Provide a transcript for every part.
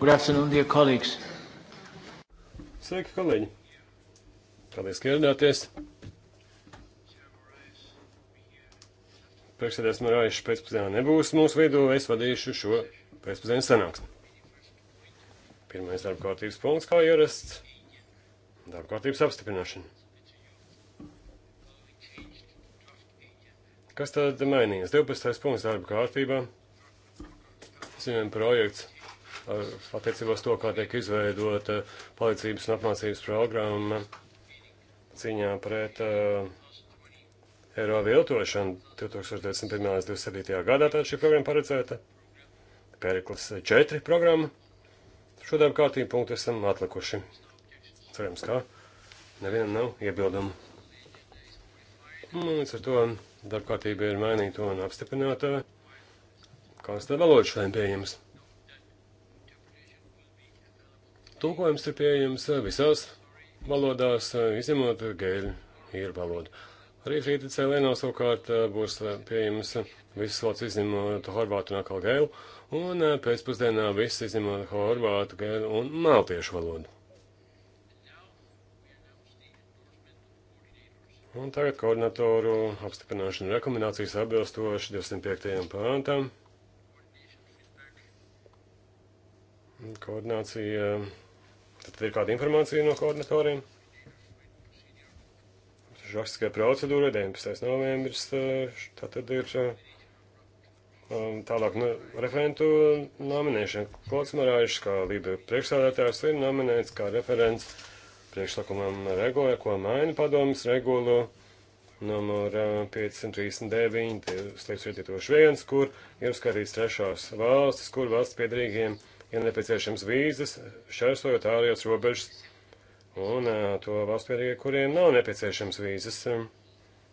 Good afternoon, dear colleagues. Sveiki, kolēģi. Paldies, ka ieradāties. Priekšsēdēs Marājuši pēcpusdienā nebūs mūsu vidū, es vadīšu šo pēcpusdienas sanāksmi. Pirmais darba kārtības punkts, kā ierasts, darba kārtības apstiprināšana. Kas tad mainījies? 12. punkts darba kārtībā. Ziņojam projekts attiecībos to, kā tiek izveidota palīdzības un apmācības programma cīņā pret uh, eiro viltošanu 2021. līdz 2027. gadā. Tāda šī programma paredzēta. Periklis 4 programma. Šo darbu kārtību punktu esam atlikuši. Cerams, kā nevienam nav iebildumu. Un līdz ar to darba kārtība ir mainīta un apstiprināta. Kāds tad valodas šodien pieejams? Tūkojums ir pieejams eh, visās valodās, eh, izņemot eh, gēļu īru valodu. Arī rīta cēlēnā savukārt būs pieejams visas valodas izņemot horvātu un atkal gēlu, un pēcpusdienā viss izņemot horvātu, gēlu un maltiešu valodu. Un tagad koordinatoru apstiprināšana rekomendācijas atbilstoši 205. pāntam. Koordinācija Tad ir kāda informācija no koordinatoriem. Žakstiskai procedūra 19. novembris, eh, tā tad ir eh, um, tālāk nu, referentu nominēšana. Klods Marājušs, kā līdera priekšsādātājs, ir nominēts kā referents priekšlikumam regulē, ko maina padomas regulu numur 539, slēpts vietietoši viens, kur ir uzskatīts trešās valstis, kur valsts piedrīgiem ir nepieciešams vīzas, šķērsojot ārējās robežas, un to valstu viedīgie, kuriem nav nepieciešams vīzas, um,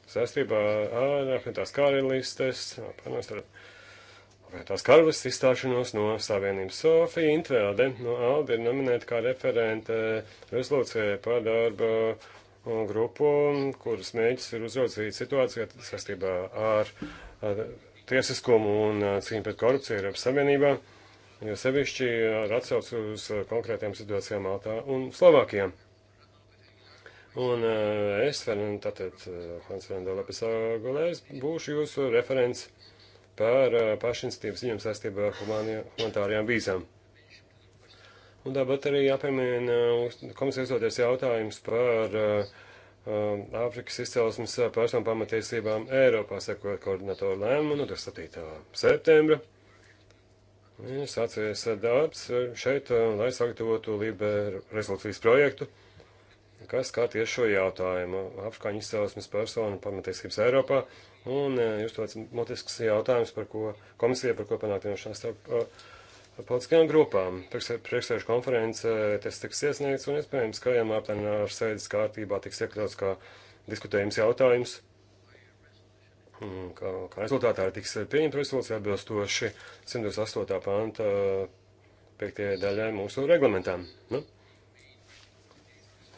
saistībā ar apvienotās karalistes, apvienotās karalistes izstāšanos no Savienības. Sofija Intvelde no Aldi ir nominēta kā referente rezolūcijai par darba grupu, kuras mēģis ir uzraudzīt situāciju saistībā ar tiesiskumu un cīņu pret korupciju Eiropas Savienībā jo sevišķi ar eh, atsauci uz eh, konkrētiem situācijām Maltā un Slovākijā. Un eh, es, Fernand, tātad Hans Fernando Lepesā Golēs, būšu jūsu referents par pašinstīvas ziņām saistībā ar humanitārajām vīzām. Un tāpat arī jāpiemina komisijas otrais jautājums par Āfrikas izcelsmes personu pamatiesībām Eiropā, sekot koordinatoru lēmumu, nu, 7. septembra ir sācies eh, darbs eh, šeit, eh, lai sagatavotu Lībe rezolūcijas projektu, kas kā tieši šo jautājumu - afgāņu izcelsmes personu pamatiesības Eiropā, un jūs tāds motisks jautājums, par ko komisija, par ko panākt vienošanās starp politiskajām grupām. Priekšsēžu konference tas tiks iesniegts, un iespējams, ka jau mārtenā ar sēdes kārtībā tiks iekļauts kā diskutējums jautājums Mm, kā, kā rezultātā arī tiks pieņemta rezolūcija atbilstoši 128. panta 5. daļai mūsu reglamentām. Nu?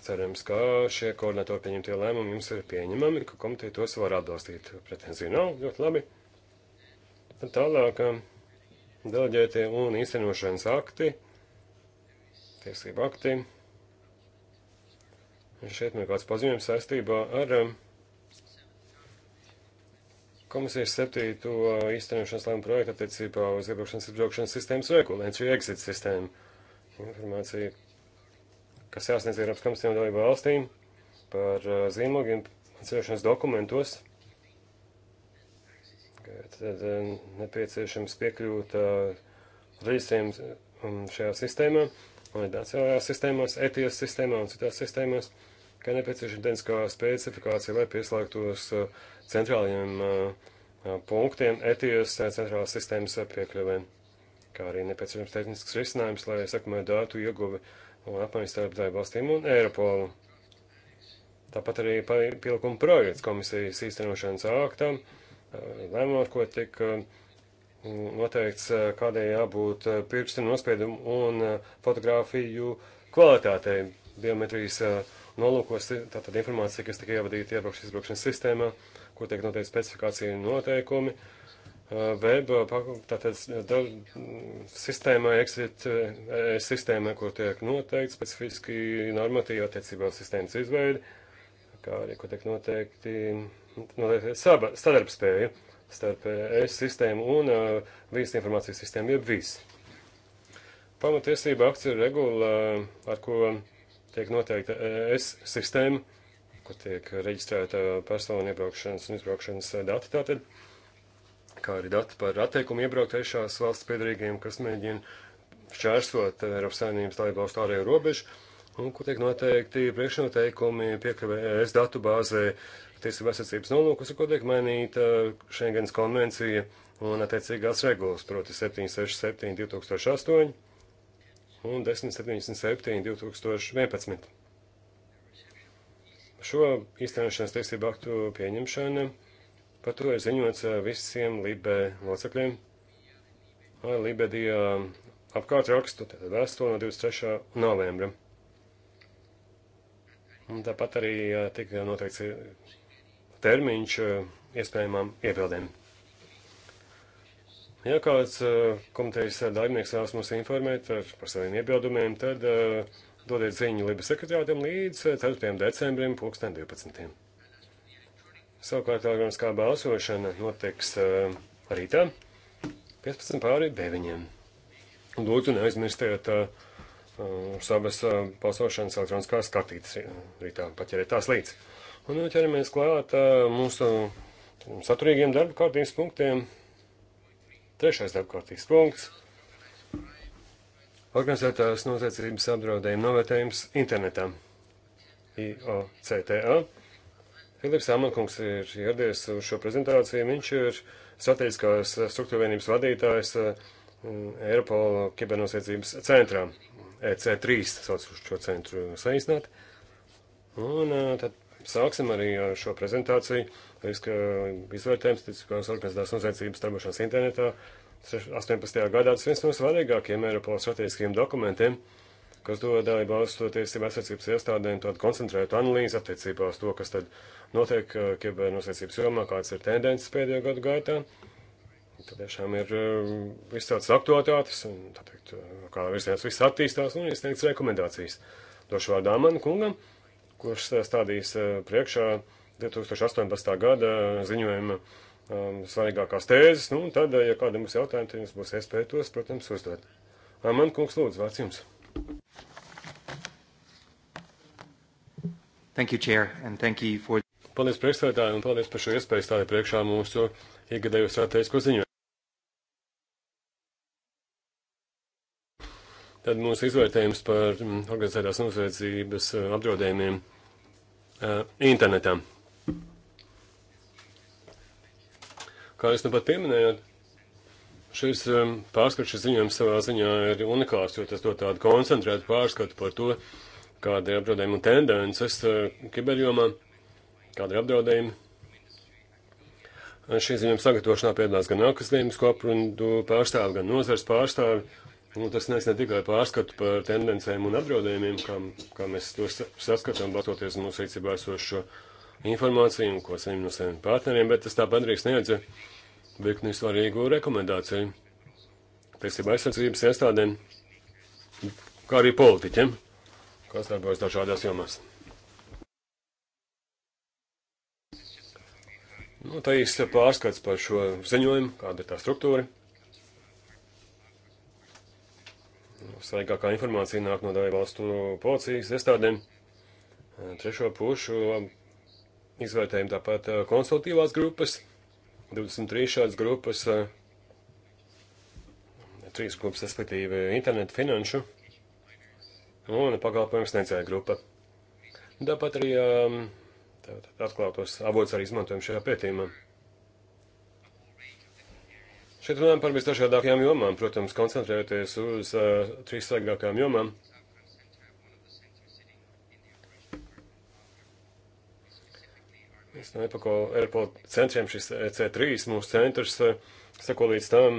Cerams, ka šie koordinatori pieņemtie lēmumi jums ir pieņemami, ka komiteja tos var atbalstīt. Pretenziju nav, ļoti labi. Tad tālāk um, deleģētie un īstenošanas akti, tiesību akti. Šeit man ir kāds paziņojums saistībā ar um, Komisijas septīto īstenošanas lēmumu projektu attiecībā uz iebraukšanas izbraukšanas sistēmas regulējumu, šī exit sistēma. Informācija, kas jāsniedz Eiropas komisijām dalību valstīm par uh, zīmogiem atsevišķos dokumentos, tad uh, nepieciešams piekļūt uh, reģistriem um, šajā sistēmā, validācijā sistēmās, ETIAS sistēmā un citās sistēmās, ka nepieciešama identiskā specifikācija, lai pieslēgtos uh, centrālajiem eh, eh, punktiem ETIOS eh, centrālās sistēmas piekļuvēm, kā arī nepieciešams tehnisks risinājums, lai sakumētu datu ieguvi un apmaiņu starp dalībvalstīm un Eiropolu. Tāpat arī pielikuma projekts komisijas īstenošanas aktam, lēmumot, ko tika noteikts, kādai jābūt pirkstu nospiedumu un fotografiju kvalitātei biometrijas nolūkos, tātad informācija, kas tika ievadīta iebraukšanas izbraukšanas sistēmā, uh, kur tiek noteikti specifikācija un noteikumi. Web, tātad da, sistēmai, exit sistēmai, kur tiek noteikti specifiski normatīvi attiecībā uz sistēmas izveidi, kā arī, kur tiek noteikti, noteikti nu, saba, sadarbspēja starp ES sistēmu un uh, vīzas informācijas sistēmu, jeb vīz. Pamatiesība akts ir regula, ar ko tiek noteikta ES sistēma kur tiek reģistrēta personu iebraukšanas un izbraukšanas dati tātad, kā arī dati par atteikumu iebraukt trešās valsts piedarīgajiem, kas mēģina šķērsot Eiropas saimnības laibvalstu ārējo robežu, un kur tiek noteikti priekšnoteikumi piekļuvēs datu bāzē tiesību aizsardzības nolūkus, ko tiek mainīta Schengens konvencija un attiecīgās regulas, proti 767 2008 un 1077 2011. Šo īstenošanas tiesību aktu pieņemšana par to ir ziņots eh, visiem Libē locekļiem. Libedijā apkārt rakstu vēstuli no 23. novembra. Un tāpat arī eh, tika noteikts eh, termiņš iespējamām iebildēm. Ja kāds komitejas darbinieks vēlas mums informēt par saviem iebildumiem, tad uh, dodiet ziņu Libas sekretāriem līdz 4. Eh, decembrim 2012. Savukārt elektroniskā balsošana notiks uh, rītā 15 pāri 9. Lūdzu, neaizmirstiet uh, savas uh, balsošanas elektroniskās kartītes rītā, paķeriet tās līdz. Un nu ķeramies klāt uh, mūsu saturīgiem darba kārtības punktiem. Trešais darba kārtības punkts organizētās noziedzības apdraudējuma novērtējums internetā. IOCTA. Filips Amankungs ir ieradies uz šo prezentāciju. Viņš ir strateģiskās struktūrvienības vadītājs eh, Eiropola kibernosēdzības centrā. EC3 sauc uz šo centru saīsināt. Un eh, tad sāksim arī ar šo prezentāciju. Riska izvērtējums, ticīgās organizētās nosēdzības darbošanas internetā 18. gadā tas viens no svarīgākajiem Eiropas strateģiskiem dokumentiem, kas dod dalību valstu tiesību aizsardzības iestādēm tādu koncentrētu analīzi attiecībā uz to, kas tad notiek eh, kibernosacības jomā, kādas ir tendences pēdējo gadu gaitā. Tad tiešām ir eh, visādas aktualitātes, un tā teikt, eh, kādā virzienā viss attīstās, un iesniegts rekomendācijas. Došu vārdā man kungam, kurš stādīs priekšā 2018. gada ziņojuma um, svarīgākās tēzes, nu, un tad, ja kādam būs jautājumi, tad jums būs iespēja tos, protams, uzdot. Man kungs lūdzu, vārds jums. Thank you, Chair, and thank you for... Paldies priekšstādātāji un paldies par šo iespēju stādīt priekšā mūsu iegadēju strateģisko ziņu. Tad mūsu izvērtējums par mm, organizētās noziedzības uh, apdraudējumiem uh, internetā. Kā jūs nu pat pieminējāt, šis um, pārskats, šis ziņojums savā ziņā ir unikāls, jo tas dod tādu koncentrētu pārskatu par to, kāda ir apdraudējuma tendences uh, kiberjomā, kāda ir apdraudējuma. Šī ziņojuma sagatavošanā piedalās gan akadēmisko aprundu pārstāvi, gan nozars pārstāvi. Nu, tas nes ne tikai pārskatu par tendencēm un apdraudējumiem, kā, kā mēs to saskatām, balstoties mūsu rīcībā esošo šo informāciju un ko saņem no saviem partneriem, bet tas tāpat arī sniedz virkni svarīgu rekomendāciju tiesība aizsardzības iestādēm, kā arī politiķiem, kas darbojas dažādās jomās. Nu, tā īsts pārskats par šo ziņojumu, kāda ir tā struktūra. Nu, Svaigākā informācija nāk no dalību valstu policijas iestādēm, trešo pušu Izvērtējam tāpat konsultīvās grupas, 23 šādas grupas, trīs grupas, respektīvi internetu finanšu un pakalpojums necēja grupa. Tāpat arī tā, tā, atklātos avots arī izmantojam šajā pētījumā. Šeit runājam par visdažādākajām jomām, protams, koncentrējoties uz uh, trīs svarīgākajām jomām. Uh, Viens no EPACO Eiropola centriem, šis EC3, mūsu centrs, e, sako līdz tam,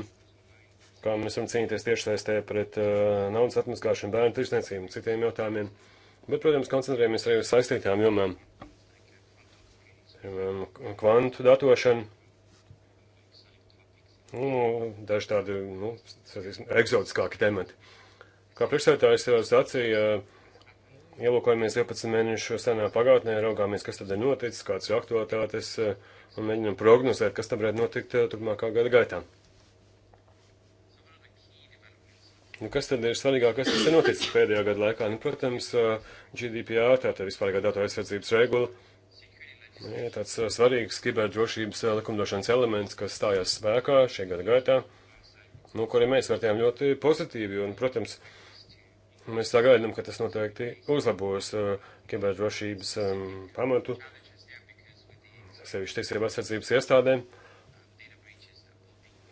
kā mēs varam cīnīties tiešsaistē pret uh, naudas atmaskāšanu, bērnu tirsniecību un citiem jautājumiem. Bet, protams, koncentrējamies arī uz saistītām jomām. Piemēram, kvantu datošana. Nu, daži tādi, nu, eksotiskāki temati. Kā priekšsētājs jau sacīja, uh, ielūkojamies 12 mēnešu senā pagātnē, raugāmies, kas tad ir noticis, kādas ir aktualitātes, eh, un mēģinām prognozēt, kas tam varētu notikt eh, turpmākā gada gaitā. Nu, kas tad ir svarīgākais, kas ir noticis pēdējā gada laikā? Nu, protams, eh, GDPR, tātad vispārīgā datu aizsardzības regula, ir tāds svarīgs kiberdrošības likumdošanas elements, kas stājās spēkā šī gada gaitā, nu, kuriem mēs vērtējām ļoti pozitīvi, un, protams, uh, Mēs sagaidām, ka tas noteikti uzlabos uh, kiberdrošības um, pamatu, sevišķi tiesību aizsardzības iestādēm,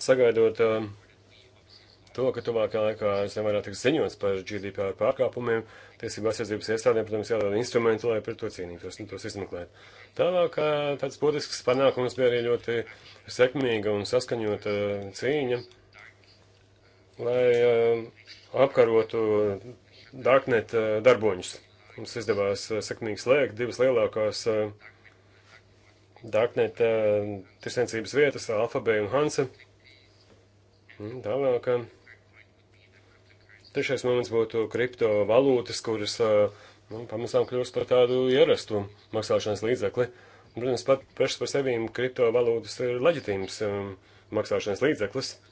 sagaidot um, to, ka tuvākā laikā zem varētu tikt ziņots par GDPR pārkāpumiem, tiesību aizsardzības iestādēm, protams, jādod instrumenti, lai pret to cīnītos un tos izmeklēt. Tālāk uh, tāds būtisks panākums bija arī ļoti sekmīga un saskaņota uh, cīņa, lai uh, apkarotu Darknet eh, darboņus. Mums izdevās eh, sekmīgi slēgt divas lielākās eh, Darknet tirsniecības vietas, Alfabē un Hansa. Tālāk. Trešais moments būtu kriptovalūtas, kuras nu, pamazām kļūst par tādu ierastu maksāšanas līdzekli. Protams, pat pašas par sevi kriptovalūtas ir leģitīms um, maksāšanas līdzeklis. Uh,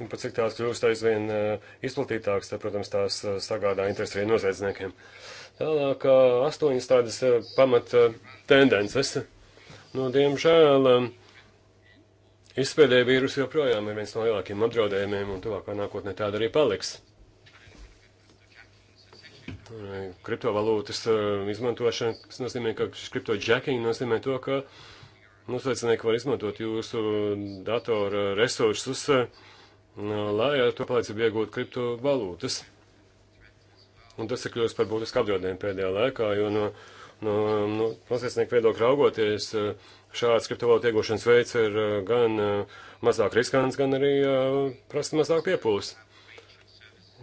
Un pat cik tās kļūst aizvien eh, izplatītākas, tad, protams, tās eh, sagādā interesi arī noziedzniekiem. Tālāk, eh, astoņas tādas pamat tendences. Nu, diemžēl, izspēdēja vīrus joprojām ir viens no lielākiem apdraudējumiem, un tuvākā nākotnē tāda arī paliks. Kriptovalūtas izmantošana, kas nozīmē, ka šis kripto jacking nozīmē to, ka nosveicinieki var izmantot jūsu datora resursus, uh, lai ar to palīdzību iegūtu kriptovalūtas. Un tas ir kļūst par būtisku apdraudējumu pēdējā laikā, jo no, no, no nu, noslēdznieku viedokļa raugoties, eh, šāds kriptovalūtu iegūšanas veids ir eh, gan eh, mazāk riskants, gan arī prasa mazāk piepūles.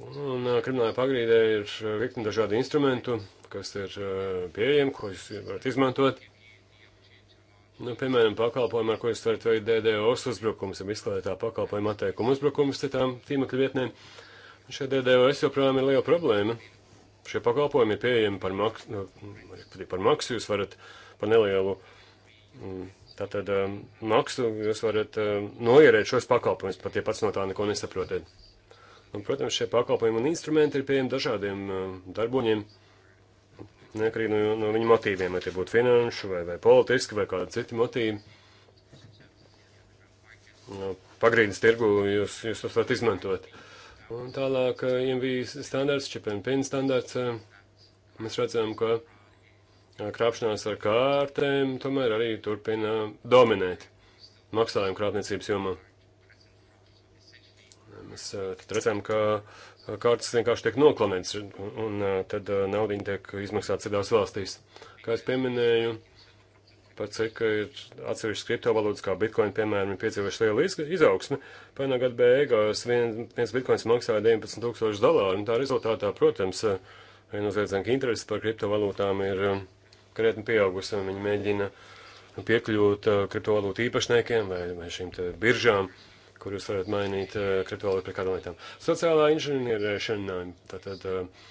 Un kriminālajā pagrīdē ir virkni dažādi instrumentu, kas ir pieejami, ko jūs varat izmantot. Nu, piemēram, pakalpojumā, ko es varu teikt, DDoS uzbrukums, ir izklājotā pakalpojuma atteikuma uzbrukums citām tīmekļa vietnēm. Un šie DDoS joprojām ir liela problēma. Šie pakalpojumi ir pieejami par maksu, nu, par maksu jūs varat par nelielu mm, tātad, um, maksu, jūs varat um, noierēt šos pakalpojumus, pat ja pats no tā neko nesaprotiet. Un, protams, šie pakalpojumi un instrumenti ir pieejami dažādiem um, darboņiem. Uh, neatkarīgi no, no viņu motīviem, vai tie būtu finanšu, vai, vai politiski, vai kādi citi motīvi. No nu, pagrīdas tirgu jūs, jūs tos varat izmantot. Un tālāk eh, MV standarts, chip and pin standarts, eh, mēs redzam, ka eh, krāpšanās ar kārtēm tomēr arī turpina dominēt maksājumu krāpniecības jomā. Mēs redzam, ka kartes vienkārši tiek noklanēts, un, un tad naudiņa tiek izmaksāta citās valstīs. Kā es pieminēju, par cik ir atsevišķas kriptovalūtas, kā bitcoin, piemēram, ir piedzīvojuši lielu izaugsmi. Pērnā gada beigās viens, viens bitcoins maksāja 19 tūkstoši dolāru, un tā rezultātā, protams, viennozīmīgi, ka interesi par kriptovalūtām ir krietni pieaugusi, un viņi mēģina piekļūt kriptovalūtu īpašniekiem vai, vai šīm te biržām. Uh, kur jūs varat mainīt uh, kriptovalūtu pret kādām lietām. Sociālā inženierēšana, tātad eh,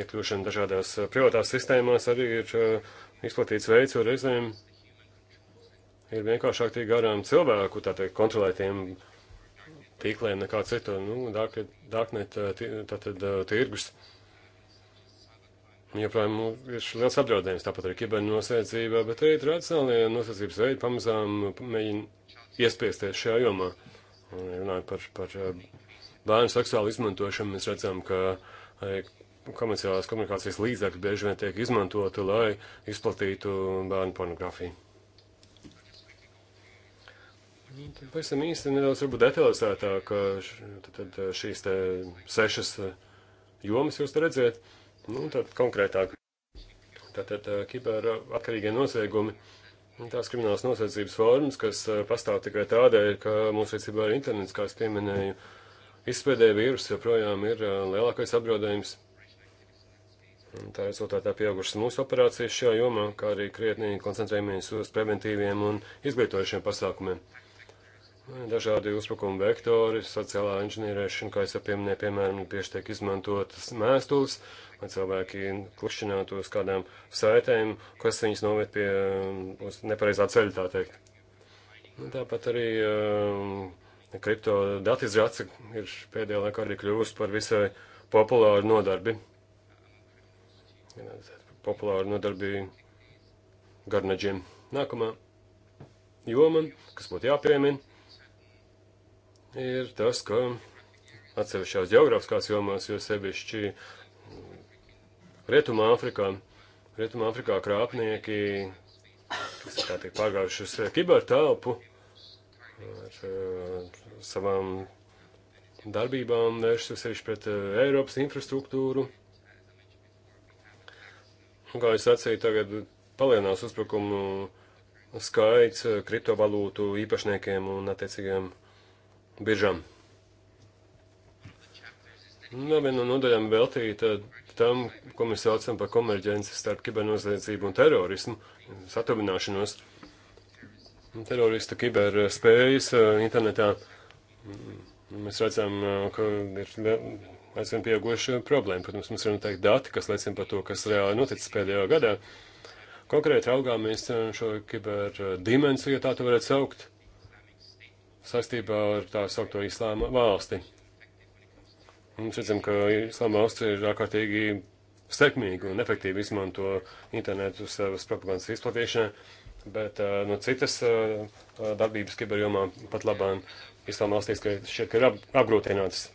iekļūšana dažādās privātās sistēmās arī ir eh, izplatīts veids, jo reizēm ir vienkāršāk tikt garām cilvēku, tā teikt, kontrolētiem tīkliem nekā citu, nu, darknet, tātad tirgus. Joprojām nu, ir liels apdraudējums, tāpat arī kibernosēdzība, bet te ir racionālie nosacības veidi pamazām mēģina iespiesties šajā jomā. Runājot par, par eh, bērnu seksuālu izmantošanu, mēs redzam, ka eh, komerciālās komunikācijas līdzekļi bieži vien tiek izmantoti, lai izplatītu bērnu pornogrāfiju. Pavisam īsti nedaudz varbūt detalizētāk eh, tad, tad šīs te sešas jomas jūs te redzēt, nu, tad konkrētāk. Tātad kiber atkarīgie noziegumi. Uh, Tās kriminālas nosacības formas, kas eh, pastāv tikai tādēļ, ka mūsu rīcībā ir internets, kā es pieminēju, izspēdē vīrus joprojām ir eh, lielākais apdraudējums. Tā rezultātā pieaugušas mūsu operācijas šajā jomā, kā arī krietni koncentrējamies uz preventīviem un izglītojušiem pasākumiem dažādi uzbrukuma vektori, sociālā inženierēšana, kā es jau pieminēju, piemēram, bieži tiek izmantotas mēstules, lai cilvēki klikšķinātu uz kādām saitēm, kas viņus noved pie um, uz nepareizā ceļa, tā teikt. Un tāpat arī uh, um, kripto datizrāts ir pēdējā laikā arī kļuvusi par visai populāru nodarbi. Populāru nodarbi garnaģiem. Nākamā joma, kas būtu jāpiemina ir tas, ka atsevišķās geogrāfiskās jomās, jo sevišķi Rietumā Afrikā, Rietumā Afrikā krāpnieki, kas tā tiek pārgājuši uz eh, kibertelpu ar, ar eh, savām darbībām, vēršas sevišķi pret eh, Eiropas infrastruktūru. Un, kā es sacīju, tagad palielinās uzbrukumu skaits kriptovalūtu īpašniekiem un attiecīgiem biržām. Nu, viena no nodaļām veltīta tam, ko mēs saucam par konverģenci starp kibernoziedzību un terorismu, satuvināšanos. Terorista kiberspējas eh, internetā mm, mēs redzam, eh, ka ir aizvien pieauguša problēma. Protams, mums ir noteikti dati, kas liecina par to, kas reāli noticis pēdējā gadā. Konkrēti raugāmies eh, šo kiberdimensiju, ja tā to varētu saukt saistībā ar tā saukto islāma valsti. Mēs redzam, ka islāma valsts ir ārkārtīgi sekmīgi un efektīvi izmanto internetu savas propagandas izplatīšanai, bet uh, no citas uh, darbības kiberjomā pat labāk islāma valstīs, ka šeit ka ir ap, apgrūtinātas.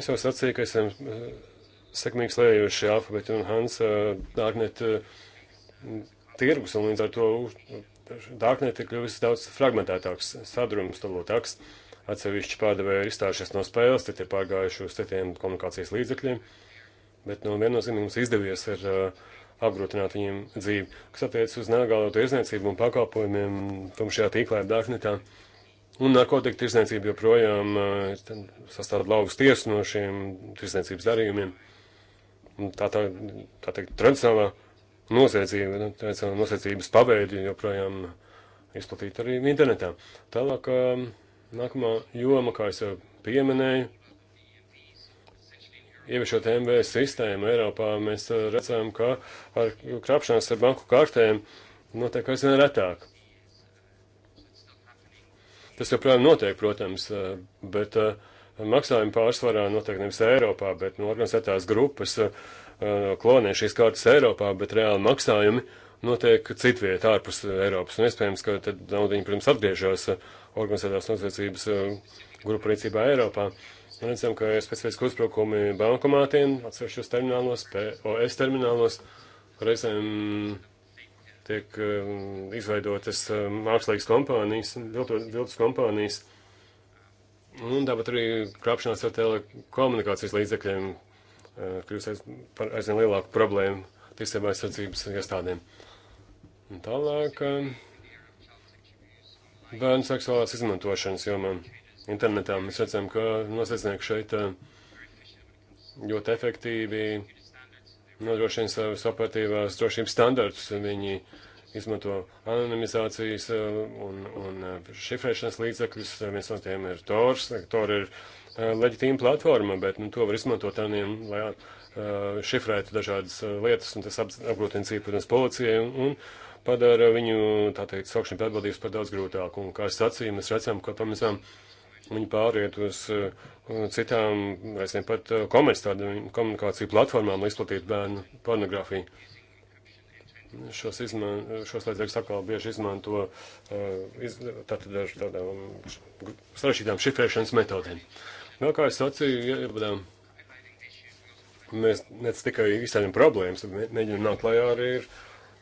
Es jau sacīju, ka esam uh, sekmīgi slējuši alfabetu un Hans uh, Dārknet uh, tirgus, un līdz ar to Dārknet ir kļuvis daudz fragmentētāks, sadrumstalotāks. Atsevišķi pārdevēji ir izstājušies no spēles, tad ir pārgājuši uz citiem komunikācijas līdzekļiem, bet no nu, viennozīmīgi mums izdevies ir uh, apgrūtināt viņiem dzīvi. Kas attiecas uz nelegālo tirzniecību un pakalpojumiem, tumšajā tīklā ir Dārknetā. Un narkotika tirsniecība joprojām uh, sastāv lauvis tiesu no šiem tirsniecības darījumiem. Un tā tā, tā teikt, tradicionālā noziedzība, nu, tā saucamā noziedzības paveidi joprojām izplatīta arī internetā. Tālāk, um, nākamā joma, kā es jau pieminēju, ieviešot MV sistēmu Eiropā, mēs uh, redzam, ka ar krāpšanās ar banku kartēm notiek aizvien retāk. Tas joprojām notiek, protams, uh, bet uh, maksājumi pārsvarā notiek nevis Eiropā, bet no nu, organizētās grupas. Uh, Eh, klonē šīs kartes Eiropā, bet reāli maksājumi notiek citviet ārpus Eiropas. Un iespējams, ka tad naudiņi, protams, atgriežas eh, organizētās noziedzības eh, grupu rīcībā Eiropā. Redzam, ka ir specifiski uzbrukumi bankomātiem, atsevišķos terminālos, POS terminālos, reizēm tiek izveidotas mākslīgas kompānijas, viltus kompānijas. Un tāpat arī krāpšanās ar telekomunikācijas līdzekļiem Eh, kļūs par aizvien lielāku problēmu tiesībā aizsardzības iestādēm. Un tālāk eh, bērnu seksuālās izmantošanas jomā internetā mēs redzam, ka noslēdznieki šeit eh, ļoti efektīvi nodrošina savus operatīvās drošības standartus. Viņi uh, izmanto anonimizācijas eh, un, un eh, šifrēšanas līdzekļus. Viens no tiem ir Tors. Tor ir eh, leģitīma platforma, bet nu, to var izmantot aniem, lai šifrētu dažādas lietas, un tas apgrūtina cīņu, protams, policijai un, un padara viņu, tā teikt, saukšanu pie atbildības par daudz grūtāku. Un, kā es sacīju, mēs redzam, ka pamazām viņi pāriet uz uh, citām, reizēm pat uh, komerc tādām komunikāciju platformām, lai izplatītu bērnu pornogrāfiju šos, izman, šos līdzekļus atkal bieži izmanto uh, iz, tātad ar tādām sarežģītām šifrēšanas metodēm. Vēl kā es sacīju, ievadām, mēs ne tikai izceļam problēmas, mēģinām nākt klajā arī ar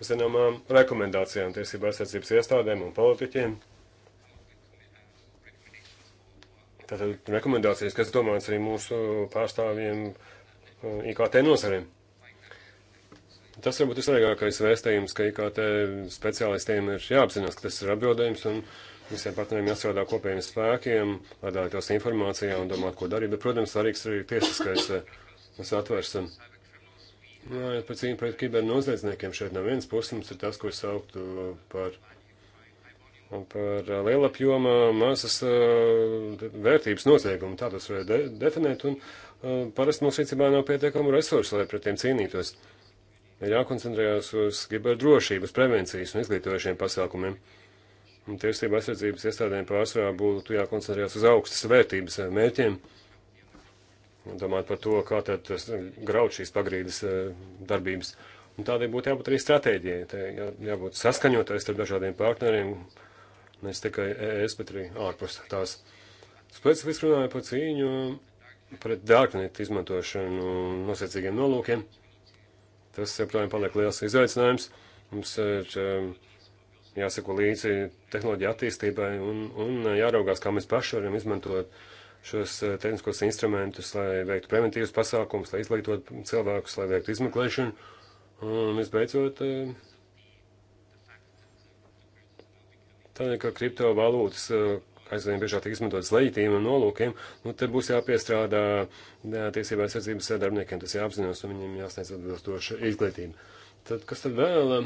zināmām rekomendācijām tiesībā aizsardzības iestādēm un politiķiem. Tātad rekomendācijas, kas domāts arī mūsu pārstāvjiem eh, IKT nozarēm. Tas varbūt ir svarīgākais vēstījums, ka IKT speciālistiem ir jāapzinās, ka tas ir atbildējums un visiem partneriem jāstrādā kopējiem spēkiem, lai dalītos informācijā un domātu, ko darīt. Bet, protams, svarīgs ir tiesiskais eh, atvērs. Nē, nu, par cīņu pret kibernoziedzniekiem šeit no vienas puses mums ir tas, ko es sauktu par, par lielapjoma mazas eh, vērtības noziegumu. Tā tas var de definēt, un eh, parasti mums rīcībā nav pietiekamu resursu, lai pret tiem cīnītos. Uh, ir jākoncentrējās uz kiberdrošības, prevencijas un izglītojošiem pasākumiem. Un tiesība aizsardzības iestādēm pārsvarā būtu jākoncentrējās uz augstas vērtības eh, mērķiem. Un domāt par to, kā tad eh, graut šīs pagrīdes eh, darbības. Un tādai būtu jābūt arī stratēģijai. Tā jā, jābūt saskaņotai starp dažādiem partneriem, ne tikai ES, bet arī ārpus tās. Specifiski runāju par cīņu pret dārknetu izmantošanu nosacīgiem nolūkiem. Tas, protams, paliek liels izaicinājums. Mums ir um, jāseko līdzi tehnoloģija attīstībai un, un uh, jāraugās, kā mēs paši varam izmantot šos uh, tehniskos instrumentus, lai veiktu preventīvas pasākumus, lai izglītotu cilvēkus, lai veiktu izmeklēšanu. Un visbeidzot, um, tā ir, ka kriptovalūtas uh, aizvien biežāk tiek izmantotas leģitīmiem nolūkiem, nu te būs jāpiestrādā tiesībā aizsardzības darbiniekiem, tas jāapzinās un viņiem jāsniedz atbilstoša izglītība. Tad, kas tad vēl?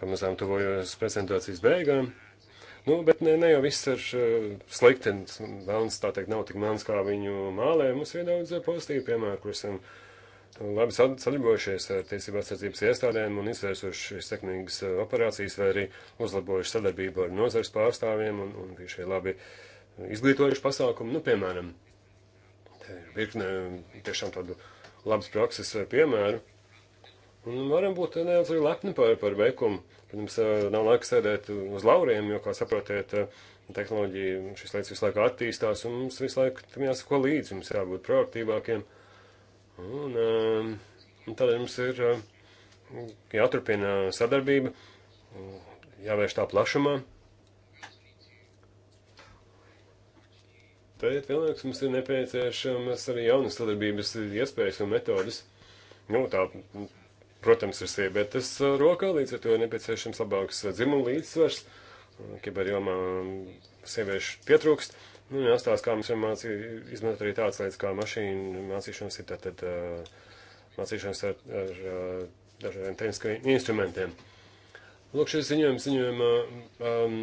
Pamazām tuvojas prezentācijas beigām. Nu, bet ne, ne jau viss ir eh, slikti, melns tā teikt nav tik melns, kā viņu mālē. Mums ir daudz eh, pozitīvu piemēru, kurus esam. Um, labi sadarbojušies ar tiesību aizsardzības iestādēm un izvērsuši sekmīgas eh, operācijas, vai arī uzlabojuši sadarbību ar nozares pārstāvjiem un, un bija šie labi eh, izglītojuši pasākumi. Nu, piemēram, te ir virkne eh, tiešām tādu labas prakses piemēru. Un varam būt nedaudz arī lepni par, par veikumu. Protams, nav laika sēdēt uz lauriem, jo, kā saprotiet, tehnoloģija šīs lietas visu laiku attīstās un mums visu laiku tam jāsako līdzi, mums jābūt proaktīvākiem. Un, eh, un tādēļ mums ir eh, jāturpina sadarbība, jāvērš tā plašumā. Tātad vienlaikus mums ir nepieciešamas arī jaunas sadarbības iespējas un metodas. Nu, tā, protams, ir sievietes eh, rokā, līdz ar to ir nepieciešams labāks dzimumu līdzsvars. Kiberjomā sieviešu pietrūkst. Nu, jāstāsta, kā mums ir mācīja, izmantot arī tādas lietas kā mašīnu mācīšanas, ir tātad uh, mācīšanas ar, ar uh, dažādiem tehniskiem instrumentiem. Lūk, šis ziņojums, ziņojuma um,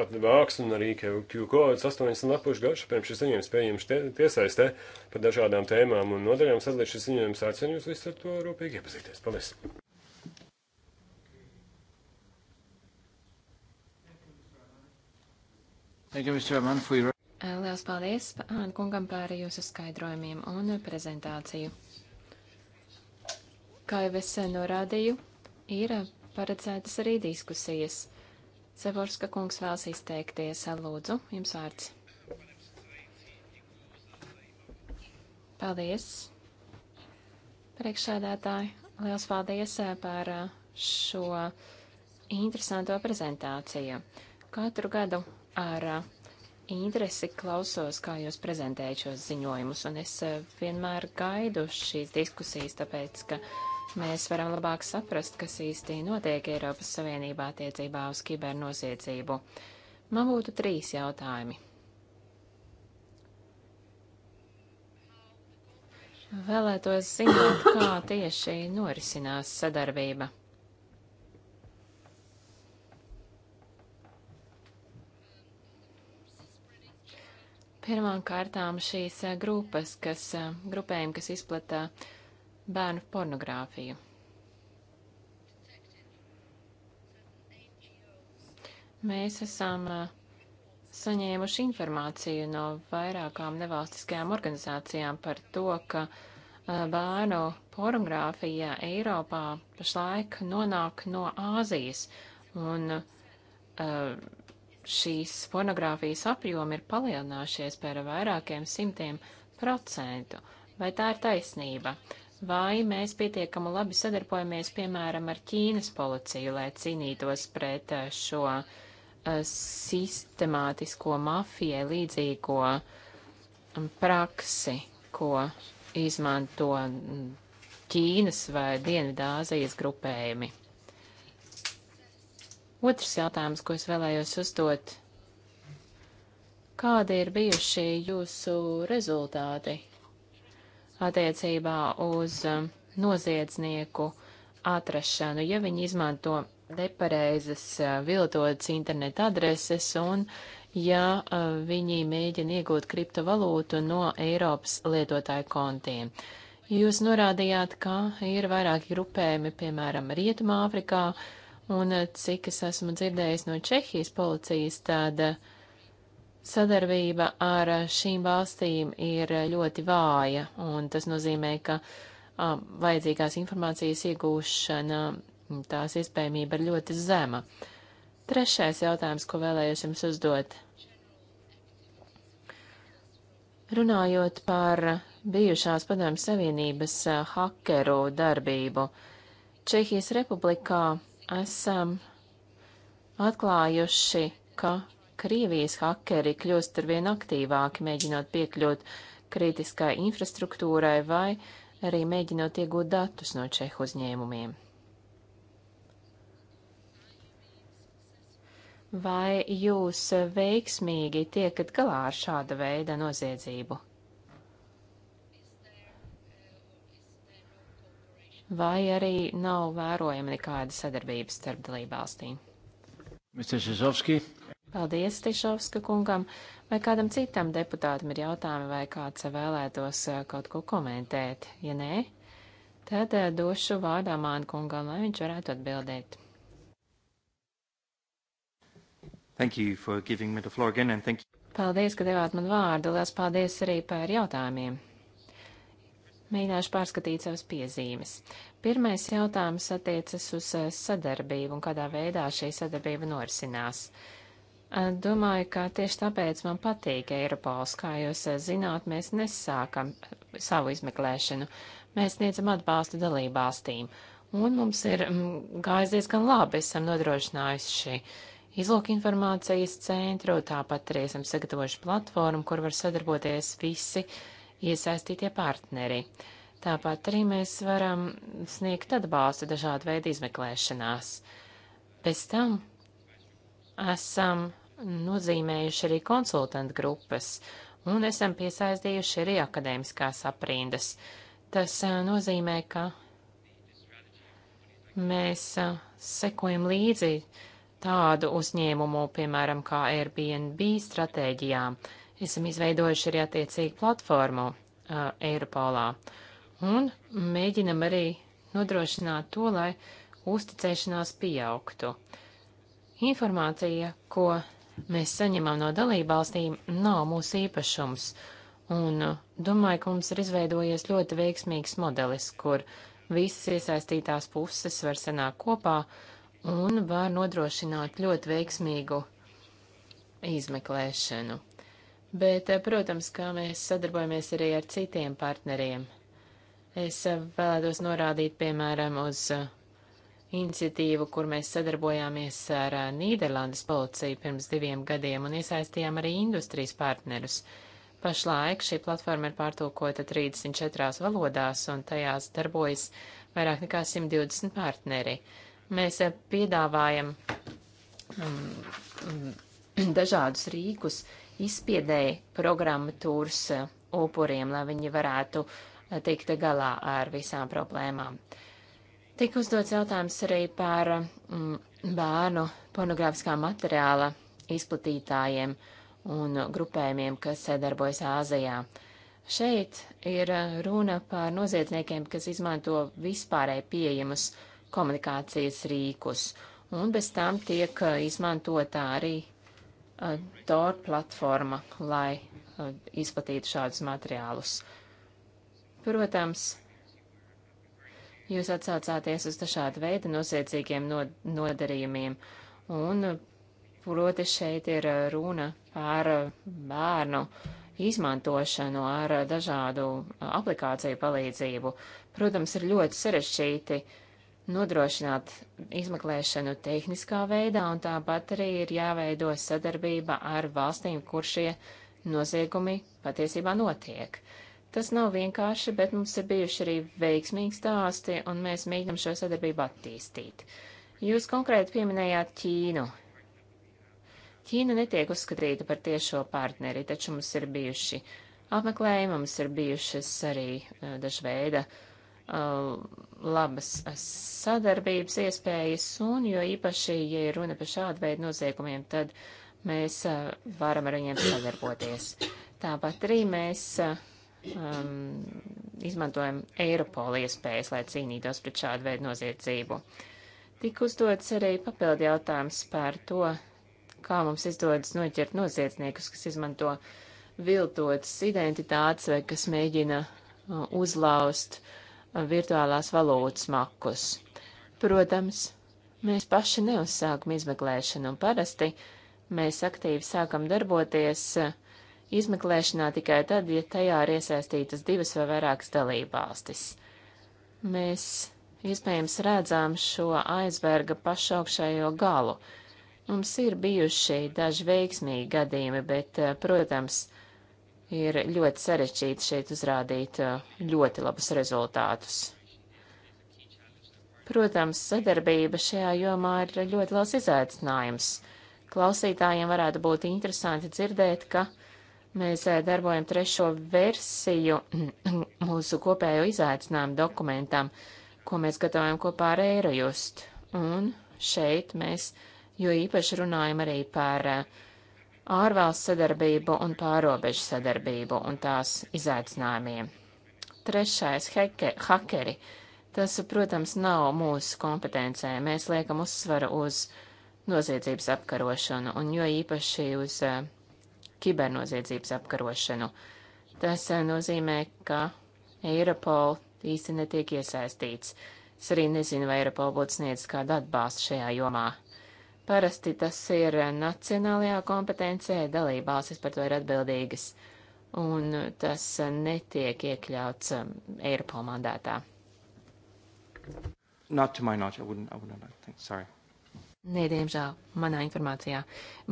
tātad vāks un arī Q kods 80 lapušu garš, pirms šis ziņojums pieejams tiesaistē par dažādām tēmām un nodaļām sadalīt šis ziņojums aicinu jūs visu ar to rūpīgi iepazīties. Paldies! Eh, Lielas paldies Āna kungam par jūsu skaidrojumiem un prezentāciju. Kā jau es eh, norādīju, ir eh, paredzētas arī diskusijas. Cevorska kungs vēlas izteikties. Lūdzu, jums vārds. Paldies, priekšsēdētāji. Liels paldies par šo interesanto prezentāciju. Katru gadu ar uh, interesi klausos, kā jūs prezentējat šos ziņojumus, un es uh, vienmēr gaidu šīs diskusijas, tāpēc, ka mēs varam labāk saprast, kas īsti notiek Eiropas Savienībā attiecībā uz kibernoziedzību. Man būtu trīs jautājumi. Vēlētos zināt, kā tieši norisinās sadarbība Pirmām kārtām šīs eh, grupas, kas, eh, grupējumi, kas izplata eh, bērnu pornogrāfiju. Mēs esam saņēmuši informāciju no vairākām nevalstiskajām organizācijām par to, ka bērnu pornogrāfija Eiropā pašlaik nonāk no Āzijas. Un uh, šīs pornogrāfijas apjomi ir palielinājušies par vairākiem simtiem procentu. Vai tā ir taisnība? Vai mēs pietiekami labi sadarbojamies, piemēram, ar Ķīnas policiju, lai cīnītos pret eh, šo uh, sistemātisko mafijai līdzīgo mm, praksi, ko izmanto mm, Ķīnas vai Dienvidāzijas grupējumi? Otrs jautājums, ko es vēlējos uzdot. Kādi ir bijuši jūsu rezultāti attiecībā uz um, noziedznieku atrašanu, ja viņi izmanto nepareizas uh, viltotas interneta adreses un ja uh, viņi mēģina iegūt kriptovalūtu no Eiropas lietotāju kontiem. Jūs norādījāt, ka ir vairāki grupējumi, piemēram, Rietumā Āfrikā, un eh, cik es esmu dzirdējis no Čehijas policijas, tad eh, sadarbība ar eh, šīm valstīm ir ļoti vāja, un tas nozīmē, ka a, vajadzīgās informācijas iegūšana tās iespējamība ir ļoti zema. Trešais jautājums, ko vēlējos jums uzdot. Runājot par bijušās padomjas Savienības hakeru darbību, Čehijas republikā esam atklājuši, ka Krievijas hakeri kļūst ar vien aktīvāki, mēģinot piekļūt kritiskai infrastruktūrai vai arī mēģinot iegūt datus no čehu uzņēmumiem. Vai jūs veiksmīgi tiekat galā ar šāda veida noziedzību? vai arī nav vērojama nekāda sadarbība starp dalībvalstīm. Paldies, Tišovska kungam. Vai kādam citam deputātam ir jautājumi, vai kāds vēlētos eh, kaut ko komentēt? Ja nē, tad eh, došu vārdā Māna kungam, lai viņš varētu atbildēt. Thank you for giving me the floor again and thank you. Paldies, ka devāt man vārdu. Lielas paldies arī par jautājumiem. Mēģināšu pārskatīt savas piezīmes. Pirmais jautājums attiecas uz eh, sadarbību un kādā veidā šī sadarbība norisinās. Eh, domāju, ka tieši tāpēc man patīk Eiropols. Kā jūs eh, zināt, mēs nesākam savu izmeklēšanu. Mēs sniedzam atbalstu dalībvalstīm. Un mums ir mm, gājis diezgan labi. Esam nodrošinājuši šī izlūka informācijas centru, tāpat arī esam sagatavojuši platformu, kur var sadarboties visi iesaistītie partneri. Tāpat arī mēs varam sniegt atbalstu dažādu veidu izmeklēšanās. Bez tam esam nozīmējuši arī konsultantu grupas un esam piesaistījuši arī akadēmiskās aprindas. Tas nozīmē, ka mēs sekojam līdzi tādu uzņēmumu, piemēram, kā Airbnb stratēģijām. Esam izveidojuši arī attiecīgu platformu uh, Eiropolā un mēģinam arī nodrošināt to, lai uzticēšanās pieaugtu. Informācija, ko mēs saņemam no dalībvalstīm, nav mūsu īpašums, un uh, domāju, ka mums ir izveidojies ļoti veiksmīgs modelis, kur visas iesaistītās puses var sanākt kopā un var nodrošināt ļoti veiksmīgu izmeklēšanu. Bet, eh, protams, kā mēs sadarbojamies arī ar citiem partneriem. Es eh, vēlētos norādīt, piemēram, uz eh, iniciatīvu, kur mēs sadarbojāmies ar Nīderlandes policiju pirms diviem gadiem un iesaistījām arī industrijas partnerus. Pašlaik šī platforma ir pārtulkota 34 valodās un tajās darbojas vairāk nekā 120 partneri. Mēs piedāvājam um, um, dažādus rīkus, uh, izspiedēja programmatūras eh, upuriem, lai viņi varētu eh, tikt galā ar visām problēmām. Tik uzdots jautājums arī par mm, bērnu pornogrāfiskā materiāla izplatītājiem un grupējumiem, kas sadarbojas Āzijā. Šeit ir eh, runa par noziedzniekiem, kas izmanto vispārēji pieejamus komunikācijas rīkus, un bez tam tiek izmantota arī DOR platforma, lai uh, izplatītu šādus materiālus. Protams, jūs atsaucāties uz dažādu veidu noziedzīgiem nodarījumiem, un uh, proti šeit ir uh, runa par bērnu izmantošanu ar dažādu aplikāciju palīdzību. Protams, ir ļoti sarežģīti uh, nodrošināt izmeklēšanu tehniskā veidā, un tāpat arī ir jāveido sadarbība ar valstīm, kur šie noziegumi patiesībā notiek. Tas nav vienkārši, bet mums ir bijuši arī veiksmīgi stāsti, un mēs mēģinam šo sadarbību attīstīt. Jūs konkrēti pieminējāt Ķīnu. Ķīna netiek uzskatīta par tiešo partneri, taču mums ir bijuši apmeklējumi, mums ir bijušas arī eh, dažveida uh, Uh, labas sadarbības iespējas, un jo īpaši, ja ir runa par šādu veidu noziegumiem, tad mēs uh, varam ar viņiem sadarboties. Tāpat arī mēs uh, um, izmantojam Eiropola iespējas, lai cīnītos pret šādu veidu noziedzību. Tik uzdots arī papildi jautājums par to, kā mums izdodas noķert noziedzniekus, kas izmanto viltotas identitātes vai kas mēģina uh, uzlaust uh, virtuālās valūtas makus. Protams, mēs paši neuzsākam izmeklēšanu, un parasti mēs aktīvi sākam darboties eh, izmeklēšanā tikai tad, ja tajā ir iesaistītas divas vai vairākas dalībvalstis. Mēs iespējams redzam šo aizberga pašaugšējo galu. Mums ir bijuši daži veiksmīgi gadījumi, bet, eh, protams, ir ļoti sarežģīti šeit uzrādīt uh, ļoti labus rezultātus. Protams, sadarbība šajā jomā ir ļoti liels izaicinājums. Klausītājiem varētu būt interesanti dzirdēt, ka mēs uh, darbojam trešo versiju mūsu kopējo izaicinājumu dokumentam, ko mēs gatavojam kopā ar Eirojust. Un šeit mēs jo īpaši runājam arī par uh, ārvalstu sadarbību un pārobežu sadarbību un tās izaicinājumiem. Trešais heke, - hakeri. Tas, protams, nav mūsu kompetencē. Mēs liekam uzsvaru uz noziedzības apkarošanu un jo īpaši uz uh, kibernoziedzības apkarošanu. Tas uh, nozīmē, ka Eiropol īsti netiek iesaistīts. Es arī nezinu, vai Eiropol būtu sniedz kādu atbalstu šajā jomā. Parasti tas ir nacionālajā kompetencē, dalībvalstis par to ir atbildīgas, un tas netiek iekļauts um, Eiropā mandātā. Not to my knowledge, I wouldn't, I wouldn't think, sorry. Nē, diemžēl, manā informācijā,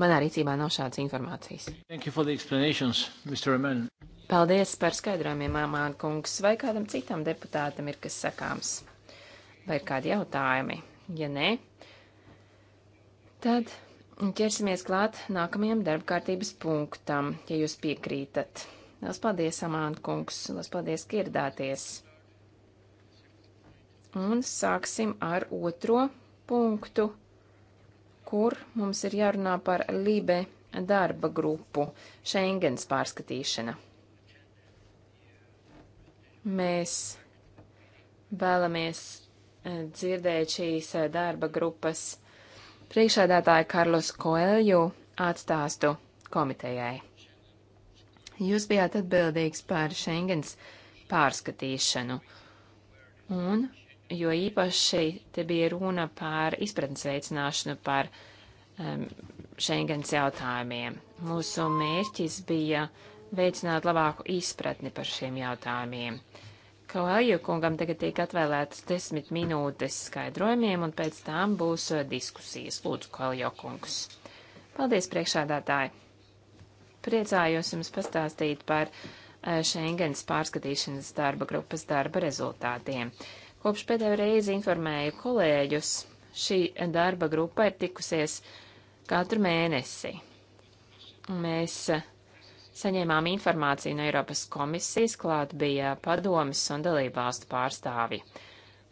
manā rīcībā nav šādas informācijas. Thank you for the explanations, Mr. Amen. Paldies par skaidrojumiem, Amāna kungs, vai kādam citam deputātam ir kas sakāms, vai ir kādi jautājumi, ja nē. Ne... Tad ķersimies klāt nākamajam darbkārtības punktam, ja jūs piekrītat. Lielas paldies, Amāna kungs, lielas paldies, ka ieradāties. Un sāksim ar otro punktu, kur mums ir jārunā par Libe darba grupu Schengens pārskatīšana. Mēs vēlamies eh, dzirdēt šīs eh, darba grupas priekšādātāju Karlos Koelju atstāstu komitejai. Jūs bijāt atbildīgs par Schengens pārskatīšanu, un jo īpaši te bija runa par izpratnes veicināšanu par um, Schengens jautājumiem. Mūsu mērķis bija veicināt labāku izpratni par šiem jautājumiem. Uh, Kalēja kungam tagad tiek atvēlētas desmit minūtes skaidrojumiem, un pēc tām būs eh, diskusijas. Lūdzu, Kalēja kungs. Paldies, priekšādātāji! Priecājos jums pastāstīt par eh, Schengens pārskatīšanas darba grupas darba rezultātiem. Kopš pēdējo reizi informēju kolēģus, šī darba grupa ir tikusies katru mēnesi. Mēs eh, saņēmām informāciju no Eiropas komisijas, klāt bija padomas un dalībvalstu pārstāvi.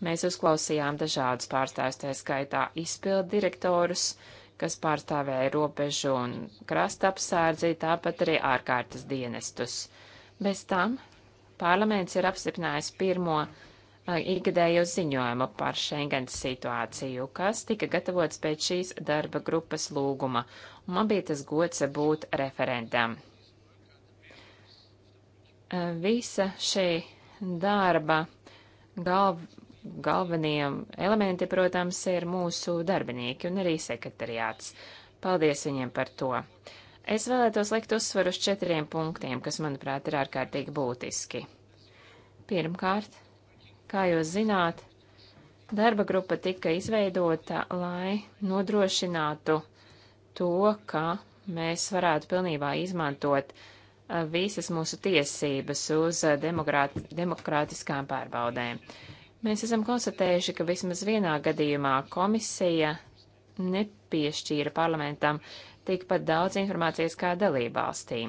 Mēs uzklausījām dažādus pārstāvjus, tā skaitā izpildu direktorus, kas pārstāvēja robežu un krasta apsārdzi, tāpat arī ārkārtas dienestus. Bez tam parlaments ir apstiprinājis pirmo eh, ikgadējo ziņojumu par Schengens situāciju, kas tika gatavots pēc šīs darba grupas lūguma, un man bija tas gods būt referentam visa šī darba galv, galvenie elementi, protams, ir mūsu darbinieki un arī sekretariāts. Paldies viņiem par to. Es vēlētos likt uzsvaru uz četriem punktiem, kas, manuprāt, ir ārkārtīgi būtiski. Pirmkārt, kā jūs zināt, darba grupa tika izveidota, lai nodrošinātu to, ka mēs varētu pilnībā izmantot uh, visas mūsu tiesības uz eh, demokrāt, demokrātiskām pārbaudēm. Mēs esam konstatējuši, ka vismaz vienā gadījumā komisija nepiešķīra parlamentam tikpat daudz informācijas kā dalībvalstī.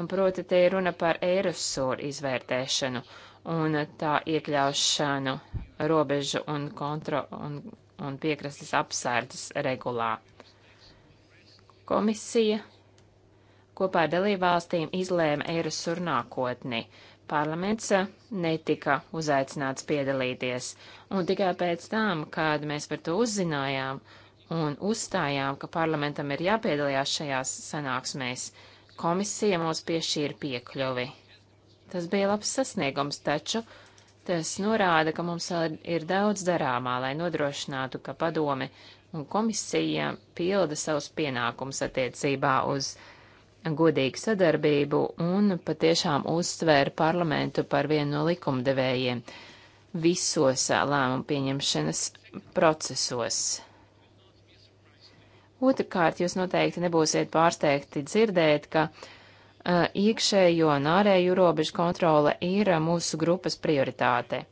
Un proti te ir runa par Eirosūru izvērtēšanu un tā iekļaušanu robežu un, kontro, un, un piekrastes apsardzes regulā. Komisija kopā ar dalībvalstīm izlēma Eirosur nākotni. Parlaments eh, netika uzaicināts piedalīties, un tikai pēc tam, kad mēs par to uzzinājām un uzstājām, ka parlamentam ir jāpiedalījās šajās sanāksmēs, komisija mums piešķīra piekļuvi. Tas bija labs sasniegums, taču tas norāda, ka mums vēl ir daudz darāmā, lai nodrošinātu, ka padome un komisija pilda savus pienākumus attiecībā uz godīgu sadarbību un patiešām uzsvēra parlamentu par vienu no likumdevējiem visos lēmumu pieņemšanas procesos. Otrakārt, jūs noteikti nebūsiet pārsteigti dzirdēt, ka uh, iekšējo un ārēju robežu kontrole ir mūsu grupas prioritāte.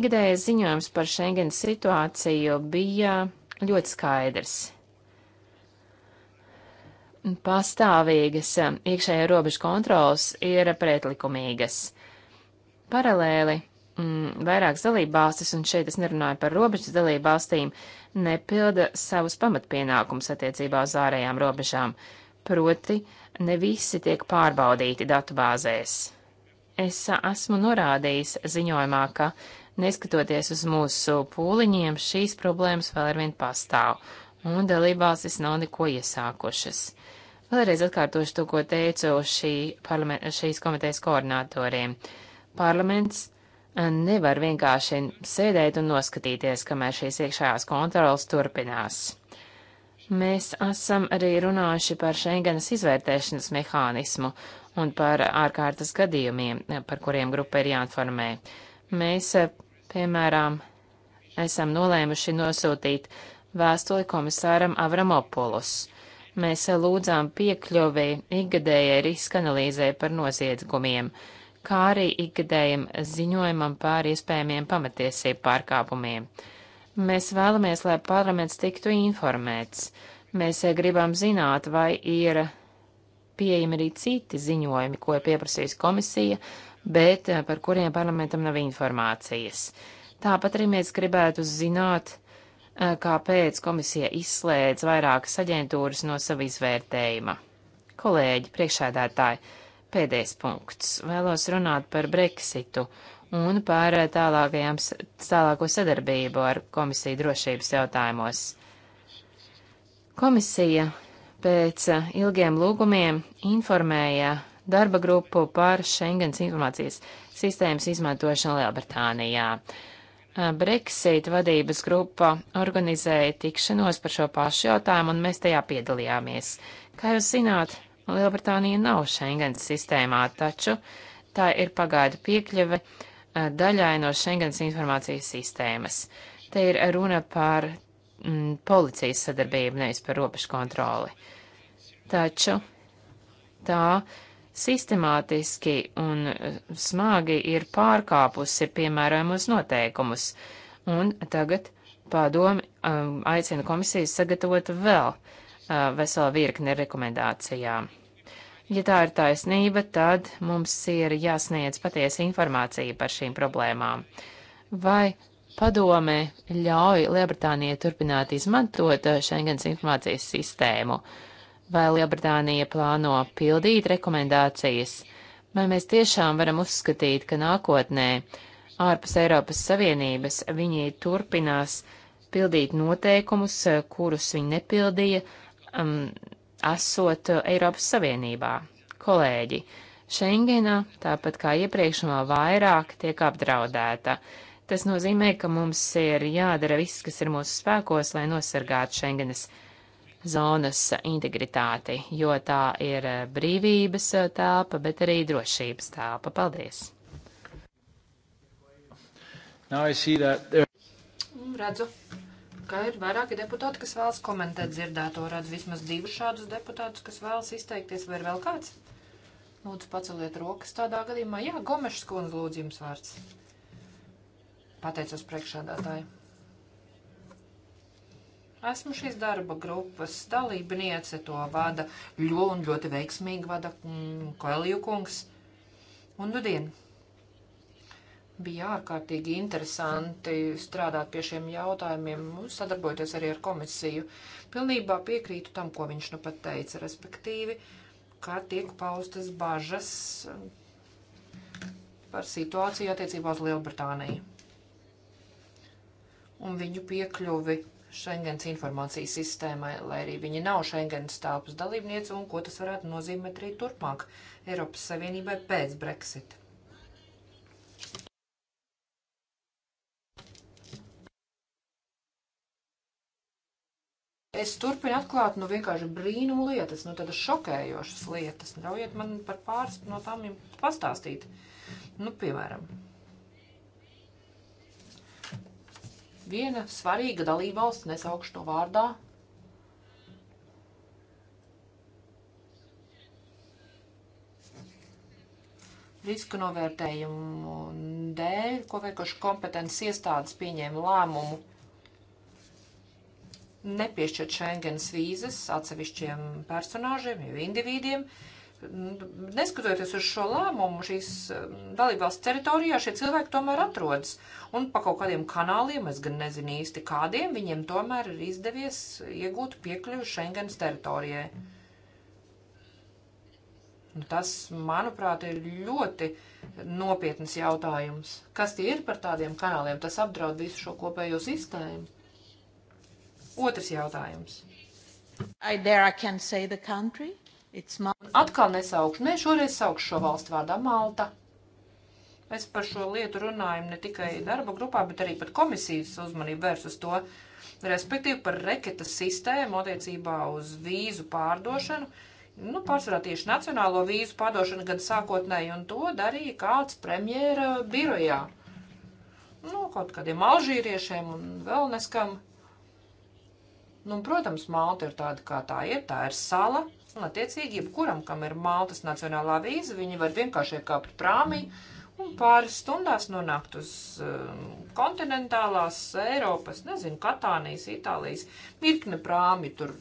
Ikdējas ziņojums par Schengen situāciju bija ļoti skaidrs pastāvīgas um, iekšējā robežu kontrolas ir pretlikumīgas. Paralēli mm, vairākas dalībvalstis, un šeit es nerunāju par robežas dalībvalstīm, nepilda savus pamatpienākumus attiecībā uz ārējām robežām, proti ne visi tiek pārbaudīti datubāzēs. Es esmu norādījis ziņojumā, ka neskatoties uz mūsu pūliņiem, šīs problēmas vēl arvien pastāv, un dalībvalstis nav neko iesākušas. Vēlreiz atkārtošu to, ko teicu šī šīs komitejas koordinatoriem. Parlaments eh, nevar vienkārši sēdēt un noskatīties, kamēr šīs iekšējās kontrolas turpinās. Mēs esam arī runājuši par Schengenas izvērtēšanas mehānismu un par ārkārtas gadījumiem, eh, par kuriem grupa ir jāinformē. Mēs, eh, piemēram, esam nolēmuši nosūtīt vēstuli komisāram Avramopulus mēs lūdzām piekļuvi ikgadējai riska analīzē par noziedzgumiem, kā arī ikgadējam ziņojumam par iespējamiem pamatiesību pārkāpumiem. Mēs vēlamies, lai parlaments tiktu informēts. Mēs gribam zināt, vai ir pieejami arī citi ziņojumi, ko ir pieprasījusi komisija, bet par kuriem parlamentam nav informācijas. Tāpat arī mēs gribētu zināt, uh, Eh, kāpēc komisija izslēdz vairākas aģentūras no sava izvērtējuma. Kolēģi, priekšēdētāji, pēdējais punkts. Vēlos runāt par Brexitu un par eh, tālāko sadarbību ar komisiju drošības jautājumos. Komisija pēc eh, ilgiem lūgumiem informēja darba grupu par Schengens informācijas sistēmas izmantošanu Lielbritānijā. Uh, Brexit vadības grupa organizēja tikšanos par šo pašu jautājumu, un mēs tajā piedalījāmies. Kā jūs zināt, Lielbritānija nav Schengens sistēmā, taču tā ir pagaidu piekļuve eh, daļai no Schengens informācijas sistēmas. Te ir runa par mm, policijas sadarbību, nevis par robežu kontroli. Taču tā sistemātiski un eh, smagi ir pārkāpusi piemērojumus noteikumus, un tagad padomi um, aicina komisijas sagatavot vēl uh, veselu virkni rekomendācijām. Ja tā ir taisnība, tad mums ir jāsniedz patiesa informācija par šīm problēmām. Vai padome ļauj Lielbritānijai turpināt izmantot uh, Schengens informācijas sistēmu? Uh, vai Lielbritānija plāno pildīt rekomendācijas, vai mēs tiešām varam uzskatīt, ka nākotnē ārpus Eiropas Savienības viņi turpinās pildīt noteikumus, kurus viņi nepildīja, um, esot Eiropas Savienībā. Kolēģi, Schengena, tāpat kā iepriekš un vēl vairāk, tiek apdraudēta. Tas nozīmē, ka mums ir jādara viss, kas ir mūsu spēkos, lai nosargātu Schengenas zonas integritāti, jo tā ir brīvības telpa, bet arī drošības telpa. Paldies! There... Redzu, ka ir vairāki deputāti, kas vēlas komentēt dzirdēto. Redzu vismaz divus šādus deputātus, kas vēlas izteikties, vai ir vēl kāds? Lūdzu, paceliet rokas tādā gadījumā. Jā, Gomešs kundze, lūdzu, jums vārds. Pateicos priekšādātāju. Esmu šīs darba grupas dalībniece, to vada ļo un ļoti veiksmīgi vada mm, Koeliju kungs. Un nu dien. Bija ārkārtīgi interesanti strādāt pie šiem jautājumiem, sadarbojoties arī ar komisiju. Pilnībā piekrītu tam, ko viņš nu pat teica, respektīvi, kā tiek paustas bažas par situāciju attiecībā uz Lielbritāniju un viņu piekļuvi Schengens informācijas sistēmai, lai arī viņa nav Schengens tāpas dalībniece un ko tas varētu nozīmēt arī turpmāk Eiropas Savienībai pēc Brexit. Es turpinu atklāt nu, vienkārši brīnumu lietas, nu, tādas šokējošas lietas. Ļaujiet man par pāris no tām jums pastāstīt. Nu, piemēram, viena svarīga dalībvalsts, nesaukšu to vārdā, riska novērtējumu dēļ, ko veikuši kompetences iestādes pieņēma lēmumu nepiešķirt Schengens vīzas atsevišķiem personāžiem, jau indivīdiem, uh, neskatoties uz šo lēmumu, šīs um, dalībvalsts teritorijā šie cilvēki tomēr atrodas. Un pa kaut kādiem kanāliem, es gan nezinu īsti kādiem, viņiem tomēr ir izdevies iegūt piekļuvi Schengens teritorijai. Un nu, tas, manuprāt, ir ļoti nopietnas jautājums. Kas tie ir par tādiem kanāliem? Tas apdraud visu šo kopējo sistēmu. Otrs jautājums. I, there I can say the country. Atkal nesaukt, ne, šoreiz saukšu šo valstu vārdā Malta. Mēs par šo lietu runājam ne tikai darba grupā, bet arī pat komisijas uzmanību vērs uz to, respektīvi par reketa sistēmu attiecībā uz vīzu pārdošanu. Nu, pārsvarā tieši nacionālo vīzu pārdošanu gada sākotnēji, un to darīja kāds premjera birojā. Nu, kaut kādiem alžīriešiem un vēl neskam. Nu, protams, Malta ir tāda, kā tā ir, tā ir sala. Un, attiecīgi, jebkuram, kam ir Maltas nacionālā vīza, viņi var vienkārši iekāpt prāmī un pāris stundās nonākt uz um, kontinentālās Eiropas, nezinu, Katānijas, Itālijas, virkne prāmi tur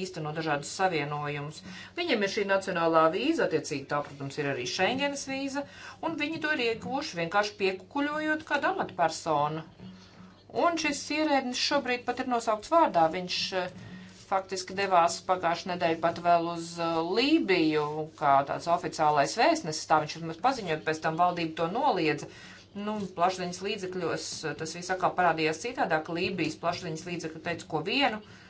īsteno dažādus savienojumus. Viņiem ir šī nacionālā vīza, attiecīgi tā, protams, ir arī Schengenas vīza, un viņi to ir ieguvuši vienkārši piekukuļojot kā amatpersonu. Un šis ierēdnis šobrīd pat ir nosaukts vārdā. Viņš uh, faktiski devās pagājušajā nedēļā pat vēl uz uh, Lībiju, kā tāds oficiālais vēstnesis, tā viņš mums paziņoja, pēc tam valdība to noliedza. Nu, plašsaziņas līdzekļos uh, tas viss atkal parādījās citādāk. Lībijas plašsaziņas līdzekļi teica ko vienu, uh,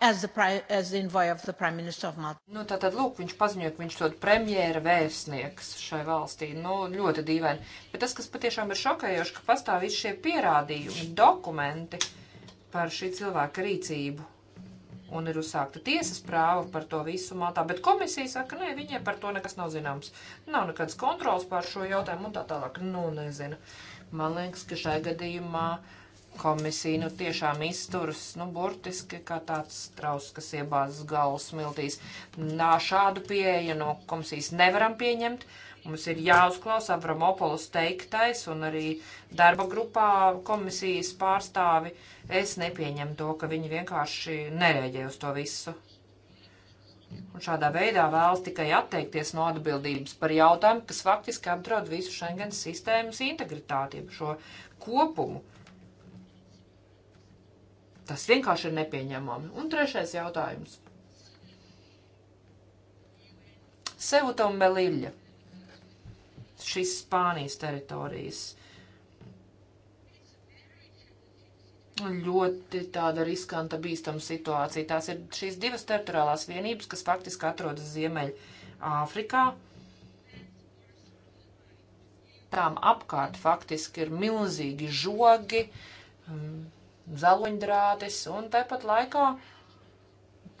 As the, as the envoy of the Prime Minister of Malta. Nu, tātad, lūk, viņš paziņoja, ka viņš ir premjera vēstnieks šai valstī. Nu, ļoti dīvaini. Bet tas, kas patiešām ir šokējoši, ka pastāv visi šie pierādījumi, dokumenti par šī cilvēka rīcību. Un ir uzsākta tiesas prāva par to visu mātā, bet komisija saka, nē, viņiem par to nekas nav zināms. Nav nekādas kontrols pār šo jautājumu un tā tālāk. Nu, nezinu. Man liekas, ka šai gadījumā. Mm komisija nu, tiešām izturas, nu, burtiski kā tāds traus, kas iebāzas galvas smiltīs. Nā, šādu pieeju no komisijas nevaram pieņemt. Mums ir jāuzklausa Avramopolus teiktais un arī darba grupā komisijas pārstāvi. Es nepieņemu to, ka viņi vienkārši nereaģē uz to visu. Un šādā veidā vēlas tikai atteikties no atbildības par jautājumu, kas faktiski apdraud visu Schengen sistēmas integritāti, šo kopumu. Tas vienkārši ir nepieņemami. Un trešais jautājums. Sevuta un Melilla. Šis Spānijas teritorijas. Ļoti tāda riskanta, bīstama situācija. Tās ir šīs divas teritoriālās vienības, kas faktiski atrodas Ziemeļ Āfrikā. Tām apkārt faktiski ir milzīgi žogi. Um, zaluņdrātis un tepat laikā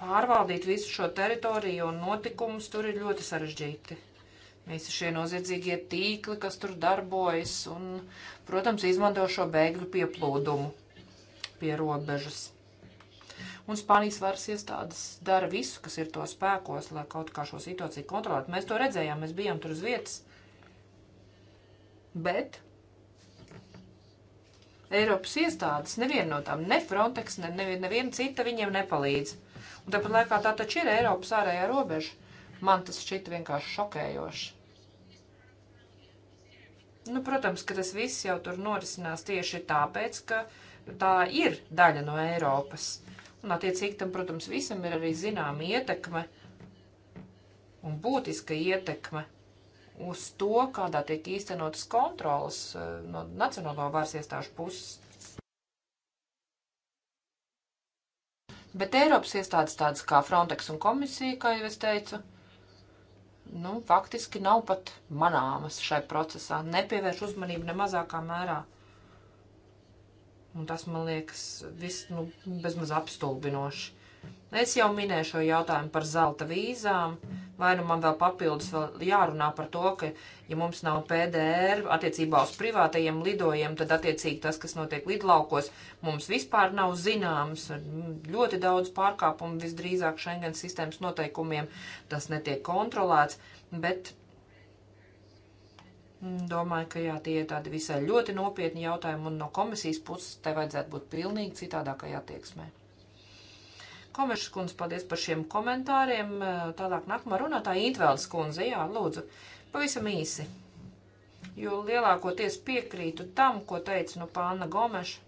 pārvaldīt visu šo teritoriju un notikumus tur ir ļoti sarežģīti. Visi šie noziedzīgie tīkli, kas tur darbojas un, protams, izmanto šo bēgļu pieplūdumu pie robežas. Un Spānijas varas iestādes dara visu, kas ir to spēkos, lai kaut kā šo situāciju kontrolētu. Mēs to redzējām, mēs bijām tur uz vietas. Bet Eiropas iestādes, neviena no tām, ne Frontex, ne, ne, neviena cita viņiem nepalīdz. Un tāpat laikā tā taču ir Eiropas ārējā robeža. Man tas šķita vienkārši šokējoši. Nu, protams, ka tas viss jau tur norisinās tieši tāpēc, ka tā ir daļa no Eiropas. Un, attiecīgi, tam, protams, visam ir arī zināma ietekme un būtiska ietekme uz to, kādā tiek īstenotas kontrolas eh, no Nacionālo varas iestāžu puses. Bet Eiropas iestādes tādas kā Frontex un komisija, kā jau es teicu, nu, faktiski nav pat manāmas šai procesā, nepievērš uzmanību ne mazākā mērā. Un tas, man liekas, viss nu, bezmaz apstulbinoši. Es jau minēju šo jautājumu par zelta vīzām. Mm Vai nu man vēl papildus vēl jārunā par to, ka, ja mums nav PDR attiecībā uz privātajiem lidojiem, tad attiecīgi tas, kas notiek lidlaukos, mums vispār nav zināms. Ļoti daudz pārkāpumu visdrīzāk Schengen sistēmas noteikumiem tas netiek kontrolēts, bet mm, Domāju, ka jā, tie ir tādi visai ļoti nopietni jautājumi, un no komisijas puses te vajadzētu būt pilnīgi citādākai attieksmē. Komeša skundze, paldies par šiem komentāriem. Eh, tālāk nākamā runātāja Intvēlda skundze, jā, lūdzu, pavisam īsi. Jo lielākoties piekrītu tam, ko teica nu pāna Gomeša.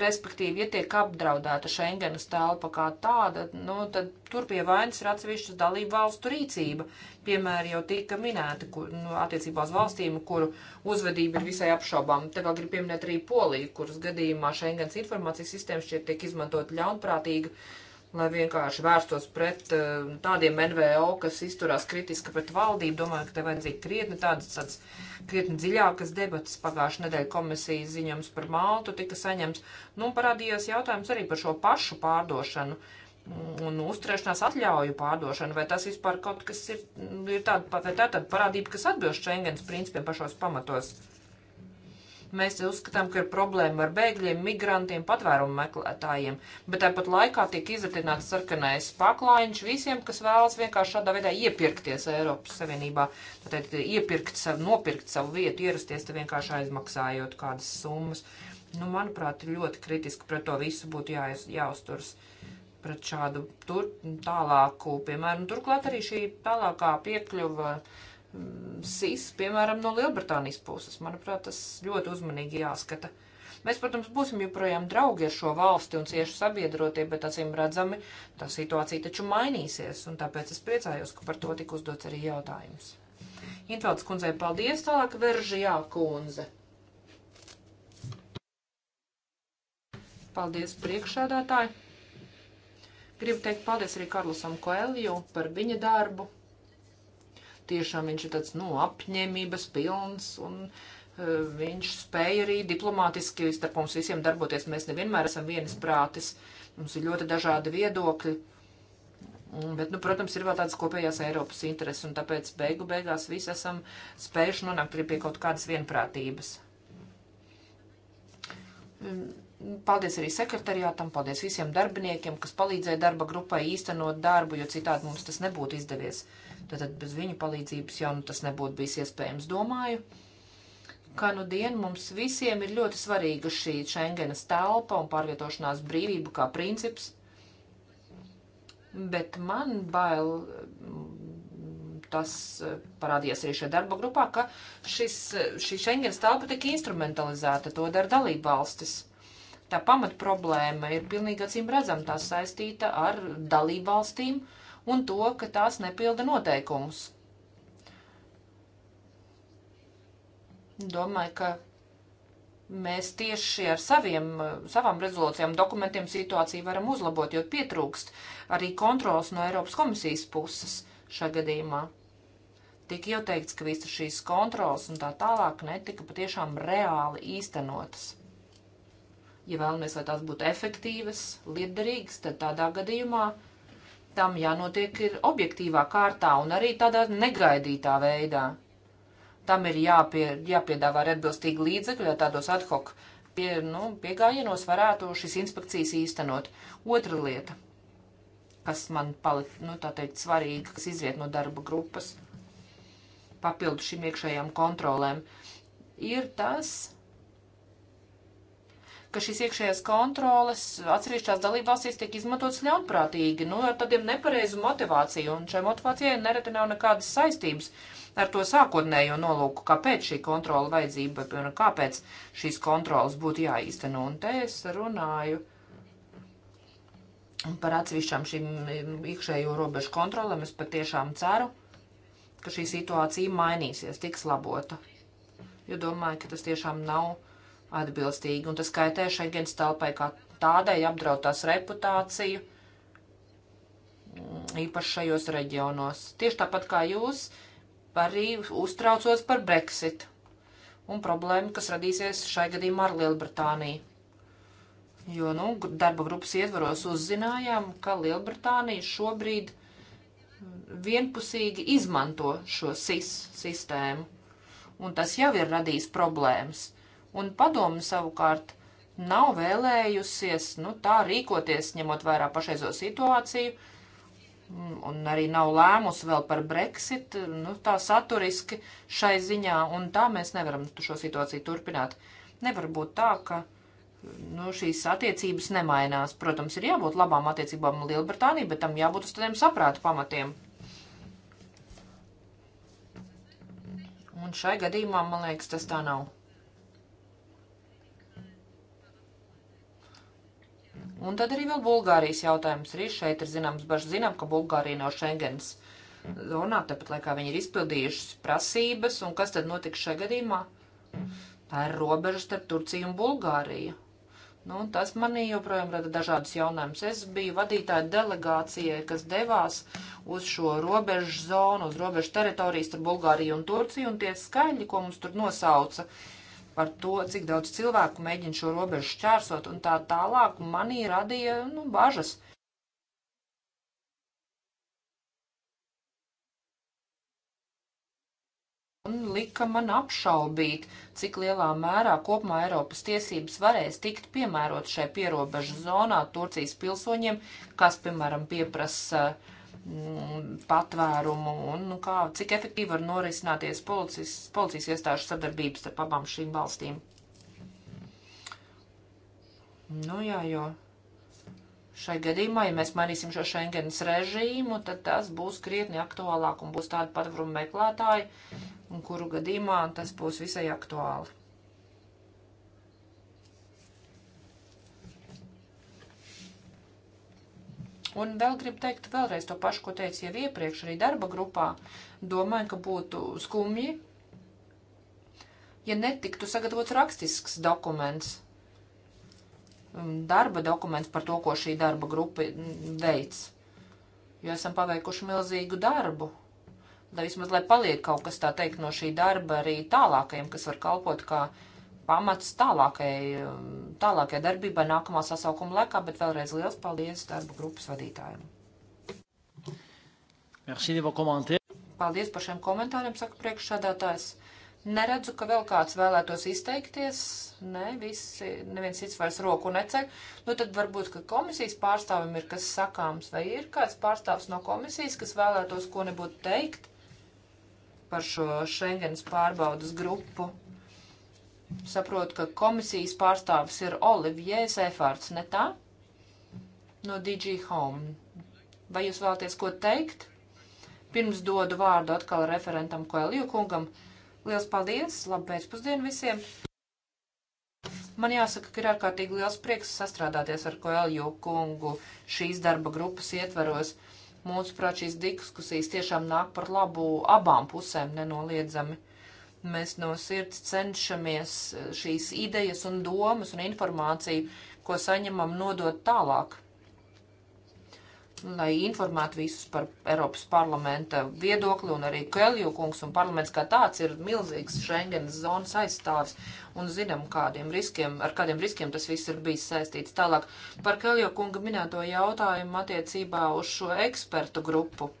Respektīvi, ja tiek apdraudēta Schengenas telpa kā tāda, nu, tad tur pie vainas ir atsevišķas dalību valstu rīcība. Piemēri jau tika minēti kur, nu, attiecībā uz valstīm, kuru uzvedība ir visai apšaubām. Te vēl gribu pieminēt arī Poliju, kuras gadījumā Schengens informācijas sistēma šķiet tiek izmantot ļaunprātīgi, lai vienkārši vērstos pret eh, tādiem NVO, kas izturās kritiski pret valdību. Domāju, ka te vajadzīgi krietni tādas, tādas krietni dziļākas debatas. Pagājušā nedēļa komisijas ziņojums par Maltu tika saņemts. Nu, parādījās jautājums arī par šo pašu pārdošanu. Uh, un uzturēšanās atļauju pārdošana, vai tas vispār kaut kas ir, ir tāda, vai tā tāda parādība, kas atbilst Schengens principiem pašos pamatos. Mēs uzskatām, ka ir problēma ar bēgļiem, migrantiem, patvērumu meklētājiem, bet tāpat laikā tiek izratināts sarkanais paklājiņš visiem, kas vēlas vienkārši šādā veidā iepirkties Eiropas Savienībā, tātad e, iepirkt savu, nopirkt savu vietu, ierasties te vienkārši aizmaksājot kādas summas. Nu, manuprāt, ļoti kritiski pret to visu būtu jā, jāuzturas. Uh, pret šādu tur, tālāku, piemēram, turklāt arī šī tālākā piekļuva mm, SIS, piemēram, no Lielbritānijas puses. Manuprāt, tas ļoti uzmanīgi jāskata. Mēs, protams, būsim joprojām draugi ar šo valsti un cieši sabiedrotie, bet acīm redzami tā situācija taču mainīsies, un tāpēc es priecājos, ka par to tika uzdots arī jautājums. Intvalds kundzei paldies, tālāk veržijā kundze. Paldies priekšādātāji! Gribu teikt paldies arī Karlusam Koelju par viņa darbu. Tiešām viņš ir tāds, nu, apņēmības pilns un uh, viņš spēja arī diplomātiski starp mums visiem darboties. Mēs nevienmēr esam vienas prātis, mums ir ļoti dažādi viedokļi. Bet, nu, protams, ir vēl tādas kopējās Eiropas intereses, un tāpēc beigu beigās visi esam spējuši nonākt pie kaut kādas vienprātības. Paldies arī sekretariātam, paldies visiem darbiniekiem, kas palīdzēja darba grupai īstenot darbu, jo citādi mums tas nebūtu izdevies. Tātad bez viņu palīdzības jau nu, tas nebūtu bijis iespējams. Domāju, ka nu dien mums visiem ir ļoti svarīga šī Schengenas telpa un pārvietošanās brīvība kā princips. Bet man bail tas eh, parādījās arī šajā darba grupā, ka šis, eh, šī Schengens telpa tika instrumentalizēta, to dara dalība valstis tā pamat problēma ir pilnīgi acīm redzama. Tā saistīta ar dalību valstīm un to, ka tās nepilda noteikumus. Domāju, ka mēs tieši ar saviem, savām rezolūcijām dokumentiem situāciju varam uzlabot, jo pietrūkst arī kontrols no Eiropas komisijas puses šajā gadījumā. Tik jau teikts, ka visas šīs kontrols un tā tālāk netika patiešām reāli īstenotas. Ja vēlamies, lai tās būtu efektīvas, liederīgas, tad tādā gadījumā tam jānotiek ir objektīvā kārtā un arī tādā negaidītā veidā. Tam ir jāpie, jāpiedāvā arī atbilstīgi līdzekļi, lai tādos ad hoc pie, nu, piegājienos varētu šīs inspekcijas īstenot. Otra lieta, kas man palika, nu, tā teikt, svarīga, kas izriet no darba grupas, papildu šīm iekšējām kontrolēm, ir tas, ka šīs iekšējās kontroles atsevišķās dalībvalstīs tiek izmantotas ļaunprātīgi, nu, ar tādiem nepareizu motivāciju, un šai motivācijai nereti nav nekādas saistības ar to sākotnējo nolūku, kāpēc šī kontrola vajadzība, un kāpēc šīs kontrolas būtu jāīsteno, un te es runāju. Un par atsevišķām šīm mm, iekšējo robežu kontrolēm es patiešām ceru, ka šī situācija mainīsies, tiks labota. Jo domāju, ka tas tiešām nav atbilstīgi, un tas kaitē Schengens telpai kā tādai apdrautās reputāciju, mm, īpaši šajos reģionos. Tieši tāpat kā jūs, arī uztraucos par Brexit un problēmu, kas radīsies šai gadījumā ar Lielbritāniju. Jo, nu, darba grupas ietvaros uzzinājām, ka Lielbritānija šobrīd vienpusīgi izmanto šo SIS sistēmu, un tas jau ir radījis problēmas un padomu savukārt nav vēlējusies nu, tā rīkoties, ņemot vērā pašreizo situāciju, mm, un arī nav lēmusi vēl par Brexit, nu, tā saturiski šai ziņā, un tā mēs nevaram šo situāciju turpināt. Nevar būt tā, ka nu, šīs attiecības nemainās. Protams, ir jābūt labām attiecībām ar Lielbritāniju, bet tam jābūt uz tādiem saprāta pamatiem. Un šai gadījumā, man liekas, tas tā nav. Un tad arī vēl Bulgārijas jautājums. Arī šeit ir zināms bažas. Zinām, ka Bulgārija nav Schengens zonā, tāpat laikā viņi ir izpildījušas prasības. Un kas tad notiks šajā gadījumā? Tā ir robeža starp Turciju un Bulgāriju. Nu, tas manī joprojām rada dažādus jautājumus. Es biju vadītāja delegācijai, kas devās uz šo robežu zonu, uz robežu teritorijas starp Bulgāriju un Turciju, un tie skaļi, ko mums tur nosauca, uh, par to, cik daudz cilvēku mēģina šo robežu šķērsot un tā tālāk, manī radīja nu, bažas. Un lika man apšaubīt, cik lielā mērā kopumā Eiropas tiesības varēs tikt piemērot šai pierobežu zonā Turcijas pilsoņiem, kas, piemēram, pieprasa uh, patvērumu un nu, kā, cik efektīvi var norisināties policijas, policijas iestāžu sadarbības ar abām šīm valstīm. Nu jā, jo šai gadījumā, ja mēs mainīsim šo Schengens režīmu, tad tas būs krietni aktuālāk un būs tādi patvērumu meklētāji, un kuru gadījumā tas būs visai aktuāli. Un vēl gribu teikt vēlreiz to pašu, ko teicu jau iepriekš arī darba grupā. Domāju, ka būtu skumji, ja netiktu sagatavots rakstisks dokuments, darba dokuments par to, ko šī darba grupa veic. Jo esam paveikuši milzīgu darbu. Da vismaz, lai paliek kaut kas tā teikt no šī darba arī tālākajam, kas var kalpot kā. Ka pamats tālākai, um, tālākai darbībai nākamā sasaukuma laikā, bet vēlreiz liels paldies darba grupas vadītājiem. Paldies par šiem komentāriem, saka priekšsādātājs. Neredzu, ka vēl kāds vēlētos izteikties. Nē, visi, neviens cits vairs roku neceļ. Nu, tad varbūt, ka komisijas pārstāvim ir kas sakāms, vai ir kāds pārstāvs no komisijas, kas vēlētos ko nebūtu teikt par šo Schengens pārbaudas grupu. Saprotu, ka komisijas pārstāvis ir Olivier Sefārds, ne tā? No DG Home. Vai jūs vēlaties ko teikt? Pirms dodu vārdu atkal referentam Koeliju kungam. Liels paldies, labu pēcpusdienu visiem! Man jāsaka, ka ir ārkārtīgi liels prieks sastrādāties ar Koeliju kungu šīs darba grupas ietvaros. Mūsuprāt, šīs diskusijas tiešām nāk par labu abām pusēm nenoliedzami. Mēs no sirds cenšamies eh, šīs idejas un domas un informāciju, ko saņemam, nodot tālāk, lai informētu visus par Eiropas parlamenta viedokli un arī Kelju kungs un parlaments kā tāds ir milzīgs Schengenas zonas aizstāvs un zinām, kādiem riskiem, ar kādiem riskiem tas viss ir bijis saistīts. Tālāk par Kelju kunga minēto jautājumu attiecībā uz šo ekspertu grupu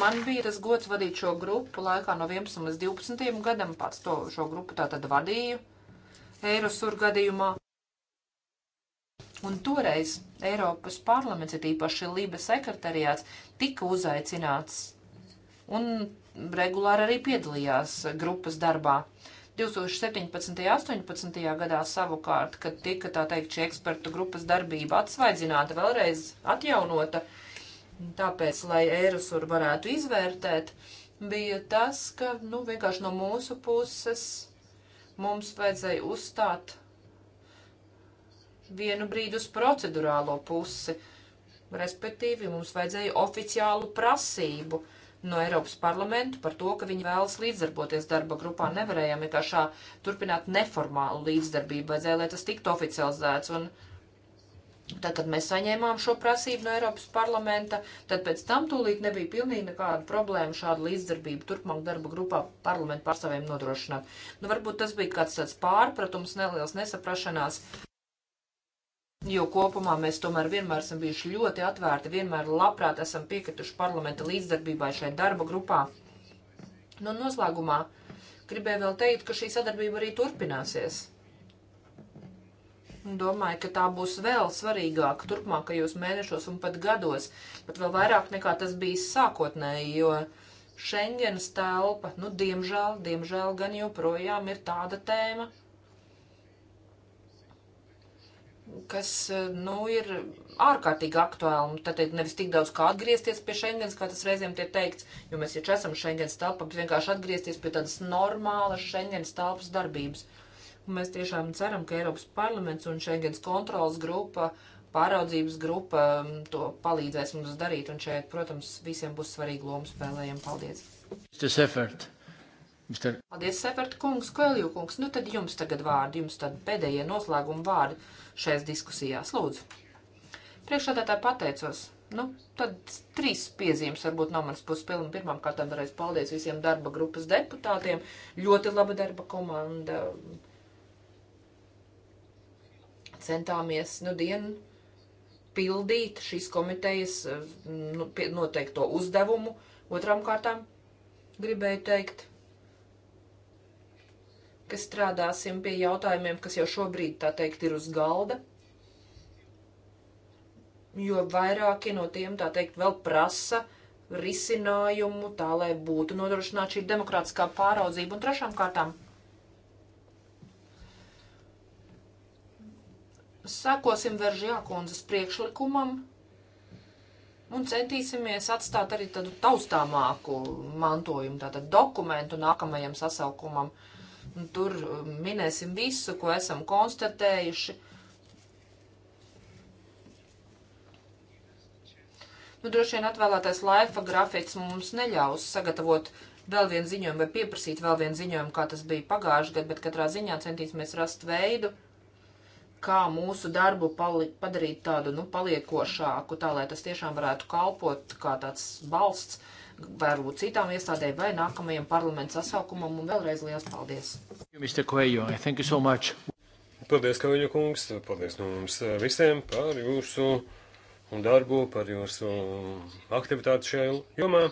Man bija tas gods vadīt šo grupu laikā no 11 līdz 12 gadam, pats to šo grupu tātad vadīju Eirosur gadījumā. Un toreiz Eiropas parlaments, ir īpaši Lība sekretariāts, tika uzaicināts un regulāri arī piedalījās grupas darbā. 2017. un 2018. gadā savukārt, kad tika tā teikt šī ekspertu grupas darbība atsvaidzināta, vēlreiz atjaunota, uh, Tāpēc, lai Eirosur varētu izvērtēt, bija tas, ka nu, vienkārši no mūsu puses mums vajadzēja uzstāt vienu brīdi uz procedurālo pusi. Respektīvi, mums vajadzēja oficiālu prasību no Eiropas parlamentu par to, ka viņi vēlas līdzdarboties darba grupā. Nevarējām vienkārši turpināt neformālu līdzdarbību, vajadzēja, lai tas tiktu oficializēts. Un, uh, Tad, kad mēs saņēmām šo prasību no Eiropas parlamenta, tad pēc tam tūlīt nebija pilnīgi nekāda problēma šādu līdzdarbību turpmāk darba grupā parlamentu pārstāvjiem nodrošināt. Nu, varbūt tas bija kāds tāds pārpratums, neliels nesaprašanās, jo kopumā mēs tomēr vienmēr esam bijuši ļoti atvērti, vienmēr labprāt esam piekrituši parlamenta līdzdarbībai šai darba grupā. Nu, noslēgumā gribēju vēl teikt, ka šī sadarbība arī turpināsies Domāju, ka tā būs vēl svarīgāka turpmākajos mēnešos un pat gados, pat vēl vairāk nekā tas bija sākotnēji, jo Schengenas telpa, nu, diemžēl, diemžēl gan joprojām ir tāda tēma, kas, nu, ir ārkārtīgi aktuāli. Tātad nu, nevis tik daudz kā atgriezties pie Schengens, kā tas reizēm tiek teikts, jo mēs taču esam Schengens telpa, bet vienkārši atgriezties pie tādas normālas Schengens telpas darbības. Mēs tiešām ceram, ka Eiropas parlaments un Schengens kontrolas grupa, pāraudzības grupa um, to palīdzēs mums darīt, un šeit, protams, visiem būs svarīga loma spēlējama. Paldies! Sefert. Mister... Paldies, Seferta kungs, Koelju kungs. Nu tad jums tagad vārdi, jums tad pēdējie noslēguma vārdi šajās diskusijās. Lūdzu. Priekšādātāji pateicos. Nu, tad trīs piezīmes varbūt nav manas puses pilna. Pirmām kārtām vēlreiz paldies visiem darba grupas deputātiem. Ļoti laba darba komanda centāmies nu dienu pildīt šīs komitejas eh, nu, noteikto uzdevumu. Otram kārtām gribēju teikt, ka strādāsim pie jautājumiem, kas jau šobrīd, tā teikt, ir uz galda, jo vairāki no tiem, tā teikt, vēl prasa risinājumu tā, lai būtu nodrošināta šī demokrātiskā pāraudzība. Un trešām kārtām Sekosim Veržjā kundzes priekšlikumam un centīsimies atstāt arī tādu taustāmāku mantojumu, tātad dokumentu nākamajam sasaukumam. Un tur um, minēsim visu, ko esam konstatējuši. Nu, droši vien atvēlētais laifa grafiks mums neļaus sagatavot vēl vienu ziņojumu vai pieprasīt vēl vienu ziņojumu, kā tas bija pagājuši gadu, bet katrā ziņā centīsimies rast veidu, uh, kā mūsu darbu padarīt tādu, nu, paliekošāku, tā lai tas tiešām varētu kalpot kā tāds balsts, varbūt citām iestādēm vai nākamajam parlamentu sasaukumam, un vēlreiz liels paldies! Mr. Coelho, thank you so much! Paldies, Kaviņa kungs, paldies no mums eh, visiem par jūsu darbu, par jūsu aktivitāti šajā jomā.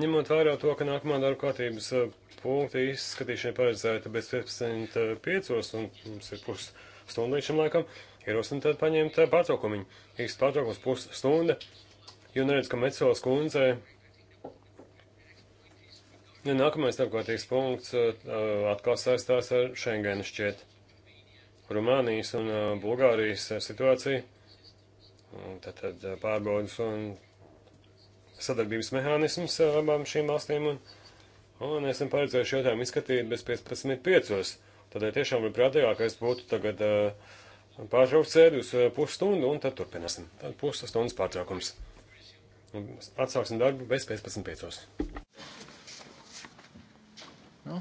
Ņemot vērā to, ka nākamā darba kārtības eh, punkta izskatīšana paredzēta bez 15.5 un mums ir pusi stundu šim laikam, ierosinu tad paņemt eh, pārtraukumu. Īsts pārtraukums pusstunda, jo neredz, ka Mecolas kundze. Ja nākamais starpkārtīgs punkts eh, atkal saistās ar Schengen šķiet. Rumānijas un eh, Bulgārijas situācija. Tātad pārbaudas un sadarbības mehānisms abām šīm valstīm. Un, un esam paredzējuši jautājumu izskatīt bez 15.5. Tādēļ eh, tiešām ir prātīgākais būtu tagad uh, pārtraukt sēdi uz eh, pusstundu un tad turpināsim. Tad pusstundas pārtraukums. Un atsāksim darbu bez 15.5. Nu. No.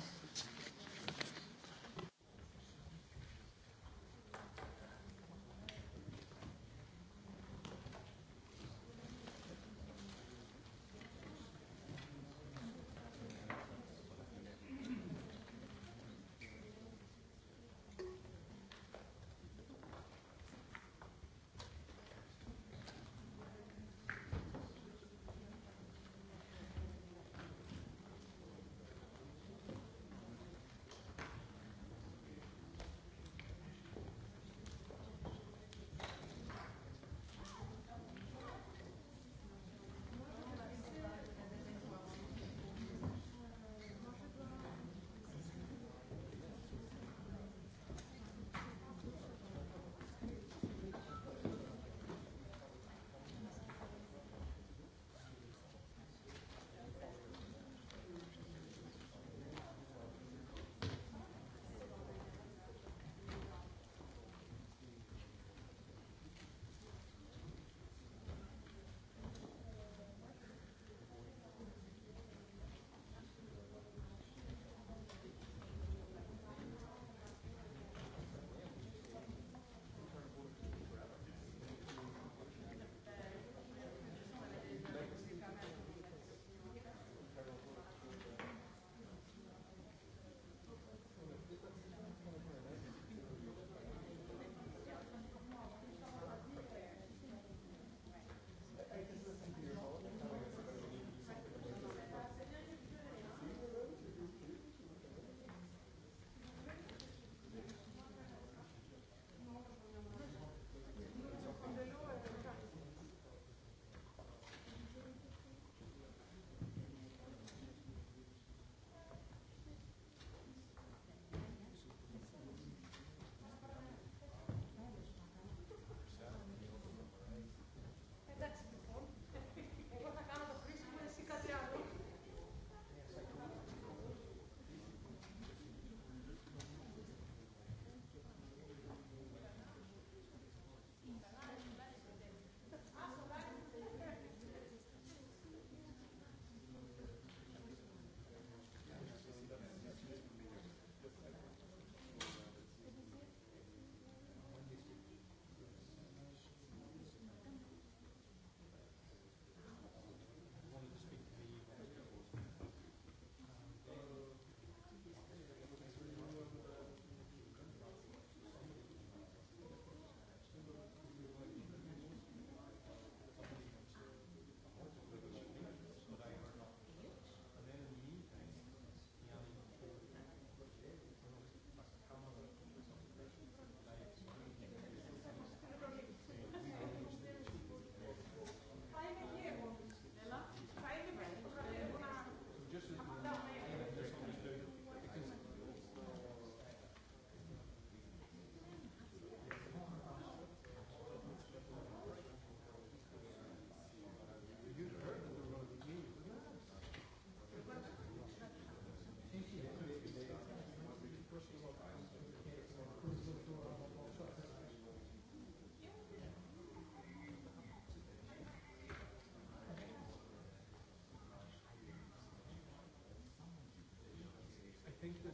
think that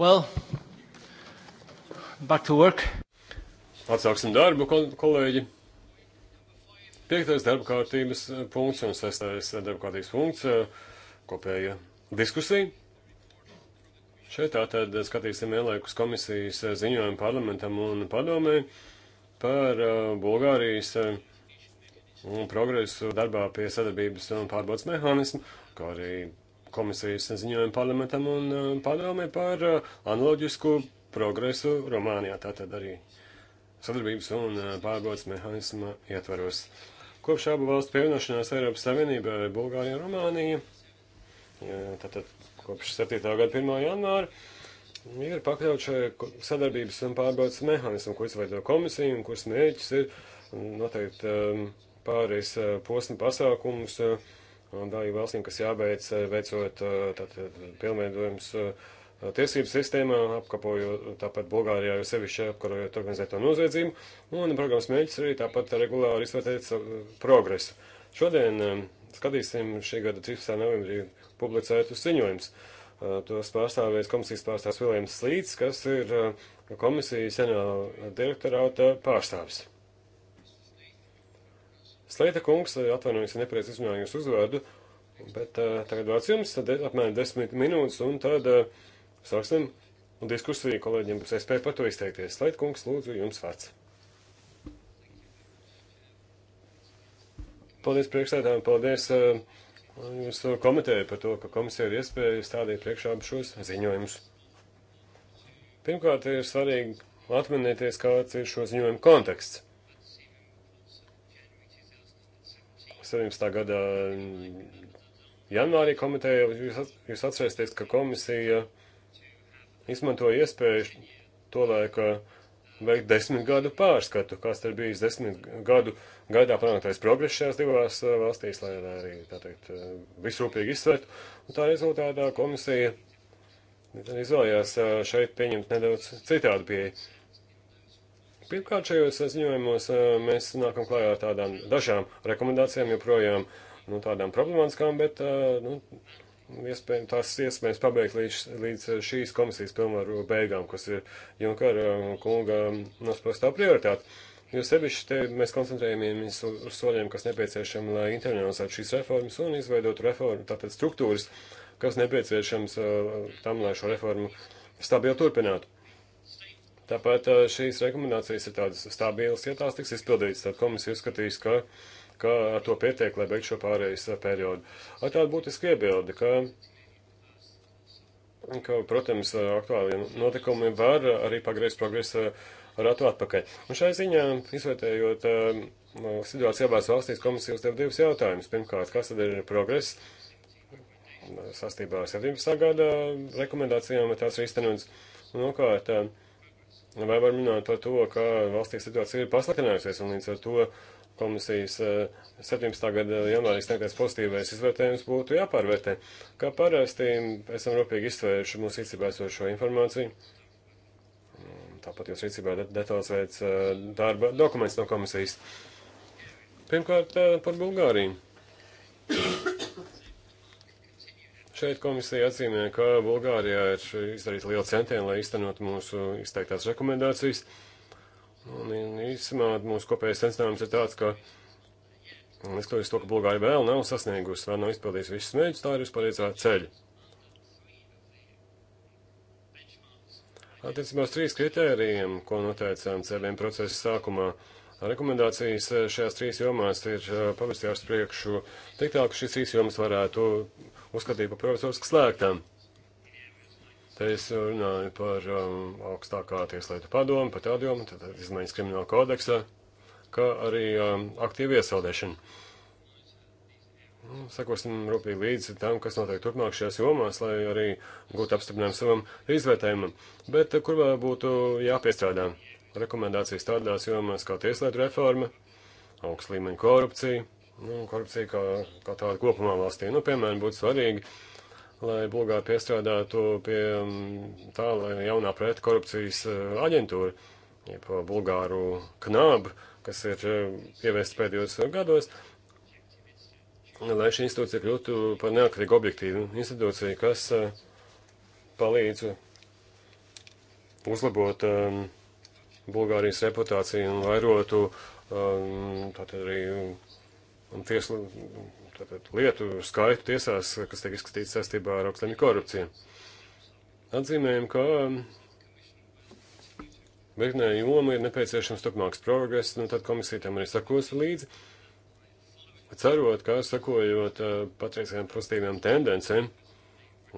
Well, back to work. Atsāksim darbu, kol kolēģi. Piektais darba kārtības eh, punkts un sestais darba kārtības punkts eh, - kopēja diskusija. Šeit tātad skatīsim vienlaikus komisijas eh, ziņojumu parlamentam un padomē par Bulgārijas un progresu darbā pie sadarbības un pārbaudas mehānismu, kā arī komisijas ziņojumu parlamentam un uh, padomē par uh, analoģisku progresu Romānijā, tātad arī sadarbības un uh, pārbaudas mehānisma ietvaros. Kopš abu valstu pievienošanās Eiropas Savienībai Bulgārija un Rumānija, tātad kopš 7. gada 1. janvāra, ir pakļaut šai sadarbības un pārbaudas mehānismu, ko izveido komisija un kuras mērķis ir noteikti um, pārējais posma pasākumus, uh, dalību valstīm, kas jābeidz eh, veicot eh, tātad pilnveidojums eh, tiesību sistēmā, apkapojot tāpat Bulgārijā, jo sevišķi apkarojot organizēto noziedzību, un programmas mēģis arī tāpat regulāri izvērtēt progresu. Šodien skatīsim šī gada 13. novembrī publicētus ziņojumus. Tos pārstāvēs komisijas pārstāvs Viljams Slīts, kas ir komisijas senā direktorāta pārstāvis. Sleita kungs, atvainojos, ja nepareizi izrunāju jūsu uzvārdu, bet uh, tagad vārds jums, tad apmēram desmit minūtes, un tad uh, sāksim diskusiju, kolēģiem būs iespēja par to izteikties. Sleita kungs, lūdzu, jums vārds. Paldies priekšsēdām, paldies uh, jūsu komiteju par to, ka komisija ir iespēja stādīt priekšā šos ziņojumus. Pirmkārt, ir svarīgi atminēties, kāds ir šo ziņojumu konteksts. 17. gada mm, janvārī komiteja, jūs, jūs atcerēsieties, ka komisija izmantoja iespēju to laiku veikt desmit gadu pārskatu, kas ir bijis desmit gadu gaidā panāktais progress šajās divās uh, valstīs, lai arī, tā teikt, uh, visrūpīgi izsvērtu. Un tā rezultātā komisija izvēlējās uh, šeit pieņemt nedaudz citādu pieeju. Pirmkārt, šajos ziņojumos e, mēs nākam klājā ar tādām dažām rekomendācijām, joprojām nu, tādām problemātiskām, bet e, nu, iespējams, tās iespējams pabeigt līdz, līdz šīs komisijas pilnvaru beigām, kas ir Junkara kunga nosprostā prioritāte. Jo sevišķi te mēs koncentrējamies uz soļiem, kas nepieciešami, lai internalizētu šīs reformas un izveidotu reformu, tātad struktūras, kas nepieciešams e, tam, lai šo reformu stabili turpinātu. Tāpat šīs rekomendācijas ir tādas stabilas, ja tās tiks izpildītas, tad komisija uzskatīs, ka, ka ar to pietiek, lai beigtu šo pārējais periodu. Ar tādu būtisku iebildi, ka, ka, protams, aktuālie notikumi var arī pagriezt progresu ar atu atpakaļ. Un šai ziņā, izvērtējot situāciju abās valstīs, komisija uzdev divus jautājumus. Pirmkārt, kas tad ir progress sastībā ar 17. gada rekomendācijām, vai tās ir īstenotas? Un, otrkārt, no Vai var minēt par to, ka valstī situācija ir pasliktinājusies un līdz ar to komisijas 17. Eh, gada janvārī sniegtais pozitīvais izvērtējums būtu jāpārvērtē, kā parasti esam rūpīgi izsvērši mūsu rīcībā esošo informāciju. Mm, tāpat jūs rīcībā detalizēts eh, darba dokuments no komisijas. Pirmkārt, eh, par Bulgāriju. Šeit komisija atzīmē, ka Bulgārijā ir izdarīta liela centiena, lai iztenot mūsu izteiktās rekomendācijas. Un īsumā mūsu kopējais secinājums ir tāds, ka, neskatoties to, ka Bulgārija vēl nav sasniegusi, vēl nav izpildījusi visus mēģus, tā ir uz pareizā ceļa. Attiecībā uz trīs kritērijiem, ko noteicām C1 procesa sākumā, uh, Rekomendācijas eh, šajās trīs jomās ir eh, pavirstījās priekšu tik tālu, ka šīs trīs jomas varētu uzskatīt par provizoriski slēgtām. Te es runāju par um, augstākā tieslietu padomu, par tādu jomu, tad izmaiņas krimināla kodeksā, kā arī um, aktīvu iesaldēšanu. Nu, sekosim rūpīgi līdzi tam, kas notiek turpmāk šajās jomās, lai arī gūtu apstiprinājumu savam izvērtējumam. Bet eh, kur vēl būtu jāpiestrādā? rekomendācijas tādās jomās kā tieslietu reforma, augsts līmeņa korupcija, nu, korupcija kā, kā tāda kopumā valstī. Nu, piemēram, būtu svarīgi, lai Bulgāri piestrādātu pie mm, tā, lai jaunā pretkorupcijas eh, aģentūra, jeb Bulgāru knāb, kas ir eh, ieviests pēdējos gados, lai šī institūcija kļūtu par neatkarīgu objektīvu institūciju, kas eh, palīdz uzlabot um, Bulgārijas reputāciju un vairotu um, tātad arī um, tieslu, tātad lietu skaitu tiesās, kas tiek izskatīts saistībā ar augstlēmju korupciju. Atzīmējam, ka virknē joma ir nepieciešams turpmāks progress, un nu, tad komisija tam arī sakos līdzi. Cerot, ka sakojot uh, patreizējām pozitīvām tendencēm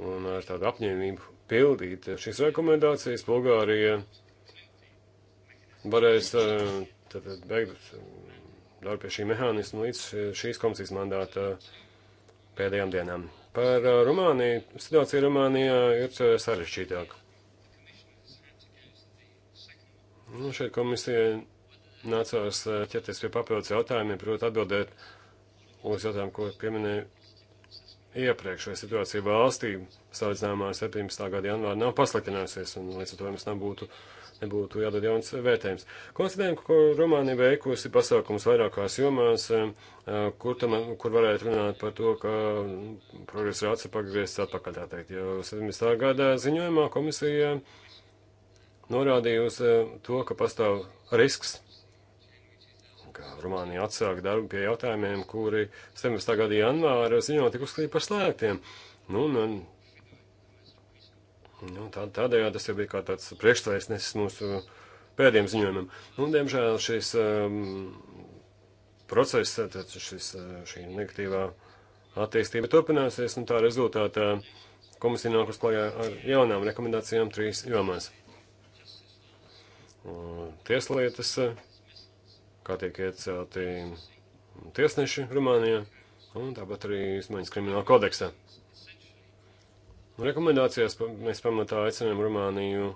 un ar tādu apņēmību pildīt šīs rekomendācijas, Bulgārija varēs eh, tad beigt eh, darbu pie šī mehānismu līdz šīs komisijas mandāta eh, pēdējām dienām. Par Rumāniju, situācija Rumānijā ir sarežģītāka. Nu, šeit komisija nācās ķerties pie papildus jautājumiem, proti atbildēt uz jautājumu, ko pieminēja iepriekš, vai situācija valstī salīdzinājumā ar 17. gada janvāru nav pasliktinājusies, un līdz ar to mums nebūtu uh, nebūtu jādod jauns vērtējums. Konstatējam, ka Rumānija veikusi pasākums vairākās jomās, eh, kur, tam, kur varētu runāt par to, ka progresa rāts ir pagriezts atpakaļ, tā teikt. Jau 17. gada ziņojumā komisija norādīja uz eh, to, ka pastāv risks, ka Rumānija atsāk darbu pie jautājumiem, kuri 17. gada janvāra ziņo tik uzskatīja par slēgtiem. Nu, un Nu, tā, tādējādi tas jau bija kā tāds priekšstājas mūsu pēdējiem ziņojumam. Nu, diemžēl šis um, process, tad šis, uh, šī negatīvā attīstība turpināsies, un tā rezultātā komisija nāk uz klājā ar jaunām rekomendācijām trīs jomās. Tieslietas, kā tiek iecelti tiesneši Rumānijā, un tāpat arī izmaiņas krimināla kodeksā. Rekomendācijās mēs pamatā aicinām Rumāniju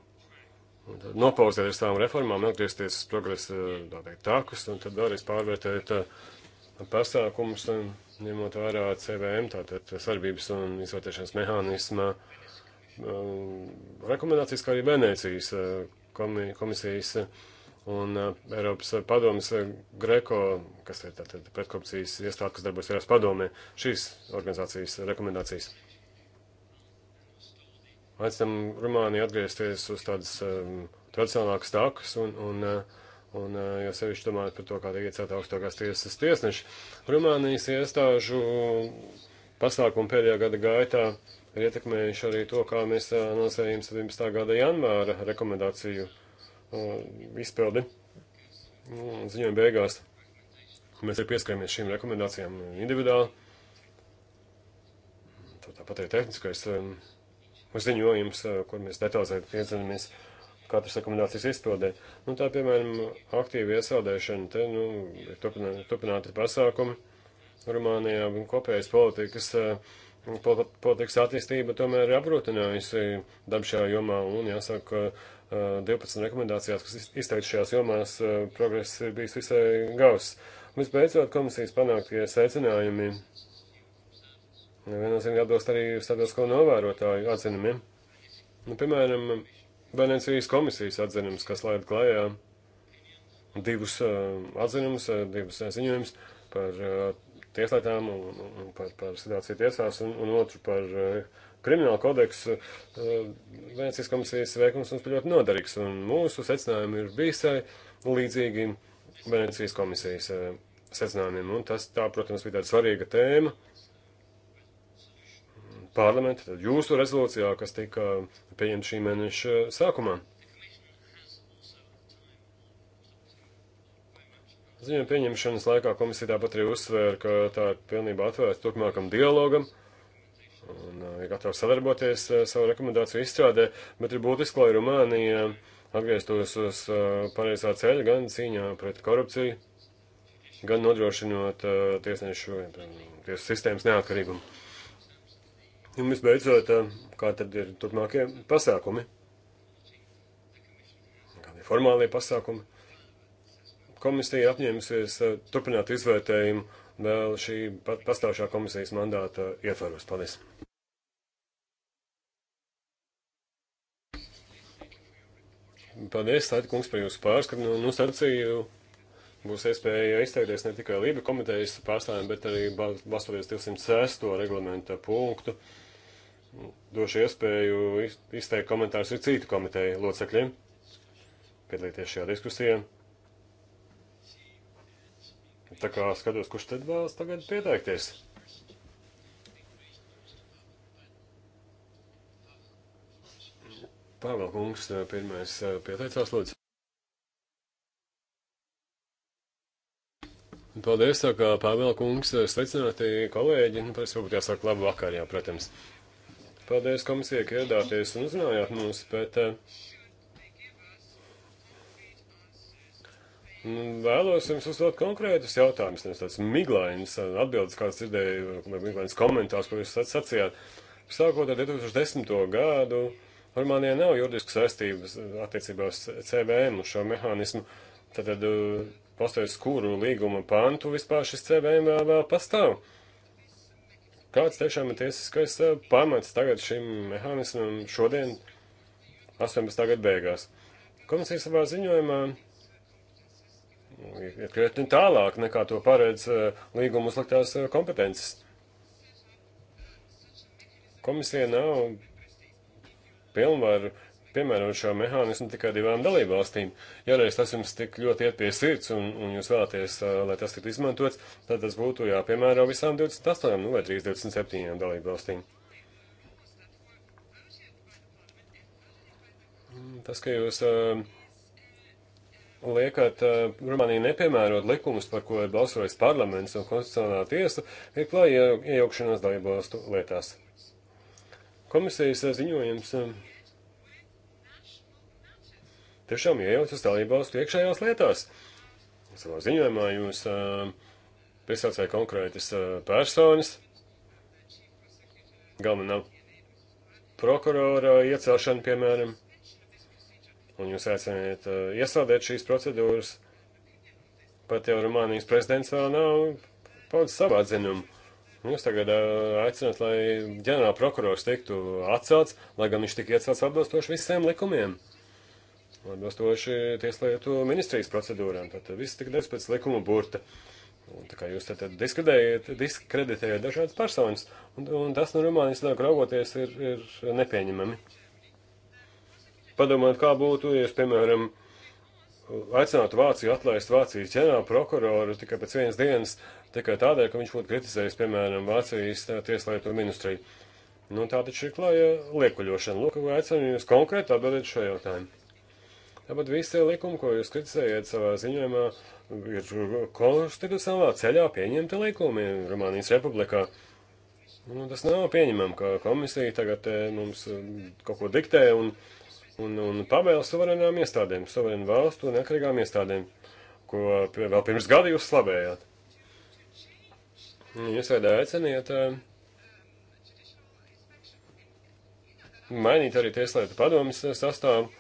nopauzēt ar savām reformām, atgriezties uz progresa tādēļ tākus, un tad vēlreiz pārvērtēt pasākumus, ņemot vērā CVM, tātad sarbības un izvērtēšanas mehānisma rekomendācijas, kā arī Venēcijas komisijas un Eiropas padomas Greko, kas ir tātad pretkorupcijas iestāde, kas darbojas Eiropas padomē, šīs organizācijas rekomendācijas aicinām Rumāniju atgriezties uz tādas um, tradicionālākas takas un, un, uh, un uh, jo sevišķi domājot par to, kā tiek iecēta augstākās tiesas tiesneši. Rumānijas iestāžu pasākumu pēdējā gada gaitā ir ietekmējuši arī to, kā mēs uh, nosējam 17. gada janvāra rekomendāciju uh, izpildi. Nu, ziņojuma beigās mēs arī pieskaramies šīm rekomendācijām individuāli. Tāpat arī tehniskais. Um, ziņojums, kur mēs detalizēti piedzinamies katras rekomendācijas izpildē. Nu, tā, piemēram, aktīva iesaldēšana, te, nu, ir turpināti, turpināti pasākumi Rumānijā, un kopējas politikas, politikas attīstība tomēr ir aprūtinājusi darbu šajā jomā, un jāsaka, 12 rekomendācijās, kas izteikti šajās jomās, progress ir bijis visai gauss. Vispēcot komisijas panāktie secinājumi. Ja viennozīmīgi atbilst arī starptautisko novērotāju atzinumiem. Nu, piemēram, Venecijas komisijas atzinums, kas laid klajā divus uh, atzinumus, uh, divus uh, ziņojumus par uh, tieslietām un, un par, par situāciju tiesās un, un otru par uh, kriminālu kodeksu. Uh, Venecijas komisijas veikums mums bija ļoti noderīgs un mūsu secinājumi ir visai līdzīgi Venecijas komisijas uh, secinājumiem. Un tas, tā, protams, bija tāda svarīga tēma, parlamenta, tad jūsu rezolūcijā, kas tika pieņemta šī mēneša sākumā. Ziņojuma pieņemšanas laikā komisija tāpat arī uzsvēra, ka tā ir pilnībā atvērta turpmākam dialogam un uh, ir gatava sadarboties uh, savu rekomendāciju izstrādē, bet ir būtiski, lai Rumānija atgrieztos uz uh, pareizā ceļa gan cīņā pret korupciju, gan nodrošinot tiesnešu tiesu sistēmas neatkarīgumu. Un nu, visbeidzot, eh, kā tad ir turpmākie pasākumi? Kādi formālie pasākumi? Komisija apņēmusies eh, turpināt izvērtējumu vēl šī pastāvšā komisijas mandāta ietvaros. Paldies! Paldies, Tāti kungs, par jūsu pārskatu. Nu, nu sacīju, būs iespēja izteikties ne tikai Lība komitejas pārstāvjiem, bet arī balstoties 206. reglamenta punktu došu iespēju izteikt komentārus arī citu komiteju locekļiem, piedalīties šajā diskusijā. Tā kā skatos, kurš tad vēlas tagad pieteikties. Pāvēl kungs eh, pirmais eh, pieteicās lūdzu. Paldies, tā kā Pāvēl kungs eh, sveicināti kolēģi. Nu, pēc varbūt jāsaka labu vakar, jā, protams. Paldies komisijai, ka ieradāties un uzrunājāt mums, bet eh, nu, vēlos jums uzdot konkrētus jautājumus, nevis tāds miglains atbildes, kāds dzirdēju, miglains komentārs, ko jūs sacījāt. Sākot ar 2010. gadu, Rumānijā nav juridiskas saistības attiecībās CVM un šo mehānismu. Tātad, eh, pastāvēs kuru līguma pantu vispār šis CVM vēl, vēl pastāv. Uh, Kāds tiešām ir tiesiskais eh, pamats tagad šim mehānismam šodien, 18. gada beigās? Komisija savā ziņojumā nu, ir krietni tālāk nekā to paredz eh, līguma uzliktās eh, kompetences. Komisija nav pilnvaru piemērot šo mehānismu tikai divām dalībvalstīm. Ja reiz tas jums tik ļoti iet pie sirds un, un jūs vēlaties, lai tas tiktu izmantots, tad tas būtu jāpiemēro visām 28 nu, vai 27 dalībvalstīm. Tas, ka jūs uh, liekat uh, Rumānijai nepiemērot likumus, par ko ir balsojis parlaments un konstitucionālā tiesa, ir klāja iejaukšanās dalībvalstu lietās. Komisijas ziņojums. Uh, tiešām iejaucas dalību valstu iekšējās lietās. Savā ziņojumā jūs uh, piesaucēja konkrētas uh, personas, galvenā prokurora iecelšana, piemēram, un jūs aicināt uh, iesaldēt šīs procedūras. Pat jau Rumānijas prezidents vēl nav paudz savu atzinumu. Jūs tagad aicināt, lai ģenerāla prokurors tiktu atcelts, lai gan viņš tika iecelts atbilstoši visiem likumiem atbilstoši tieslietu ministrijas procedūrām. Tad viss tik daudz pēc likuma burta. Un, tā kā jūs tad diskreditējat dažādas personas, un, un tas no Rumānijas tā raugoties ir, ir nepieņemami. Padomājiet, kā būtu, ja es, piemēram, aicinātu Vāciju atlaist Vācijas ģenerālu prokuroru tikai pēc vienas dienas, tikai tādēļ, ka viņš būtu kritizējis, piemēram, Vācijas tieslietu ministriju. Nu, tā taču ir klāja liekuļošana. Lūk, vai aicinām jūs konkrēti atbildēt šo jautājumu. Tāpat visi likumi, ko jūs kritizējat savā ziņojumā, ir konstitucionālā ceļā pieņemti likumi Rumānijas republikā. Nu, tas nav pieņemam, ka komisija tagad eh, mums eh, kaut ko diktē un, un, un pavēla suverenām iestādēm, suverenu valstu un neatkarīgām iestādēm, ko vēl pirms gada jūs slavējāt. Jūs veidā aiciniet eh, mainīt arī tieslietu padomjas sastāvu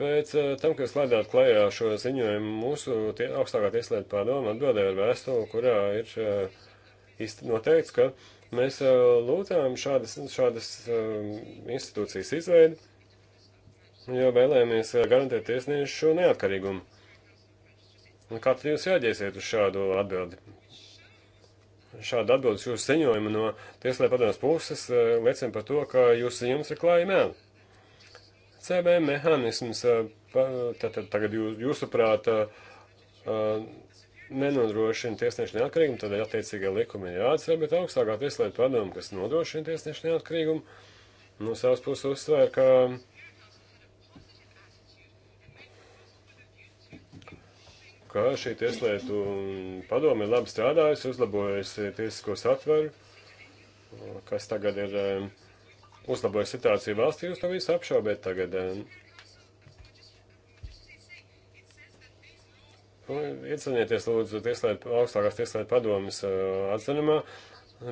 Pēc eh, tam, kad slēdzāt klajā šo ziņojumu, mūsu tie, augstākā tieslietu padoma atbildēja ar vēstuli, kurā ir īsti eh, noteikts, ka mēs eh, lūdzām šādas, šādas institūcijas izveidi, jo vēlējāmies garantēt tiesniešu neatkarīgumu. Un kā tad jūs reaģēsiet uz šādu atbildi? Šāda atbildes jūsu ziņojuma no tieslietu padomas puses liecina par to, ka jūsu ziņojums ir klājumēl. CB mehānisms, tātad tagad jūs, jūsuprāt, nenodrošina tiesnešu neatkarīgumu, tad attiecīgie likumi ir jāatcer, bet augstākā tieslietu padoma, kas nodrošina tiesnešu neatkarīgumu, no savas puses uzsver, ka ka šī tieslietu padome ir labi strādājusi, uzlabojusi tiesisko satveru, kas tagad ir uh, uzlaboja situāciju valstī, jūs to visu apšaubēt tagad. Eh, Iecenieties, lūdzu, tieslēt, augstākās tieslietu padomas eh, atzinumā.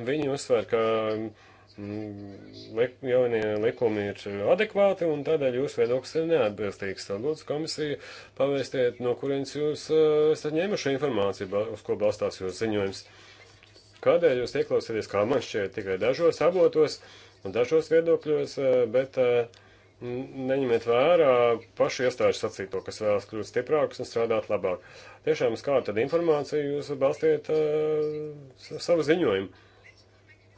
Viņi uzsver, ka mm, lik, jaunie likumi ir adekvāti un tādēļ jūsu viedoklis ir neatbilstīgs. Lūdzu, komisija, pavēstiet, no kurienes jūs eh, esat ņēmuši informāciju, uz ko balstās jūsu ziņojums. Kādēļ jūs ieklausāties, kā man šķiet, tikai dažos avotos? Uh, dažos viedokļos, eh, bet eh, neņemiet vērā pašu iestāžu sacīto, kas vēlas kļūt stiprākus un strādāt labāk. Tiešām uz kādu tad informāciju jūs balstiet eh, savu ziņojumu.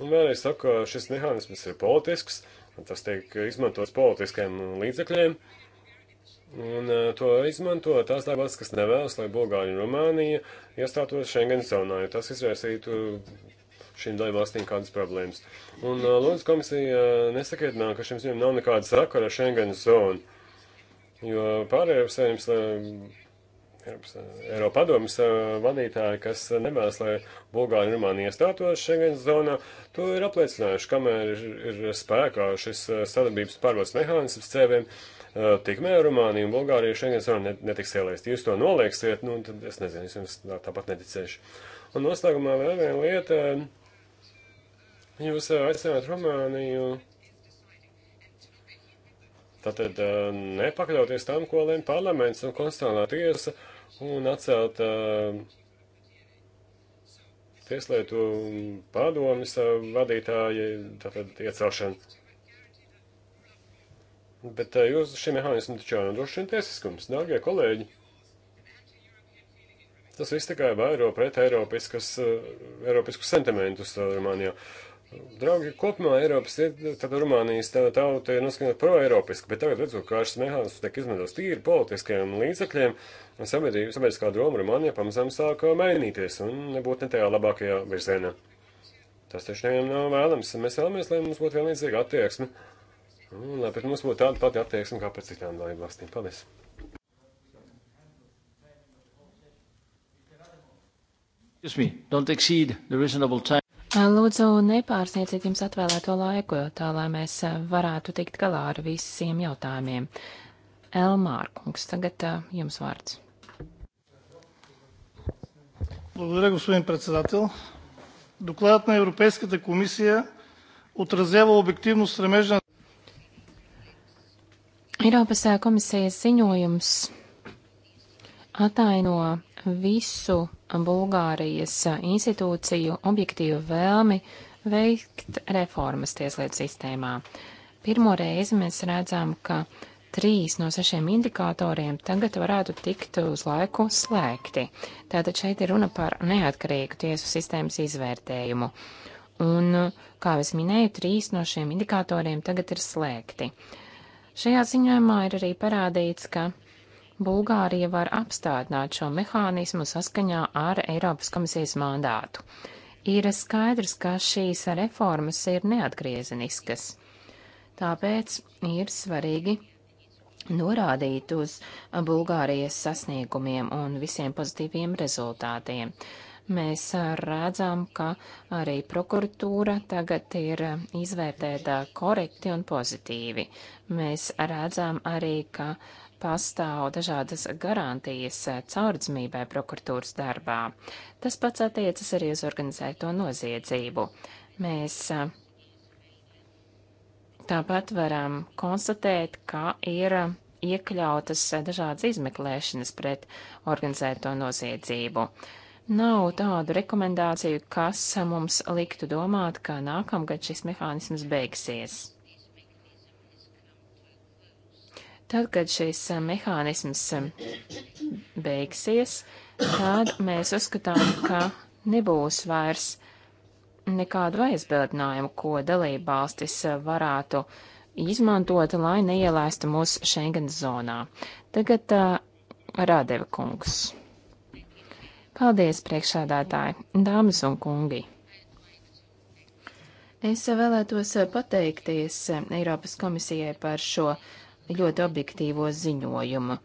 Un vēlreiz saku, ka šis mehānisms ir politisks, tas tiek izmantots politiskiem līdzekļiem, un to izmanto tās darbās, kas nevēlas, lai Bulgārija un Rumānija iestātos Schengen zonā, jo tas izvērsītu šīm dalībvalstīm kādas problēmas. Un uh, Lūdzu komisija uh, nesakritinā, ka šim ziņam nav nekāda sakara ar Schengen zonu, jo pārējie apsvērums, uh, Eiropas, Eiropa padomas vadītāji, kas nevēlas, lai Bulgāri un Rumānija iestātos Schengen zonā, to ir apliecinājuši, kamēr ir, ir spēkā šis sadarbības pārvaldes mehānisms cēvēm, tikmēr Rumānija un Bulgārija Schengen zonā netiks ielaist. Jūs to noliegsiet, nu, tad es nezinu, es jums tāpat neticēšu. Un noslēgumā vēl viena lieta. Jūs aicināt Rumāniju tātad nepakļauties tam, ko lēma parlaments un konstitucionālā tiesa un atcelt tieslietu padomis vadītāji, tātad iecelšanu. Bet jūs šī mehānismu taču jau nodrošina tiesiskums, dārgie kolēģi. Tas viss tikai vairo pret Eiropiskas, Eiropiskus sentimentus Rumānijā. Uh, Draugi, kopumā Eiropas ir, tad Rumānijas tauta ir noskaņot pro-eiropiski, bet tagad redzot, kā šis mehānisms tiek izmantots tīri politiskiem līdzekļiem, sabiedriskā doma Rumānijā pamazām sāk uh, mainīties un nebūt ne tajā labākajā virzienā. Tas taču nevienam nav vēlams. Mēs vēlamies, lai mums būtu vienlīdzīga attieksme. Un lai pret mums būtu tāda pati attieksme kā pret citām dalību valstīm. Paldies! Excuse me, don't exceed the reasonable time. Lūdzu, nepārsniedziet jums atvēlēto laiku, tā lai mēs varētu tikt galā ar visiem jautājumiem. Elmār, kungs, tagad jums vārds. Благодаря, господин председател. Докладът на Европейската комисия отразява обективно стремежа на Eiropas komisijas ziņojums ataino visu Bulgārijas institūciju objektīvu vēlmi veikt reformas tieslietu sistēmā. Pirmo reizi mēs redzam, ka trīs no sešiem indikatoriem tagad varētu tikt uz laiku slēgti. Tātad šeit ir runa par neatkarīgu tiesu sistēmas izvērtējumu. Un, kā es minēju, trīs no šiem indikatoriem tagad ir slēgti. Šajā ziņojumā ir arī parādīts, ka Bulgārija var apstādināt šo mehānismu saskaņā ar Eiropas komisijas mandātu. Ir skaidrs, ka šīs reformas ir neatgriezeniskas. Tāpēc ir svarīgi norādīt uz Bulgārijas sasniegumiem un visiem pozitīviem rezultātiem. Mēs redzam, ka arī prokuratūra tagad ir izvērtēta korekti un pozitīvi. Mēs redzam arī, ka uh, pastāv dažādas garantijas eh, caurdzmībai prokuratūras darbā. Tas pats attiecas arī uz organizēto noziedzību. Mēs eh, tāpat varam konstatēt, ka ir eh, iekļautas dažādas izmeklēšanas pret organizēto noziedzību. Nav tādu rekomendāciju, kas mums liktu domāt, ka nākamgad šis mehānisms beigsies. Tad, kad šis eh, mehānisms eh, beigsies, tad mēs uzskatām, ka nebūs vairs nekādu aizbildinājumu, ko dalība valstis eh, varētu izmantot, lai neielaistu mūs Schengen zonā. Tagad uh, Rādeva kungs. Paldies, priekšādātāji, dāmas un kungi! Es vēlētos pateikties Eiropas komisijai par šo ļoti objektīvo ziņojumu.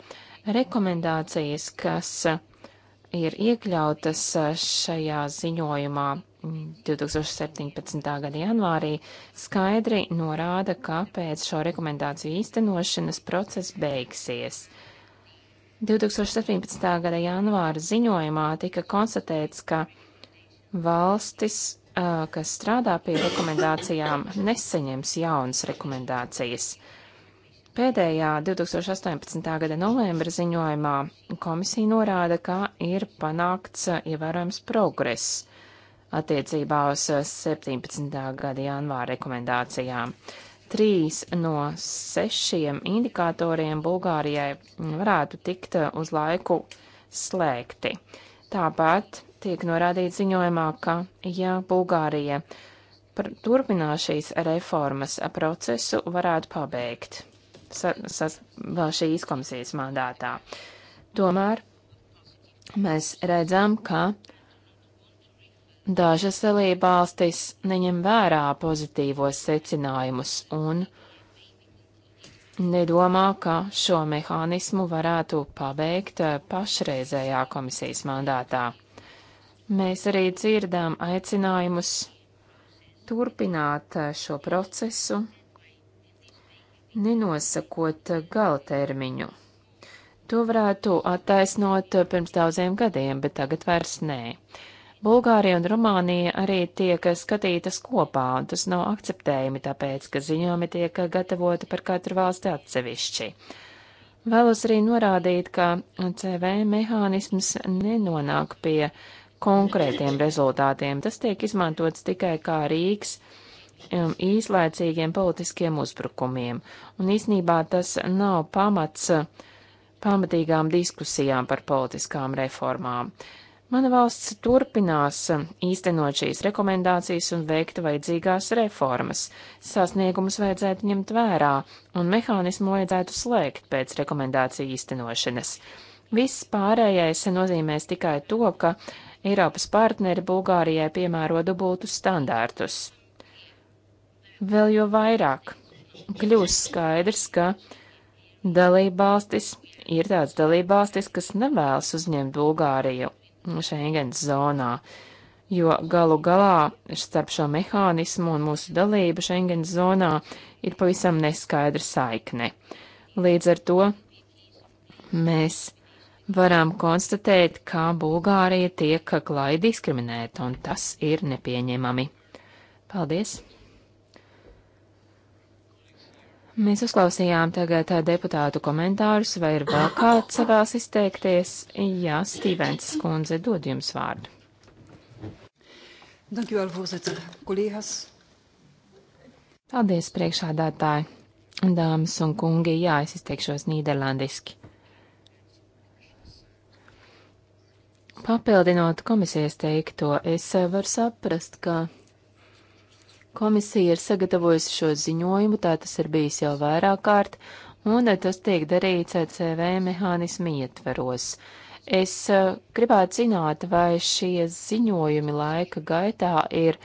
Rekomendācijas, kas ir iekļautas šajā ziņojumā 2017. gada janvārī, skaidri norāda, ka pēc šo rekomendāciju īstenošanas process beigsies. 2017. gada janvāra ziņojumā tika konstatēts, ka valstis, kas strādā pie rekomendācijām, nesaņems jaunas rekomendācijas. Pēdējā 2018. gada novembra ziņojumā komisija norāda, ka ir panākts uh, ievērojams progress attiecībā uz 17. Uh, gada janvāra rekomendācijām. Trīs no sešiem indikatoriem Bulgārijai varētu tikt uh, uz laiku slēgti. Tāpat tiek norādīts ziņojumā, ka ja Bulgārija turpinās šīs reformas procesu, varētu pabeigt sa, sa, vēl šīs komisijas mandātā. Tomēr mēs redzam, ka dažas dalībvalstis neņem vērā pozitīvos secinājumus un nedomā, ka šo mehānismu varētu pabeigt eh, pašreizējā komisijas mandātā. Mēs arī dzirdām aicinājumus turpināt eh, šo procesu, nenosakot gala termiņu. To varētu attaisnot pirms daudziem gadiem, bet tagad vairs nē. Bulgārija un Rumānija arī tiek skatītas kopā, un tas nav akceptējami, tāpēc, ka ziņojumi tiek gatavoti par katru valsti atsevišķi. Vēlos arī norādīt, ka CV mehānisms nenonāk pie konkrētiem rezultātiem. Tas tiek izmantots tikai kā rīks Um, īslaicīgiem politiskiem uzbrukumiem, un īsnībā tas nav pamats uh, pamatīgām diskusijām par politiskām reformām. Mana valsts turpinās uh, īstenot šīs rekomendācijas un veikt vajadzīgās reformas. Sasniegumus vajadzētu ņemt vērā, un mehānismu vajadzētu slēgt pēc rekomendāciju īstenošanas. Viss pārējais nozīmēs tikai to, ka Eiropas partneri Bulgārijai piemēro dubultus standārtus vēl jo vairāk. Kļūs skaidrs, ka dalībvalstis ir tāds dalībvalstis, kas nevēlas uzņemt Bulgāriju Schengens zonā, jo galu galā starp šo mehānismu un mūsu dalību Schengens zonā ir pavisam neskaidra saikne. Līdz ar to mēs varam konstatēt, ka Bulgārija tiek klāji diskriminēta, un tas ir nepieņemami. Paldies! Mēs uzklausījām tagad eh, deputātu komentārus, vai ir vēl kāds vēlas izteikties? Jā, Stīvens Skundze, dod jums vārdu. Paldies, priekšādātāji. Dāmas un kungi, jā, es izteikšos nīderlandiski. Papildinot komisijas teikto, es eh, varu saprast, ka Komisija ir sagatavojusi šo ziņojumu, tā tas ir bijis jau vairāk kārt, un tas tiek darīts CV mehānismu ietveros. Es eh, gribētu zināt, vai šie ziņojumi laika gaitā ir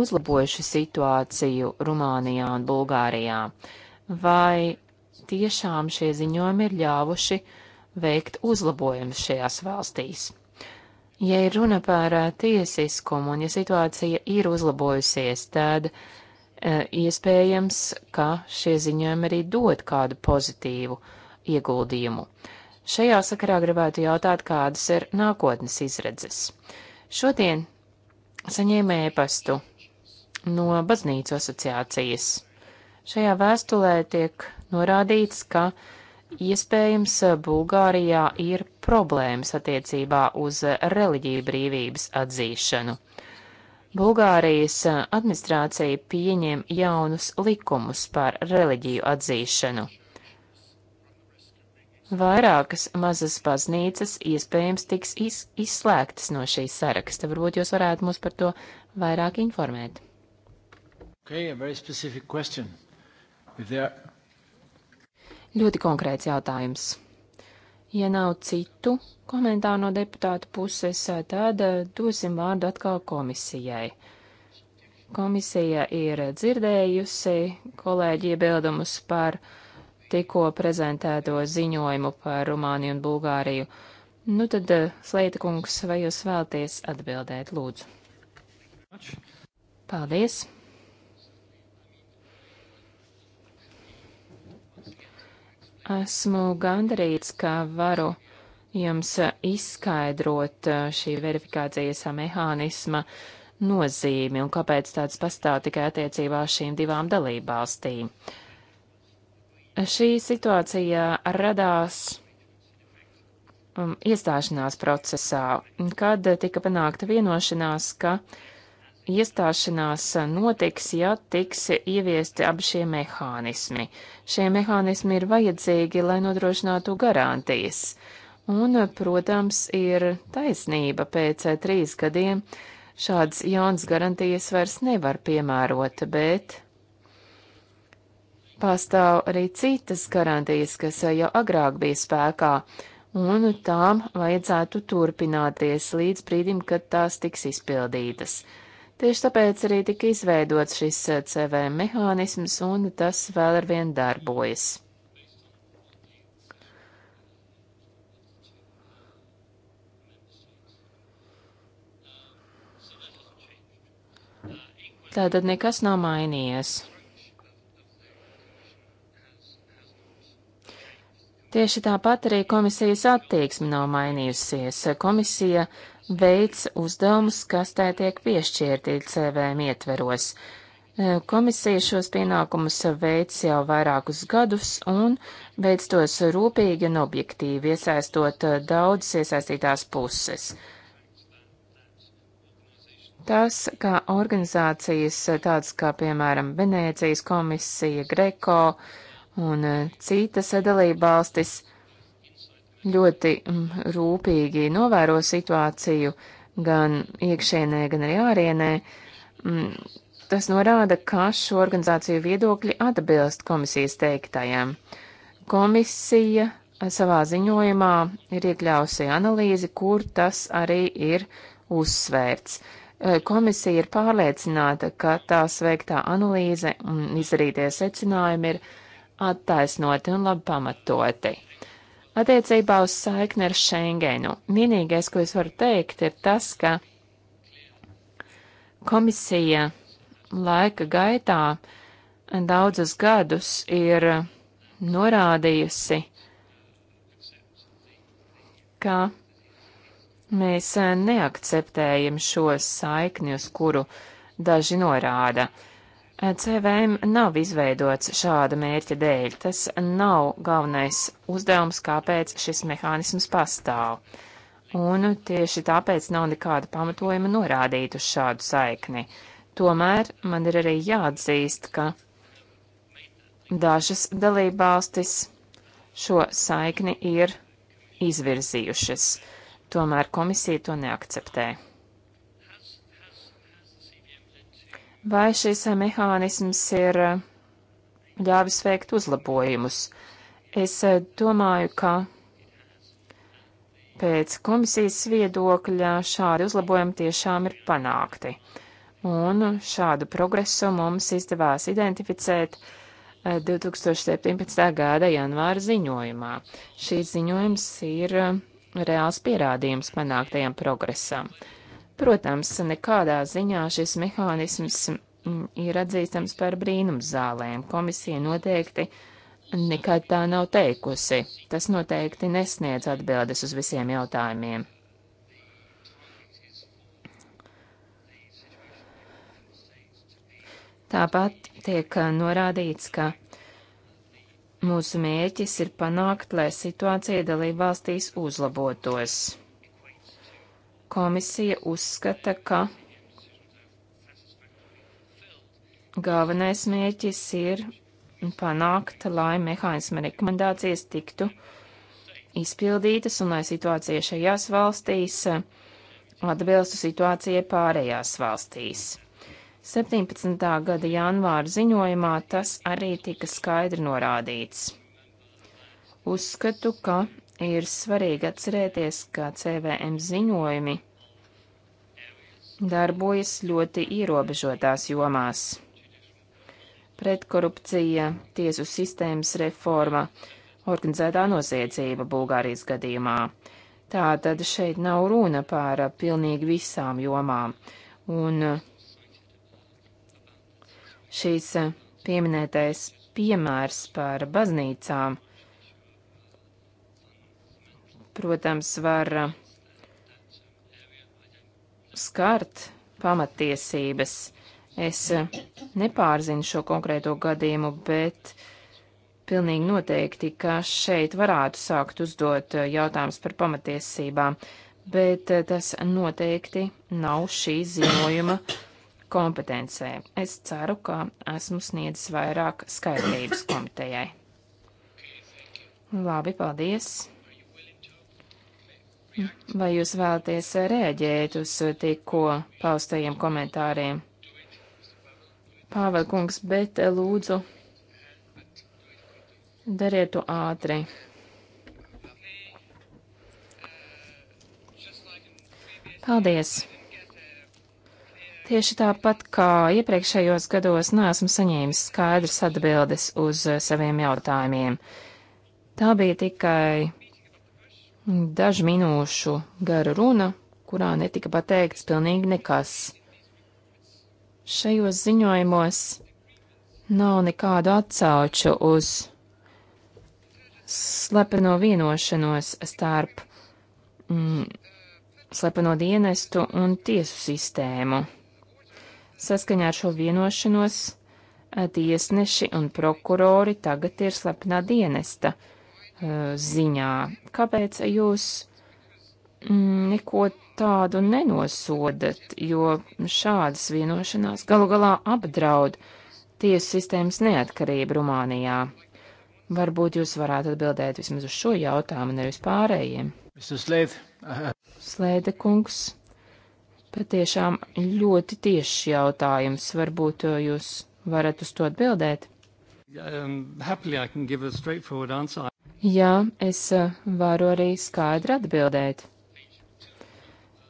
uzlabojuši situāciju Rumānijā un Bulgārijā, vai tiešām šie ziņojumi ir ļāvuši veikt uzlabojumus šajās valstīs. Ja ir runa par eh, tiesiskumu un ja situācija ir uzlabojusies, tad eh, iespējams, ka šie ziņojumi arī dod kādu pozitīvu ieguldījumu. Šajā sakarā gribētu jautāt, kādas ir nākotnes izredzes. Šodien saņēmu ēpastu no Baznīcu asociācijas. Šajā vēstulē tiek norādīts, ka uh, Iespējams, eh, Bulgārijā ir problēmas attiecībā uz reliģiju brīvības atzīšanu. Bulgārijas eh, administrācija pieņem jaunus likumus par reliģiju atzīšanu. Vairākas mazas baznīcas iespējams tiks iz, izslēgtas no šīs saraksta. Varbūt jūs varētu mūs par to vairāk informēt. Okay, Ļoti konkrēts jautājums. Ja nav citu komentāru no deputātu puses, tad eh, dosim vārdu atkal komisijai. Komisija ir dzirdējusi kolēģi iebildumus par tikko prezentēto ziņojumu par Rumāniju un Bulgāriju. Nu tad, eh, Sleita kungs, vai jūs vēlties atbildēt, lūdzu? Paldies! Esmu gandarīts, ka varu jums izskaidrot eh, šī verifikācijas mehānisma nozīmi un kāpēc tāds pastāv tikai attiecībā šīm divām dalībvalstīm. Šī situācija radās um, iestāšanās procesā, kad tika panākta vienošanās, ka uh, iestāšanās notiks, ja tiks ieviesti abi šie mehānismi. Šie mehānismi ir vajadzīgi, lai nodrošinātu garantijas. Un, protams, ir taisnība pēc trīs gadiem šādas jaunas garantijas vairs nevar piemērot, bet pastāv arī citas garantijas, kas jau agrāk bija spēkā, un tām vajadzētu turpināties līdz brīdim, kad tās tiks izpildītas. Tieši tāpēc arī tika izveidots šis eh, CVM mehānisms, un tas vēl ar vien darbojas. Tātad nekas nav mainījies. Tieši tāpat arī komisijas attieksme nav mainījusies. Komisija uh, veic uzdevumus, kas tai tiek piešķirti CVM ietveros. E, komisija šos pienākumus veic jau vairākus gadus un veic tos rūpīgi un objektīvi, iesaistot daudzas iesaistītās puses. Tas, kā organizācijas tādas kā, piemēram, Venēcijas komisija, Greko un citas dalībvalstis ļoti mm, rūpīgi novēro situāciju gan iekšienē, gan arī ārienē. Mm, tas norāda, ka šo organizāciju viedokļi atbilst komisijas teiktajam. Komisija savā ziņojumā ir iekļausi analīzi, kur tas arī ir uzsvērts. Eh, komisija ir pārliecināta, ka tās veiktā analīze un izdarītie secinājumi ir attaisnoti un labi pamatoti. Attiecībā uz saikni ar Schengenu. Vienīgais, ko es varu teikt, ir tas, ka komisija laika gaitā daudzus gadus ir norādījusi, ka mēs neakceptējam šo saikni, uz kuru daži norāda. Uh, CVM nav izveidots šāda mērķa dēļ. Tas nav galvenais uzdevums, kāpēc šis mehānisms pastāv. Un tieši tāpēc nav nekāda pamatojuma norādīt uz šādu saikni. Tomēr man ir arī jāatzīst, ka dažas dalībvalstis šo saikni ir izvirzījušas. Tomēr komisija to neakceptē. Vai šis eh, mehānisms ir eh, ļāvis veikt uzlabojumus? Es eh, domāju, ka pēc komisijas viedokļa šādi uzlabojumi tiešām ir panākti. Un šādu progresu mums izdevās identificēt 2017. gada janvāra ziņojumā. Šīs ziņojums ir reāls pierādījums panāktajam progresam. Protams, nekādā ziņā šis mehānisms mm, ir atzīstams par brīnumzālēm. Komisija noteikti nekad tā nav teikusi. Tas noteikti nesniedz atbildes uz visiem jautājumiem. Tāpat tiek uh, norādīts, ka mūsu mērķis ir panākt, lai situācija dalībvalstīs uzlabotos. Komisija uzskata, ka galvenais mērķis ir panākt, lai mehānisma rekomendācijas tiktu izpildītas un lai situācija šajās valstīs atbilstu situācijai pārējās valstīs. 17. gada janvāra ziņojumā tas arī tika skaidri norādīts. Uzskatu, ka Ir svarīgi atcerēties, ka CVM ziņojumi darbojas ļoti ierobežotās jomās. Pretkorupcija, tiesu sistēmas reforma, organizētā noziedzība Bulgārijas gadījumā. Tātad šeit nav runa par pilnīgi visām jomām. Un šīs pieminētais piemērs par baznīcām – protams, var uh, skart pamatiesības. Es uh, nepārzinu šo konkrēto gadījumu, bet pilnīgi noteikti, ka šeit varētu sākt uzdot uh, jautājumus par pamatiesībām, bet tas noteikti nav šī ziņojuma kompetencē. Es ceru, ka esmu sniedzis vairāk skaidrības komitejai. Labi, paldies! Vai jūs vēlaties rēģēt uz tikko paustajiem komentāriem? Pāvēl kungs, bet eh, lūdzu, dariet to ātri. Paldies! Tieši tāpat kā iepriekšējos gados neesmu saņēmis skaidrs atbildes uz eh, saviem jautājumiem. Tā bija tikai dažu minūšu gara runa, kurā netika pateikts pilnīgi nekas. Šajos ziņojumos nav nekādu atsauču uz slepeno vienošanos starp mm, slepeno dienestu un tiesu sistēmu. Saskaņā ar šo vienošanos eh, tiesneši un prokurori tagad ir slepenā dienesta uh, ziņā. Kāpēc jūs mm, neko tādu nenosodat, jo šādas vienošanās galu galā apdraud tiesu sistēmas neatkarību Rumānijā? Varbūt jūs varētu atbildēt vismaz uz šo jautājumu, nevis pārējiem. Slēde kungs, patiešām ļoti tiešs jautājums. Varbūt jūs varat uz to atbildēt? Um, happily I can give a straightforward answer. Jā, es uh, varu arī skaidri atbildēt.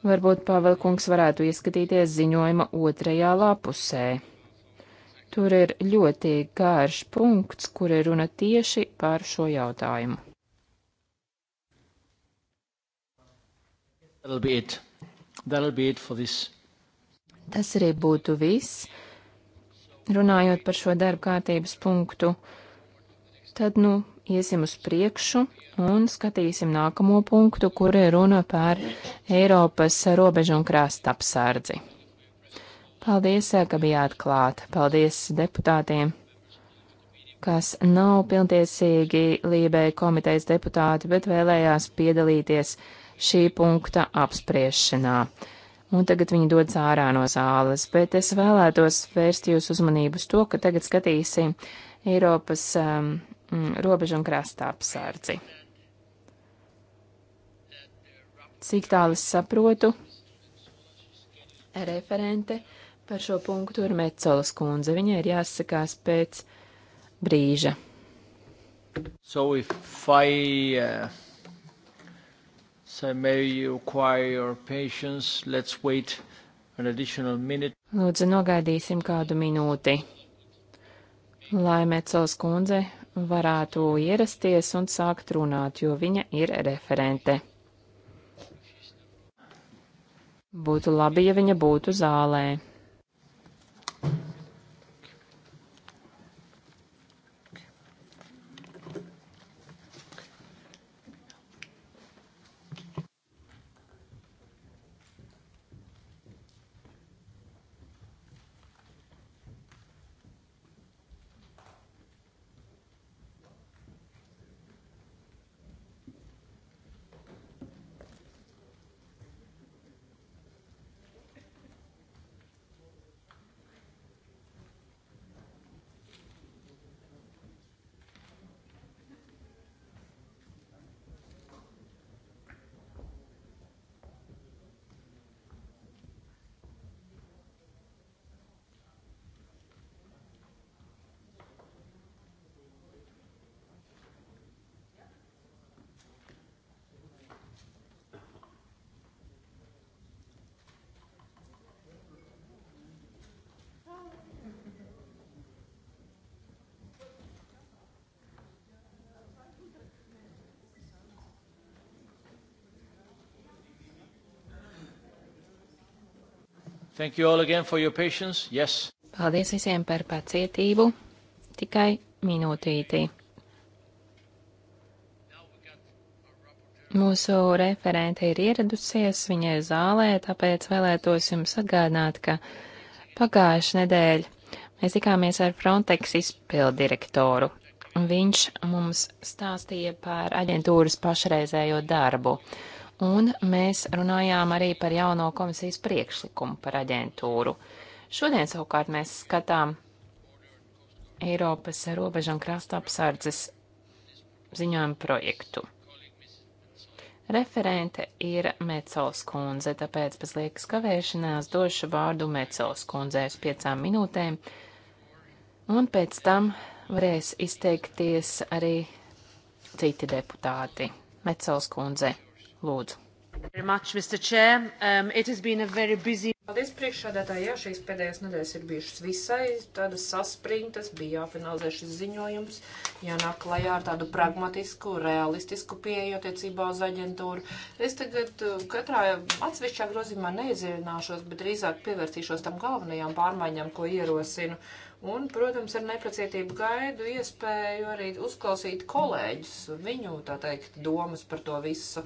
Varbūt Pāvelkungs varētu ieskatīties ziņojuma otrajā lapusē. Tur ir ļoti gārš punkts, kur ir runa tieši par šo jautājumu. That'll be it. That'll be it this... Tas arī būtu viss runājot par šo darba kārtības punktu, tad, nu, iesim uz priekšu un skatīsim nākamo punktu, kur ir runa par Eiropas robežu un krāsta apsārdzi. Paldies, ka bijāt klāt. Paldies deputātiem, kas nav pilntiesīgi Lībēja komitejas deputāti, bet vēlējās piedalīties šī punkta apspriešanā un tagad viņi dodas ārā no zāles, bet es vēlētos vērst jūsu uzmanību uz to, ka tagad skatīsim Eiropas um, mm, robežu un krasta apsārdzi. Cik tālu es saprotu, referente par šo punktu ir Mecolas kundze. Viņai ir jāsakās pēc brīža. So if I, uh... So may you acquire your patience. Let's wait an additional minute. Lūdzu, nogaidīsim kādu minūti, lai Mecels kundze varētu ierasties un sākt runāt, jo viņa ir referente. Būtu labi, ja viņa būtu zālē. Thank you all again for your patience. Yes. Paldies visiem par pacietību. Tikai minūtītī. Mūsu referente ir ieradusies, viņa ir zālē, tāpēc vēlētos jums atgādināt, ka pagājuši nedēļ mēs tikāmies ar Frontex izpildirektoru. Viņš mums stāstīja par aģentūras pašreizējo darbu. Uh, un mēs runājām arī par jauno komisijas priekšlikumu par aģentūru. Šodien savukārt mēs skatām Eiropas robežu un krasta apsardzes ziņojumu projektu. Referente ir Mecels kundze, tāpēc bez liekas kavēšanās došu vārdu Mecels kundzei uz piecām minūtēm, un pēc tam varēs izteikties arī citi deputāti. Mecels kundze. Lūdzu. Much, um, busy... Paldies priekšādātāji, jā, šīs pēdējās nedēļas ir bijušas visai tādas saspringtas, bija jāfinalizē šis ziņojums, jānāk klajā ar tādu pragmatisku, realistisku pieeju attiecībā uz aģentūru. Es tagad uh, katrā atsevišķā grozījumā neizrināšos, bet drīzāk pievērsīšos tam galvenajām pārmaiņām, ko ierosinu. Un, protams, ar nepacietību gaidu iespēju arī uzklausīt kolēģus, viņu, tā teikt, domas par to visu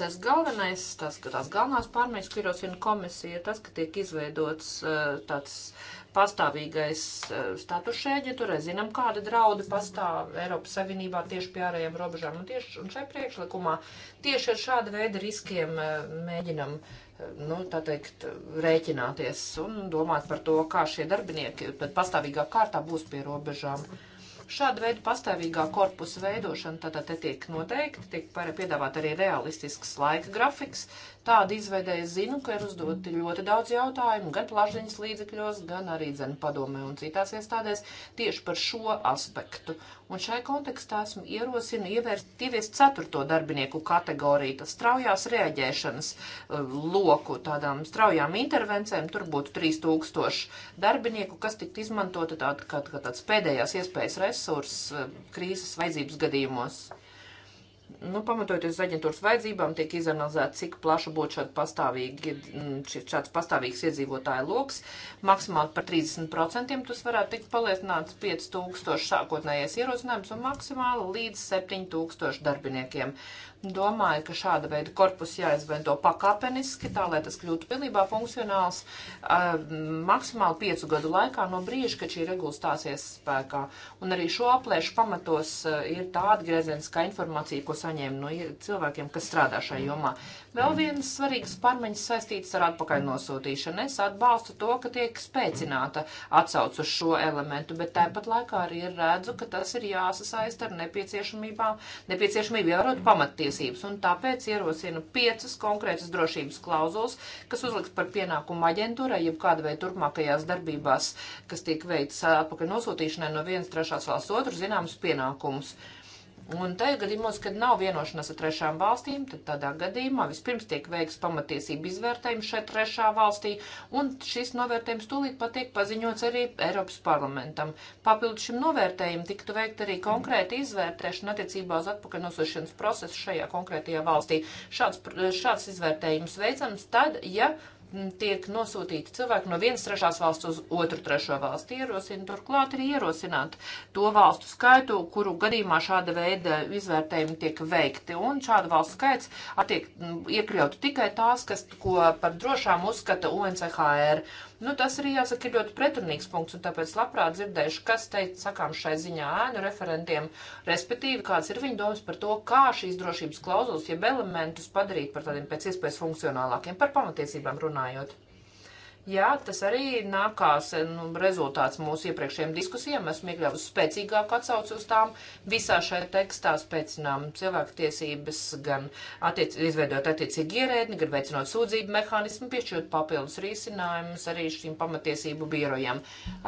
tas galvenais, tas, ka tās galvenās pārmaiņas, kuros ir komisija, ir tas, ka tiek izveidots eh, tāds pastāvīgais eh, status šai aģentūrai. Zinām, kāda drauda pastāv Eiropas Savienībā tieši pie ārējām robežām. Un tieši un šai priekšlikumā tieši ar šāda veida riskiem eh, mēģinam, nu, tā teikt, rēķināties un domāt par to, kā šie darbinieki tad pastāvīgā kārtā būs pie robežām. Mm -hmm Šāda veida pastāvīgā korpusa veidošana tātad te tiek noteikti, tiek piedāvāt arī realistisks laika grafiks, Tāda izveidēja zinu, ka ir uzdoti ļoti daudz jautājumu gan plašiņas līdzekļos, gan arī dzenu padomē un citās iestādēs tieši par šo aspektu. Un šai kontekstā esmu ierosinu ievērst, ieviest ceturto darbinieku kategoriju, tas straujās reaģēšanas uh, loku, tādām straujām intervencēm, tur būtu 3000 darbinieku, kas tiktu izmantota tāda, kā, kā tāds pēdējās iespējas resurss uh, krīzes vajadzības gadījumos nu, pamatojoties uz aģentūras vajadzībām, tiek izanalizēts, cik plaša būtu šāda pastāvīga, mm, šāds pastāvīgs iedzīvotāja lokus. Maksimāli par 30% tas varētu tikt palielināts 5000 sākotnējais ierosinājums un maksimāli līdz 7000 darbiniekiem. Domāju, ka šāda veida korpus jāizveido pakāpeniski, tā lai tas kļūtu pilnībā funkcionāls uh, maksimāli piecu gadu laikā no brīža, kad šī regula stāsies spēkā. Un arī šo aplēšu pamatos uh, ir tā atgriezieniskā informācija, ko saņēmu no cilvēkiem, kas strādā šajā jomā. Vēl vienas svarīgas pārmaiņas saistītas ar atpakaļ nosūtīšanu. Es atbalstu to, ka tiek spēcināta atsauc uz šo elementu, bet tāpat laikā arī redzu, ka tas ir jāsasaist ar nepieciešamībām, nepieciešamību ievērot pamattiesības, un tāpēc ierosinu piecas konkrētas drošības klauzulas, kas uzliks par pienākumu aģentūrai, jeb kāda vai turpmākajās darbībās, kas tiek veikts atpakaļ nosūtīšanai no vienas trešās valsts otru zināmas pienākumus. Un tajā gadījumos, kad nav vienošanās ar trešām valstīm, tad tādā gadījumā vispirms tiek veikts pamatiesību izvērtējums šai trešā valstī, un šis novērtējums tūlīt pat tiek paziņots arī Eiropas parlamentam. Papildus šim novērtējumam tiktu veikt arī konkrēta izvērtēšana attiecībā uz atpakaļ nosūšanas procesu šajā konkrētajā valstī. Šāds, šāds izvērtējums veicams tad, ja tiek nosūtīti cilvēki no vienas trešās valsts uz otru trešo valsti. Ierosina turklāt arī ierosināt to valstu skaitu, kuru gadījumā šāda veida izvērtējumi tiek veikti. Un šāda valsts skaits attiek iekļautu tikai tās, kas, ko par drošām uzskata UNCHR. Nu, tas arī jāsaka ir ļoti pretrunīgs punkts, un tāpēc labprāt dzirdēšu, kas teikt sakām šai ziņā ēnu referentiem, respektīvi, kāds ir viņa domas par to, kā šīs drošības klauzulas, jeb elementus padarīt par tādiem pēc iespējas funkcionālākiem, par pamatiesībām runājot. Jā, tas arī nākās nu, rezultāts mūsu iepriekšējiem diskusijām. Esmu iekļāvusi spēcīgāku atsaucu uz tām. Visā šajā tekstā spēcinām cilvēktiesības, gan attiec, izveidot attiecīgi ierēdni, gan veicinot sūdzību mehānismu, piešķirot papildus risinājumus arī šīm pamatiesību birojām.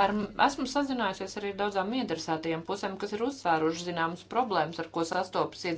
Ar, esmu sazinājusies arī daudzām interesētajām pusēm, kas ir uzsvēruši zināmas problēmas, ar ko sastopas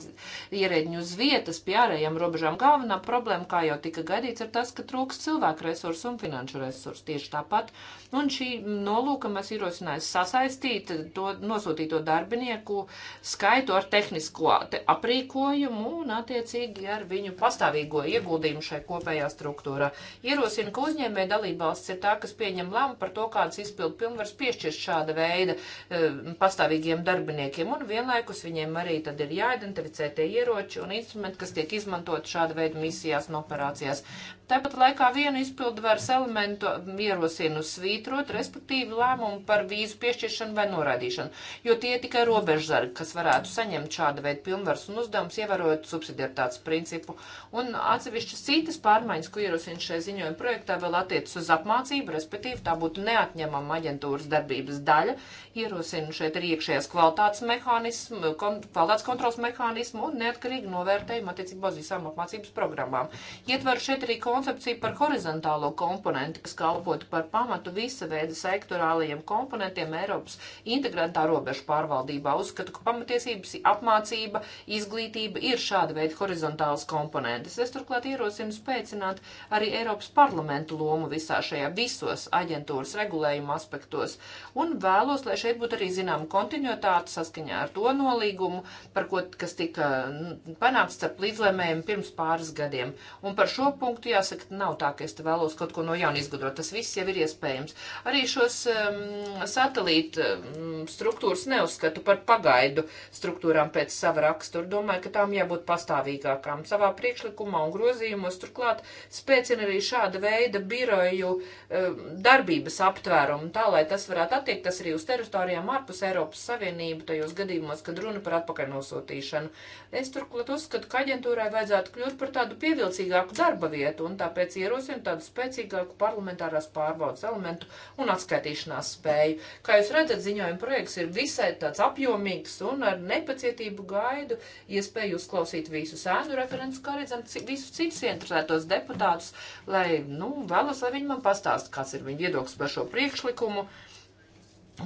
ierēdņu uz vietas pie ārējām robežām. Galvenā problēma, kā jau tika gaidīts, ir tas, ka trūks cilvēku resursu un finanšu resursu resursu tieši tāpat. Un šī nolūka mēs ierosinājām sasaistīt to nosūtīto darbinieku skaitu ar tehnisko aprīkojumu un attiecīgi ar viņu pastāvīgo ieguldījumu šai kopējā struktūrā. Ierosina, ka uzņēmē dalībvalsts ir tā, kas pieņem lēmu par to, kādas izpildu pilnvaras piešķirt šāda veida eh, pastāvīgiem darbiniekiem. Un vienlaikus viņiem arī tad ir jāidentificē tie ieroči un instrumenti, kas tiek izmantot šāda veida misijās un operācijās. Tāpat laikā vienu izpildvaras elementu ierosinu svītrot, respektīvi lēmumu par vīzu piešķiršanu vai noraidīšanu, jo tie ir tikai robežsargi, kas varētu saņemt šāda veida pilnvars un uzdevums, ievērojot subsidiaritātes principu. Un atsevišķas citas pārmaiņas, ko ierosinu šajā ziņojuma projektā, vēl attiecas uz apmācību, respektīvi tā būtu neatņemama aģentūras darbības daļa. Ierosinu šeit arī iekšējās kvalitātes mehānismu, kon, kvalitātes kontrols mehānismu un neatkarīgu novērtējumu attiecībā uz visām apmācības programmām. Ietver šeit arī koncepciju par horizontālo komponentu, kas kalpotu par pamatu visa veida sektorālajiem komponentiem Eiropas integrantā robežu pārvaldībā. Uzskatu, ka pamatiesības apmācība, izglītība ir šāda veida horizontāls komponentes. Es turklāt ierosinu spēcināt arī Eiropas parlamentu lomu visā šajā visos aģentūras regulējuma aspektos un vēlos, lai šeit būtu arī zināma kontinuitāte saskaņā ar to nolīgumu, par ko, kas tika mm, panākts starp līdzlēmējiem pirms pāris gadiem. Un par šo punktu jāsaka, nav tā, ka es te vēlos kaut ko no jauna izgudrot jāpaskaidro. Tas viss jau ir iespējams. Arī šos um, satelītu um, struktūras neuzskatu par pagaidu struktūrām pēc sava rakstura. Domāju, ka tām jābūt pastāvīgākām. Savā priekšlikumā un grozījumos turklāt spēcina arī šāda veida biroju um, darbības aptvērumu, tā lai tas varētu attiektas arī uz teritorijām ārpus Eiropas Savienību tajos gadījumos, kad runa par atpakaļnosūtīšanu. Es turklāt uzskatu, ka aģentūrai vajadzētu kļūt par tādu pievilcīgāku darba vietu un tāpēc ierosinu tādu spēcīgāku parlamentu parlamentārās pārbaudas elementu un atskaitīšanās spēju. Kā jūs redzat, ziņojuma projekts ir visai tāds apjomīgs un ar nepacietību gaidu iespēju ja uzklausīt visus ēnu referentus, kā arī visus citus interesētos deputātus, lai, nu, vēlas, lai viņi man pastāst, kāds ir viņu viedoklis par šo priekšlikumu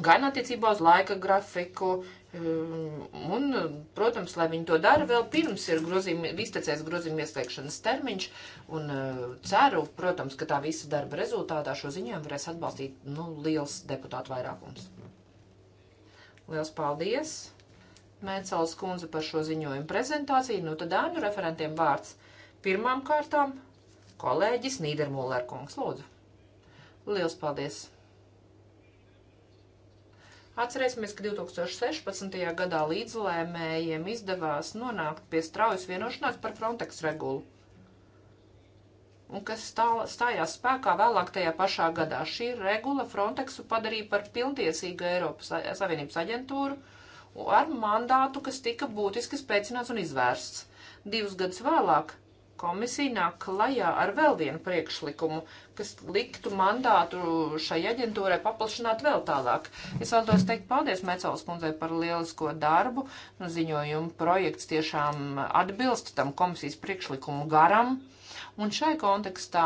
gan attiecībā uz laika grafiku, Un, protams, lai viņi to dara vēl pirms ir grozījuma, iztecēs grozījuma ieslēgšanas termiņš, un eh, ceru, protams, ka tā visa darba rezultātā šo ziņojumu varēs atbalstīt nu, liels deputātu vairākums. Liels paldies Mēncels kundze par šo ziņojumu prezentāciju. Nu, tad ēnu referentiem vārds pirmām kārtām kolēģis Nīdermolērkungs. Lūdzu. Liels paldies! Atcerēsimies, ka 2016. gadā līdzlēmējiem izdevās nonākt pie straujas vienošanās par Frontex regulu, un kas stā, stājās spēkā vēlāk tajā pašā gadā. Šī regula Frontexu padarīja par pilntiesīgu Eiropas Savienības aģentūru ar mandātu, kas tika būtiski spēcināts un izvērsts. Divus gadus vēlāk komisija nāk klajā ar vēl vienu priekšlikumu, kas liktu mandātu šai aģentūrai paplašināt vēl tālāk. Es vēlos teikt paldies Mecāles kundzei par lielisko darbu. Nu, ziņojumu projekts tiešām atbilst tam komisijas priekšlikumu garam un šai kontekstā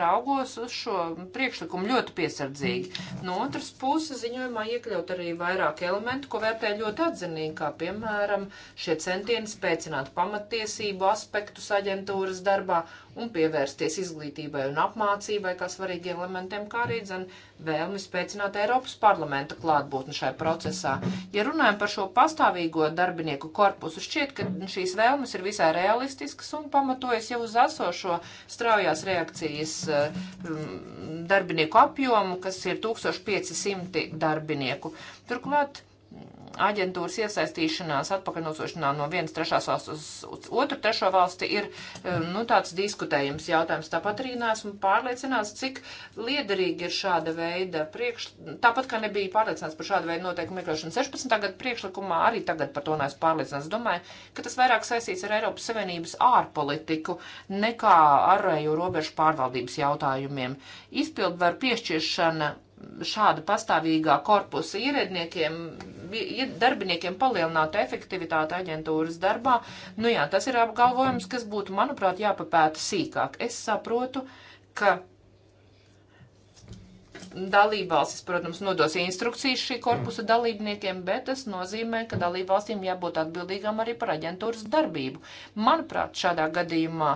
raugos uz šo priekšlikumu ļoti piesardzīgi. No otras puses ziņojumā iekļaut arī vairāk elementu, ko vērtē ļoti atzinīgi, kā piemēram šie centieni spēcināt pamatiesību aspektus aģentūras darbā un pievērsties izglītībai un apmācībai, kā svarīgiem elementiem, kā arī dzen vēlmi spēcināt Eiropas parlamenta klātbūtni šajā procesā. Ja runājam par šo pastāvīgo darbinieku korpusu, šķiet, ka šīs vēlmes ir visai realistiskas un pamatojas jau uz esošo straujās reakcijas eh, darbinieku apjomu, kas ir 1500 darbinieku. Turklāt aģentūras iesaistīšanās atpakaļnosošanā no vienas trešās valsts uz otru trešo valsti ir eh, nu, tāds diskutējums jautājums. Tāpat arī neesmu pārliecināts, cik liederīgi ir šāda veida priekš... Tāpat kā nebija pārliecināts par šādu veidu noteikumu iekļaušanu 16. gadu priekšlikumā, arī tagad par to neesmu pārliecināts. Domāju, ka tas vairāk saistīts ar Eiropas Savienības ārpolitiku nekā ārējo robežu pārvaldības jautājumiem. Izpildvaru piešķiršana šāda pastāvīgā korpusa ieredniekiem, darbiniekiem palielinātu efektivitāti aģentūras darbā. Nu jā, tas ir apgalvojums, kas būtu, manuprāt, jāpapēta sīkāk. Es saprotu, ka dalībvalstis, protams, nodos instrukcijas šī korpusa dalībniekiem, bet tas nozīmē, ka dalībvalstīm jābūt atbildīgām arī par aģentūras darbību. Manuprāt, šādā gadījumā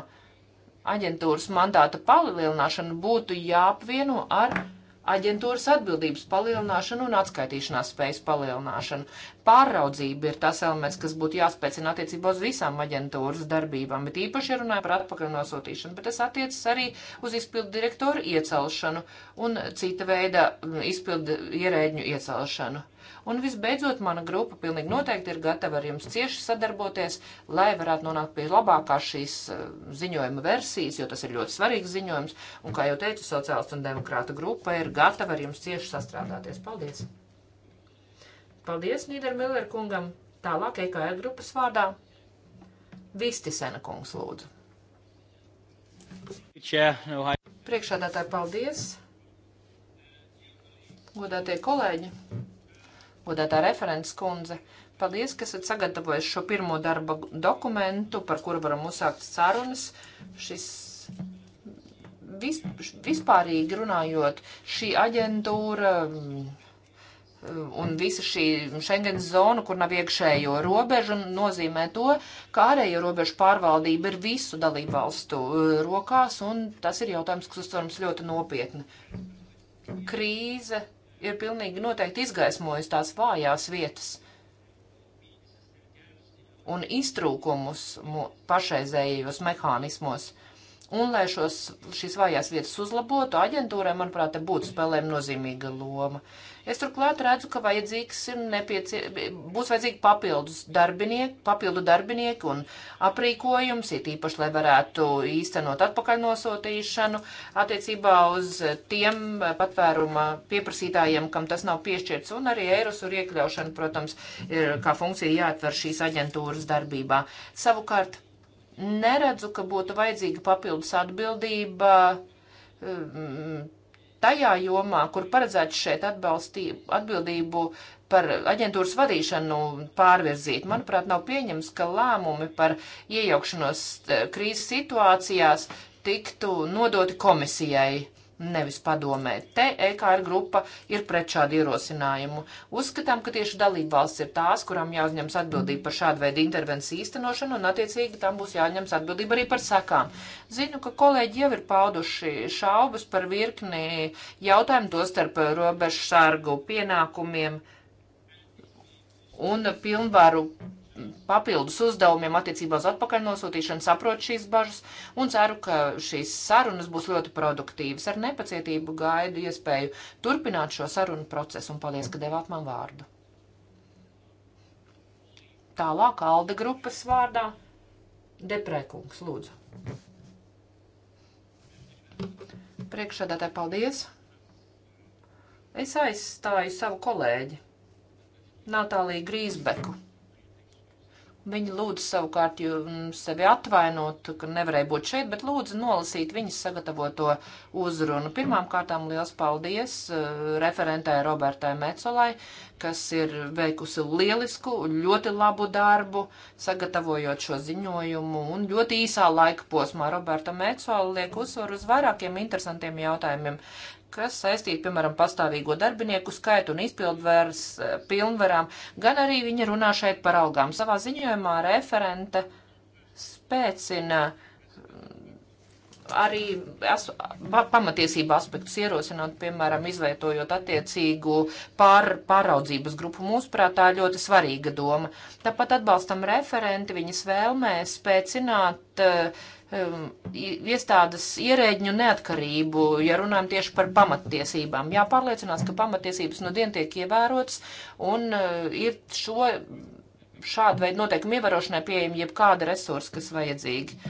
aģentūras mandāta palielināšana būtu jāapvieno ar aģentūras atbildības palielināšanu un atskaitīšanās spējas palielināšanu. Pārraudzība ir tas elements, kas būtu jāspēcina attiecībā uz visām aģentūras darbībām, bet īpaši runāja par atpakaļ nosūtīšanu, bet tas attiecas arī uz izpildu direktoru iecelšanu un cita veida mm, izpildu ierēģņu iecelšanu. Un visbeidzot, mana grupa pilnīgi noteikti ir gatava ar jums cieši sadarboties, lai varētu nonākt pie labākā šīs eh, ziņojuma versijas, jo tas ir ļoti svarīgs ziņojums. Un, kā jau teicu, sociālistu un demokrāta grupa ir gatava ar jums cieši sastrādāties. Paldies! Paldies Nīdermiller kungam! Tālāk EKR grupas vārdā Vistisena kungs lūdzu. Priekšādātāji, paldies! Godātie kolēģi! godētā referents kundze. Paldies, ka esat sagatavojis šo pirmo darba dokumentu, par kuru varam uzsākt sarunas. Šis vis, vispārīgi runājot, šī aģentūra mm, un visa šī Schengen zona, kur nav iekšējo robežu, nozīmē to, ka ārējo robežu pārvaldība ir visu dalību valstu eh, rokās, un tas ir jautājums, kas uztverams ļoti nopietni. Krīze ir pilnīgi noteikti izgaismojis tās vājās vietas un iztrūkumus pašreizējos mehānismos. Un, lai šos, šīs vājās vietas uzlabotu, aģentūrai, manuprāt, būtu spēlēm nozīmīga loma. Es turklāt redzu, ka vajadzīgs ir nepiecie... būs vajadzīgi papildus darbinieki, papildu darbinieki un aprīkojums, it īpaši, lai varētu īstenot atpakaļnosūtīšanu attiecībā uz tiem patvēruma pieprasītājiem, kam tas nav piešķirts, un arī Eirosur iekļaušana, protams, ir kā funkcija jāatver šīs aģentūras darbībā. Savukārt, neredzu, ka būtu vajadzīga papildus atbildība um, tajā jomā, kur paredzētu šeit atbildību par aģentūras vadīšanu pārvirzīt. Manuprāt, nav pieņems, ka lēmumi par iejaukšanos eh, krīzes situācijās tiktu nodoti komisijai nevis padomē. Te EKR grupa ir pret šādu ierosinājumu. Uzskatām, ka tieši dalībvalsts ir tās, kurām jāuzņems atbildība par šādu veidu intervenciju īstenošanu, un attiecīgi tam būs jāņems atbildība arī par sekām. Zinu, ka kolēģi jau ir pauduši šaubas par virkni jautājumu, to starp robežu sargu pienākumiem un pilnvaru papildus uzdevumiem attiecībā uz atpakaļ nosūtīšanu, saprot šīs bažas un ceru, ka šīs sarunas būs ļoti produktīvas. Ar nepacietību gaidu iespēju turpināt šo sarunu procesu un paldies, ka devāt man vārdu. Tālāk Alde grupas vārdā Deprēkungs, lūdzu. Priekšsēdētāji, paldies! Es aizstāju savu kolēģi Natāliju Grīsbeku. Mm. Viņa lūdza savukārt mm, sevi atvainot, ka nevarēja būt šeit, bet lūdza nolasīt viņas sagatavoto uzrunu. Pirmkārt, liels paldies eh, referentē Robertai Mecolai, kas ir veikusi lielisku, ļoti labu darbu, sagatavojot šo ziņojumu. Un ļoti īsā laika posmā Roberta Mecola liek uzsvaru uz vairākiem interesantiem jautājumiem kas saistīti, piemēram, pastāvīgo darbinieku skaitu un izpildvērs eh, pilnvarām, gan arī viņa runā šeit par algām. Savā ziņojumā referente spēcina eh, arī as, pamatiesību aspektus ierosinot, piemēram, izvietojot attiecīgu pār, pāraudzības grupu. Mūsuprāt, tā ir ļoti svarīga doma. Tāpat atbalstam referenti viņas vēlmē spēcināt uh, Um, iestādes ierēģņu neatkarību, ja runājam tieši par pamattiesībām. Jāpārliecinās, ka pamattiesības no dienu tiek ievērotas un uh, ir šo šādu veidu noteikumu ievērošanai pieejami jebkāda resursa, kas vajadzīgi.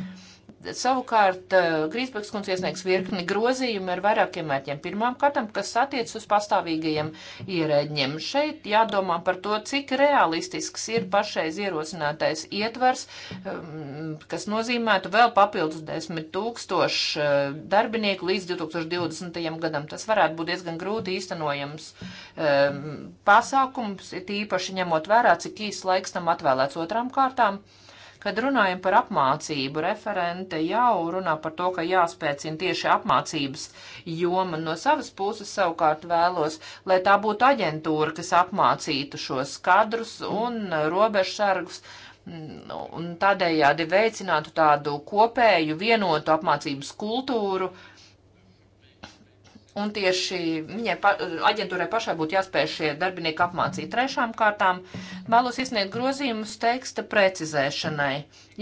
Savukārt eh, Grīsbeks kundze iesniegs virkni grozījumu ar vairākiem mērķiem. Pirmām kārtām, kas attiec uz pastāvīgajiem ierēģiem. Šeit jādomā par to, cik realistisks ir pašreiz ierosinātais ietvers, ehm, kas nozīmētu vēl papildus 10 tūkstošu eh, darbinieku līdz 2020. gadam. Tas varētu būt diezgan grūti īstenojams ehm, pasākums, tīpaši ņemot vērā, cik īsts laiks tam atvēlēts otrām kārtām. Kad runājam par apmācību, referente jau runā par to, ka jāspēcina tieši apmācības joma. No savas puses savukārt vēlos, lai tā būtu aģentūra, kas apmācītu šos kadrus un robežsargus. Mm, un tādējādi veicinātu tādu kopēju vienotu apmācības kultūru, uh, Un tieši viņai, pa, aģentūrai pašai būtu jāspēj šie darbinieki apmācīt. Trešām kārtām vēlos izsniegt grozījumus teksta precizēšanai,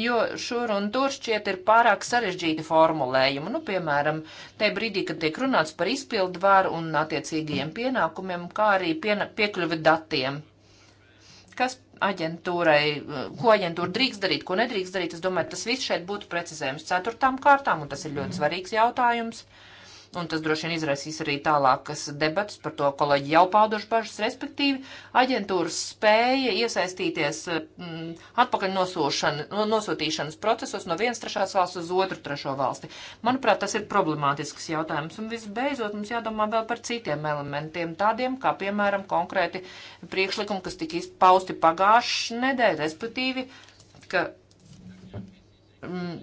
jo šur un tur šķiet ir pārāk sarežģīti formulējumi. Nu, piemēram, te brīdī, kad tiek runāts par izpildu varu un attiecīgajiem pienākumiem, kā arī piena, piekļuvi datiem. Kas aģentūrai, ko aģentūra drīkst darīt, ko nedrīkst darīt, es domāju, tas viss šeit būtu precizējums ceturtām kārtām, un tas ir ļoti svarīgs jautājums. Mm un tas droši vien izraisīs arī tālākas debatas par to kolēģi jau pauduši bažas, respektīvi aģentūras spēja iesaistīties mm, atpakaļ nosūtīšanas procesos no vienas trešās valsts uz otru trešo valsti. Manuprāt, tas ir problemātisks jautājums, un visbeidzot mums jādomā vēl par citiem elementiem, tādiem kā, piemēram, konkrēti priekšlikumi, kas tika pausti pagājušajā nedēļā, respektīvi, ka mm,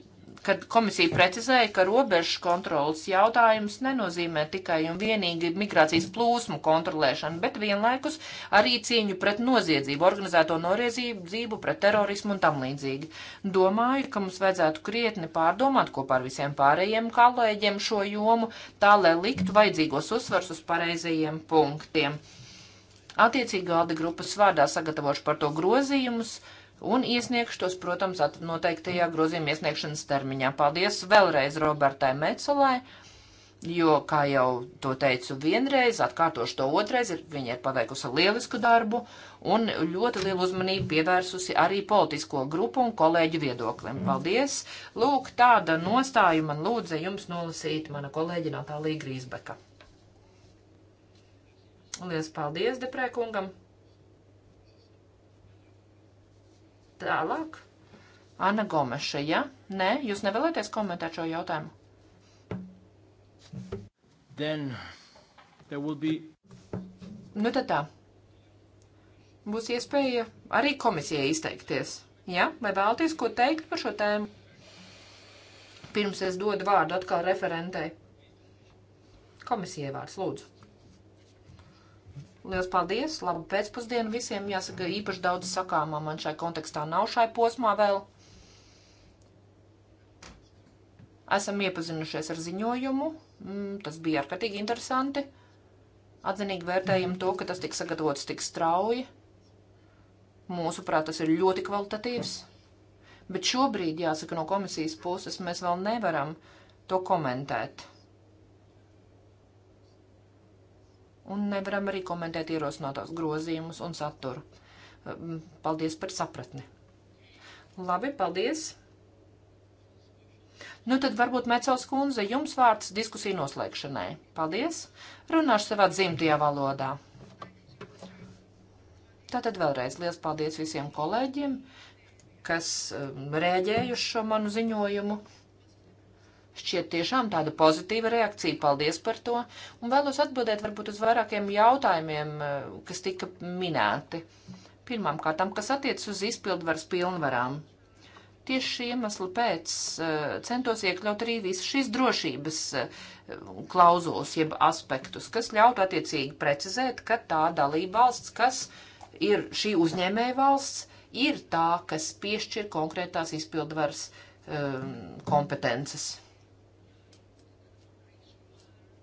kad komisija precizēja, ka robežu kontrolas jautājums nenozīmē tikai un vienīgi migrācijas plūsmu kontrolēšanu, bet vienlaikus arī cīņu pret noziedzību, organizēto noziedzību, pret terorismu un tam līdzīgi. Domāju, ka mums vajadzētu krietni pārdomāt kopā ar visiem pārējiem kolēģiem šo jomu, tā lai liktu vajadzīgos uzsvars uz pareizajiem punktiem. Attiecīgi Alde grupas vārdā sagatavošu par to grozījumus. Uh, un iesniegšu tos, protams, noteiktajā grozījuma iesniegšanas termiņā. Paldies vēlreiz Robertai Mecolai, jo, kā jau to teicu vienreiz, atkārtošu to otrais, viņa ir paveikusi lielisku darbu un ļoti lielu uzmanību pievērsusi arī politisko grupu un kolēģu viedoklim. Paldies! Lūk, tāda nostāja man lūdza jums nolasīt mana kolēģi Natālija Grīsbeka. Lielas paldies Deprēkungam! Tālāk. Ana Gomeša, ja? Nē, jūs nevēlaties komentēt šo jautājumu? Then there will be... Nu tad tā. Būs iespēja arī komisijai izteikties. Ja? Vai vēlaties ko teikt par šo tēmu? Pirms es dodu vārdu atkal referentei. Komisijai vārds, lūdzu. Lielas paldies! Labu pēcpusdienu visiem! Jāsaka, īpaši daudz sakāmā man šai kontekstā nav šai posmā vēl. Esam iepazinušies ar ziņojumu. Mm, tas bija ārkārtīgi interesanti. Atzinīgi vērtējam to, ka tas tika sagatavots tik strauji. Mūsuprāt, tas ir ļoti kvalitatīvs. Bet šobrīd, jāsaka, no komisijas puses mēs vēl nevaram to komentēt un nevaram arī komentēt ierosinātās grozījumus un saturu. Ehm, paldies par sapratni. Labi, paldies. Nu tad varbūt Mecels kundze, jums vārds diskusiju noslēgšanai. Paldies. Runāšu savā dzimtajā valodā. Tātad vēlreiz liels paldies visiem kolēģiem, kas ehm, rēģējuši šo manu ziņojumu. Šķiet tiešām tāda pozitīva reakcija. Paldies par to. Un vēlos atbildēt varbūt uz vairākiem jautājumiem, eh, kas tika minēti. Pirmām kārtām, kas attiec uz izpildvaras pilnvarām. Tieši šī iemesla pēc eh, centos iekļaut arī visas šīs drošības eh, klauzulas, jeb aspektus, kas ļautu attiecīgi precizēt, ka tā dalība valsts, kas ir šī uzņēmēja valsts, ir tā, kas piešķir konkrētās izpildvaras um, kompetences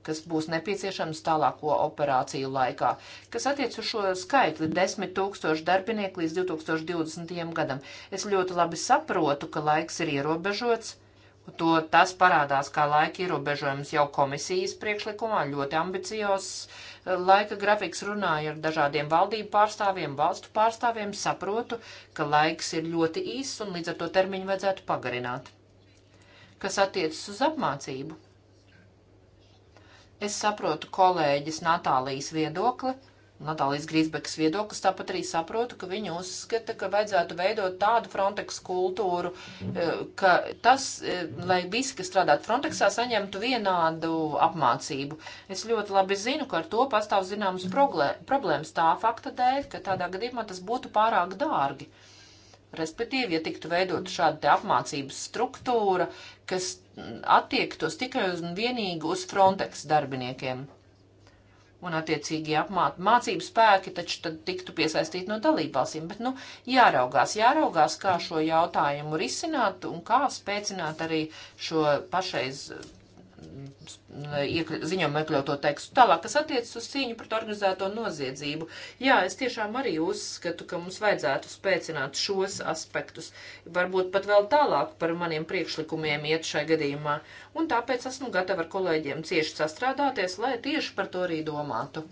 kas būs nepieciešams tālāko operāciju laikā. Kas attiec uz šo skaitli - 10 tūkstoši darbinieku līdz 2020. gadam. Es ļoti labi saprotu, ka laiks ir ierobežots. To tas parādās kā laika ierobežojums jau komisijas priekšlikumā, ļoti ambiciozs eh, laika grafiks runāja ar dažādiem valdību pārstāvjiem, valstu pārstāvjiem, saprotu, ka laiks ir ļoti īss un līdz ar to termiņu vajadzētu pagarināt. Kas attiecas uz apmācību? Es saprotu kolēģis Natālijas viedokli, Natālijas Grīsbekas viedoklis, tāpat arī saprotu, ka viņa uzskata, ka vajadzētu veidot tādu Frontex kultūru, eh, ka tas, eh, lai visi, kas strādātu Frontexā, saņemtu vienādu apmācību. Es ļoti labi zinu, ka ar to pastāv zināmas problēmas tā fakta dēļ, ka tādā gadījumā tas būtu pārāk dārgi. Uh, Respektīvi, ja tiktu veidot šāda apmācības struktūra, kas attiektos tikai un vienīgi uz Frontex darbiniekiem. Un attiecīgi apmācības spēki taču tad tiktu piesaistīti no dalībvalstīm, bet, nu, jāraugās, jāraugās, kā šo jautājumu risināt un kā spēcināt arī šo pašreiz Mm, ziņojumā iekļauto tekstu. Tālāk, kas attiecas uz cīņu pret organizēto noziedzību. Jā, es tiešām arī uzskatu, ka mums vajadzētu spēcināt šos aspektus. Varbūt pat vēl tālāk par maniem priekšlikumiem iet šai gadījumā. Un tāpēc esmu gatava ar kolēģiem cieši sastrādāties, lai tieši par to arī domātu.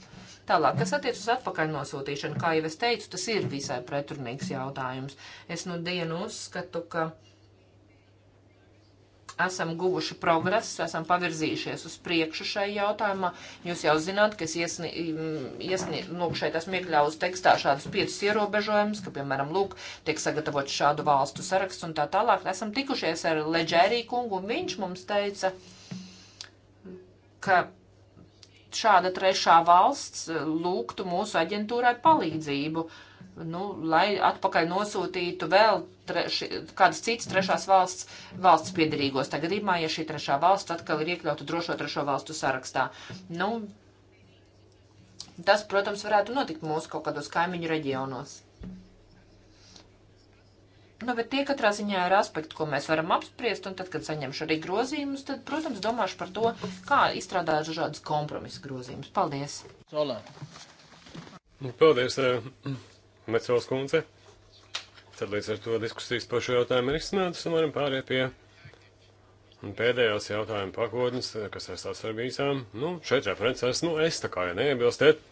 Tālāk, kas attiecas uz atpakaļ nosūtīšanu, kā jau es teicu, tas ir visai pretrunīgs jautājums. Es nu dienu uzskatu, ka esam guvuši progresu, esam pavirzījušies uz priekšu šai jautājumā. Jūs jau zināt, ka es iesniedzu, mm, nu, šeit esmu iekļāvusi tekstā šādus piecus ierobežojumus, ka, piemēram, lūk, tiek sagatavot šādu valstu saraksts un tā tālāk. Esam tikušies ar Leģērī kungu, un viņš mums teica, ka šāda trešā valsts lūgtu mūsu aģentūrai palīdzību. Uh, nu, lai atpakaļ nosūtītu vēl treši, kādas citas trešās valsts, valsts piedarīgos. Tagad gadījumā, ja šī trešā valsts atkal ir iekļauta drošo trešo valstu sarakstā. Nu, tas, protams, varētu notikt mūsu kaut kādos kaimiņu reģionos. Nu, bet tie katrā ziņā ir aspekti, ko mēs varam apspriest, un tad, kad saņemšu arī grozījumus, tad, protams, domāšu par to, kā izstrādāt dažādas kompromisa grozījumus. Paldies! Solā. Nu, paldies! Eh, Mecels kundze. Tad līdz ar to diskusijas par šo jautājumu ir izsnētas un varam pāriet pie un pēdējās jautājuma pakotnes, kas saistās ar vīzām. Nu, šeit referents esmu nu, es, tā kā ja neiebilstiet,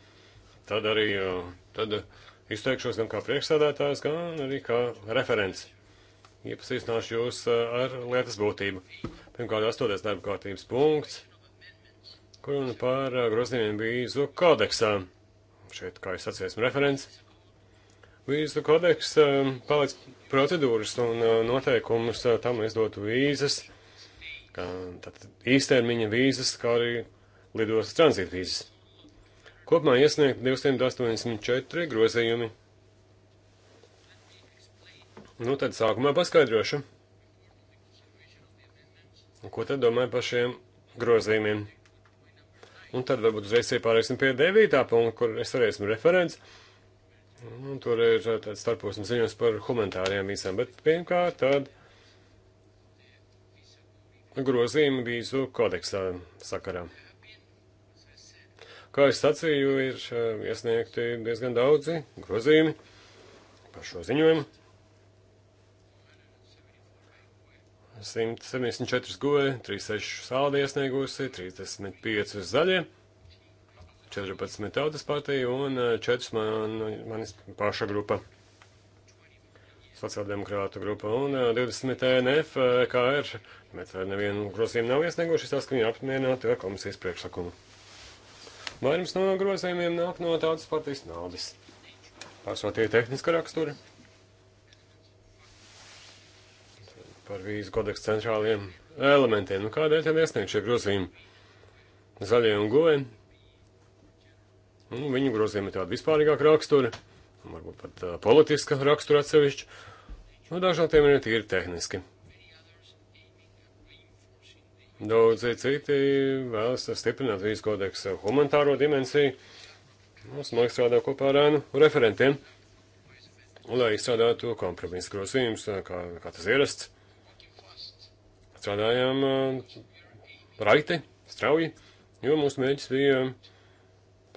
tad arī uh, tad izteikšos gan kā priekšsādātājs, gan arī kā referents. Iepazīstināšu jūs uh, ar lietas būtību. Pirmkārt, astoties darba kārtības punkts, kur un par uh, grozījumiem vīzu kodeksā. Šeit, kā es atsiesmu referents. Vīzu kodeks eh, paliec procedūras un eh, noteikumus eh, tam izdotu vīzas, kā īstermiņa vīzas, kā arī lidos tranzīta vīzas. Kopumā iesniegt 284 grozījumi. Nu, tad sākumā paskaidrošu. Ko tad domāju par šiem grozījumiem? Un tad varbūt uzreiz pārēsim pie 9. punkta, kur es arī esmu referents. Un tur ir uh, tāds starposms ziņojums par humanitārajām vīzām, bet pirmkārt tad grozījumi vīzu kodeksā sakarā. Kā es sacīju, ir uh, iesniegti diezgan daudzi grozījumi par šo ziņojumu. 174 goja, 36 saldi iesniegusi, 35 zaļie. 14 tautas partija un 4 eh, man, manis paša grupa. Sociāldemokrātu grupa un 20 eh, ENF, eh, KR. Mēs vēl nevienu grozījumu nav iesnieguši, tas, ka viņi apmierināti ar komisijas priekšlikumu. Vairums no grozījumiem nāk no tautas partijas naudas. Pārsvarā tie tehniska rakstura. Par vīzu kodeksu centrāliem elementiem. Nu, kādēļ tad iesniegt šie grozījumi? Zaļie un govēni Nu, viņu grozījumi tāda vispārīgāka rakstura, varbūt pat uh, politiska rakstura atsevišķi. Nu, daži no tiem ir tīri tehniski. Daudzi citi vēlas stiprināt vīzu kodeksa humanitāro dimensiju. Nu, Mums mākslinieks strādā kopā ar ēnu referentiem, lai izstrādātu kompromisu grozījumus, kā, kā tas ierasts. Strādājām uh, raiti, strauji, jo mūsu mēģis bija uh,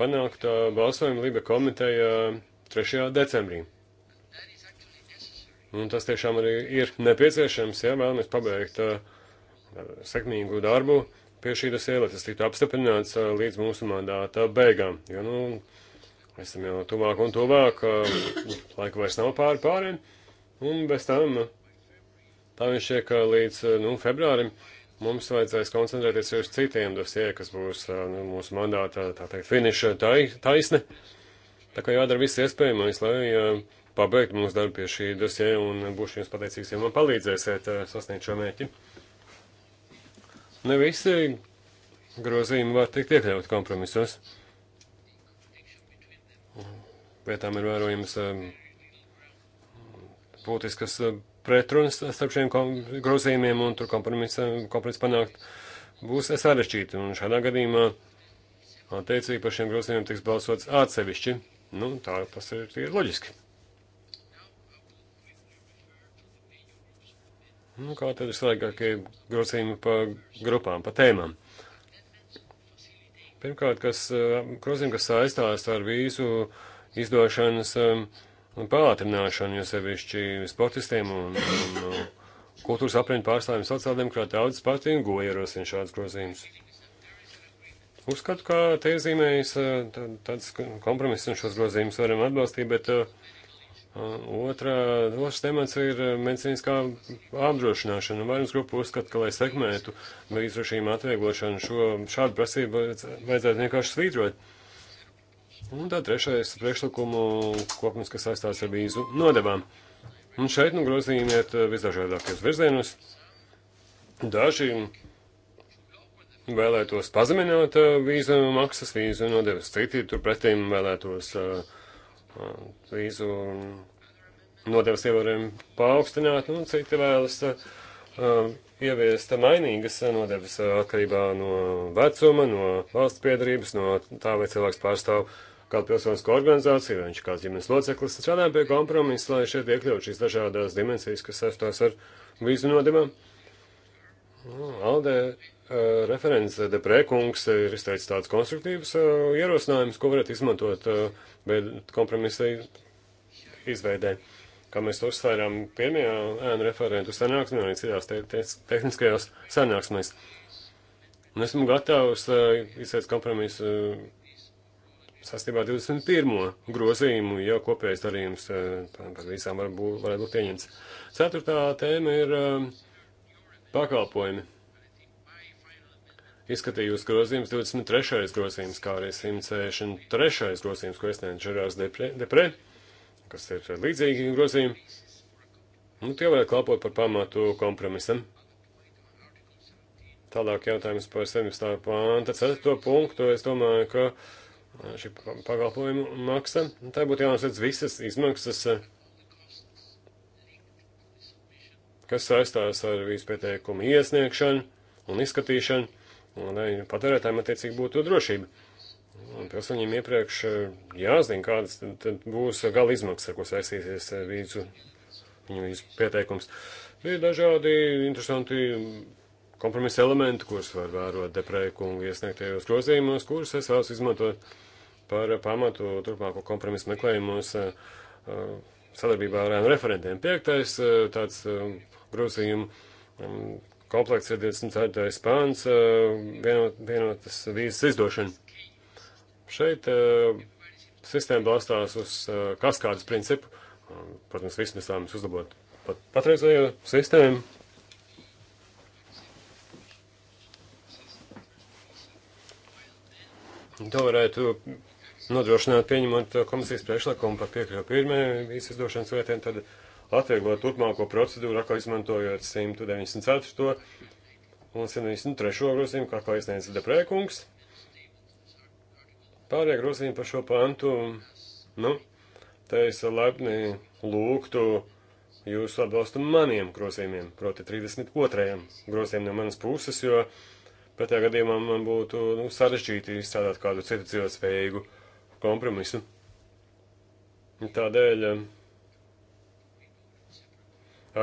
panākt balsojumu Libe komiteja 3. decembrī. Un tas tiešām arī ir nepieciešams, ja vēlamies pabeigt uh, sekmīgu darbu pie šī dosie, lai tas tiktu apstiprināts uh, līdz mūsu mandāta beigām. Jo, nu, esam jau tuvāk un tuvāk, uh, laika vairs nav pāri pāriem, un bez tam tā viņš tiek līdz, nu, februārim. Uh, mums vajadzēs koncentrēties uz citiem dosie, kas būs nu, mūsu mandātā, tā teikt, finiša taisne. Tā kā jādara viss iespējamais, lai pabeigtu mūsu darbu pie šī dosie un būšu jums pateicīgs, ja man palīdzēsiet sasniegt šo mērķi. Ne visi grozījumi var tikt iekļaut kompromisos. Vietām ir vērojams būtiskas pretrunas starp šiem grozījumiem un tur kompromisu kompromis panākt būs sarežģīti. Un šādā gadījumā attiecīgi par šiem grozījumiem tiks balsots atsevišķi. Nu, tā tas ir, ir loģiski. Nu, kā tad ir svarīgākie grozījumi pa grupām, pa tēmām? Pirmkārt, kas eh, grozījumi, kas saistās ar vīzu izdošanas uh, un pātrināšanu, jo sevišķi sportistiem un, un, un kultūras apriņu pārstāvjiem sociāldemokrāti daudzas partiju un goja ierosina šādas grozījumus. Uzskatu, ka te iezīmējas tāds kompromiss un šos grozījumus varam atbalstīt, bet uh, otrā otrs temats ir medicīniskā apdrošināšana. Vairums grupu uzskata, ka, lai sekmētu vīzu režīmu atvieglošanu, šo šādu prasību vajadzētu vienkārši svītrot. Un tā trešais priekšlikumu kopums, kas saistās ar vīzu nodevām. Un šeit, nu, grozījumi iet eh, visdažādākajos virzienos. Daži vēlētos pazemināt eh, vīzu maksas, vīzu nodevas. Citi turpretīm vēlētos eh, vīzu nodevas ievērojumu paaugstināt, un citi vēlas ieviest mainīgas nodevas atkarībā no vecuma, no valsts piedarības, no tā vai cilvēks pārstāv kā pilsonisko organizāciju, vai viņš kā ģimenes loceklis strādājam pie kompromisa, lai šeit iekļaut šīs dažādās dimensijas, kas saistās ar vīzu nodimam. Nu, Aldē Uh, eh, referents Deprēkungs ir izteicis tāds konstruktīvs uh, ierosinājums, ko varētu izmantot uh, kompromisa izveidē. Kā mēs to uzsvērām pirmajā ēnu referentu sanāksmē un arī citās te te tehniskajās sanāksmēs. Un nu, esmu gatavs izteikt kompromisu sastībā 21. grozījumu, ja kopējais darījums eh, par visām var būt, varētu būt pieņemts. Ceturtā tēma ir eh, pakalpojumi. Izskatījus grozījums 23. grozījums, kā arī 163. grozījums, ko iesniedz Žerārs Depre, Depre, kas ir līdzīgi grozījumi. Nu, tie varētu kalpot par pamatu kompromisam. Tālāk jautājums par 17. pānta 4. punktu. Es domāju, ka uh, šī pakalpojuma maksa. Tā būtu jānosedz visas izmaksas, eh, kas saistās ar vispieteikumu iesniegšanu un izskatīšanu, un lai patērētājiem attiecīgi būtu drošība. Un pilsoņiem iepriekš eh, jāzina, kādas tad, tad būs gala izmaksas, ar ko saistīsies eh, vīzu, viņu vīzu pieteikums. Ir dažādi interesanti kompromisa elementi, kurus var vērot deprēkungu iesniegtajos grozījumos, kurus es vēlos izmantot par pamatu turpmāko kompromisu meklējumus eh, eh, sadarbībā ar ANU referentiem. Piektais eh, tāds grūzījumu mm, komplekss ir 24. pāns vienot, vienotas vīzas izdošana. Šeit sistēma balstās uz kaskādas principu. Protams, viss mēs vēlamies uzlabot pat patreizējo sistēmu. To varētu nodrošināt, pieņemot komisijas priekšlikumu par piekļuvu pirmē izdošanas vietiem, tad atvieglot turpmāko procedūru, atkal izmantojot 194. un 193. grozījumu, kā atkal iesniedz deprēkungs. Pārējie grozījumi par šo pantu, nu, te es laipni lūgtu jūsu atbalstu maniem grozījumiem, proti 32. grozījumiem no manas puses, jo pretējā gadījumā man būtu nu, sarežģīti izstrādāt kādu citu dzīvotspējīgu spējīgu kompromisu. Tādēļ um,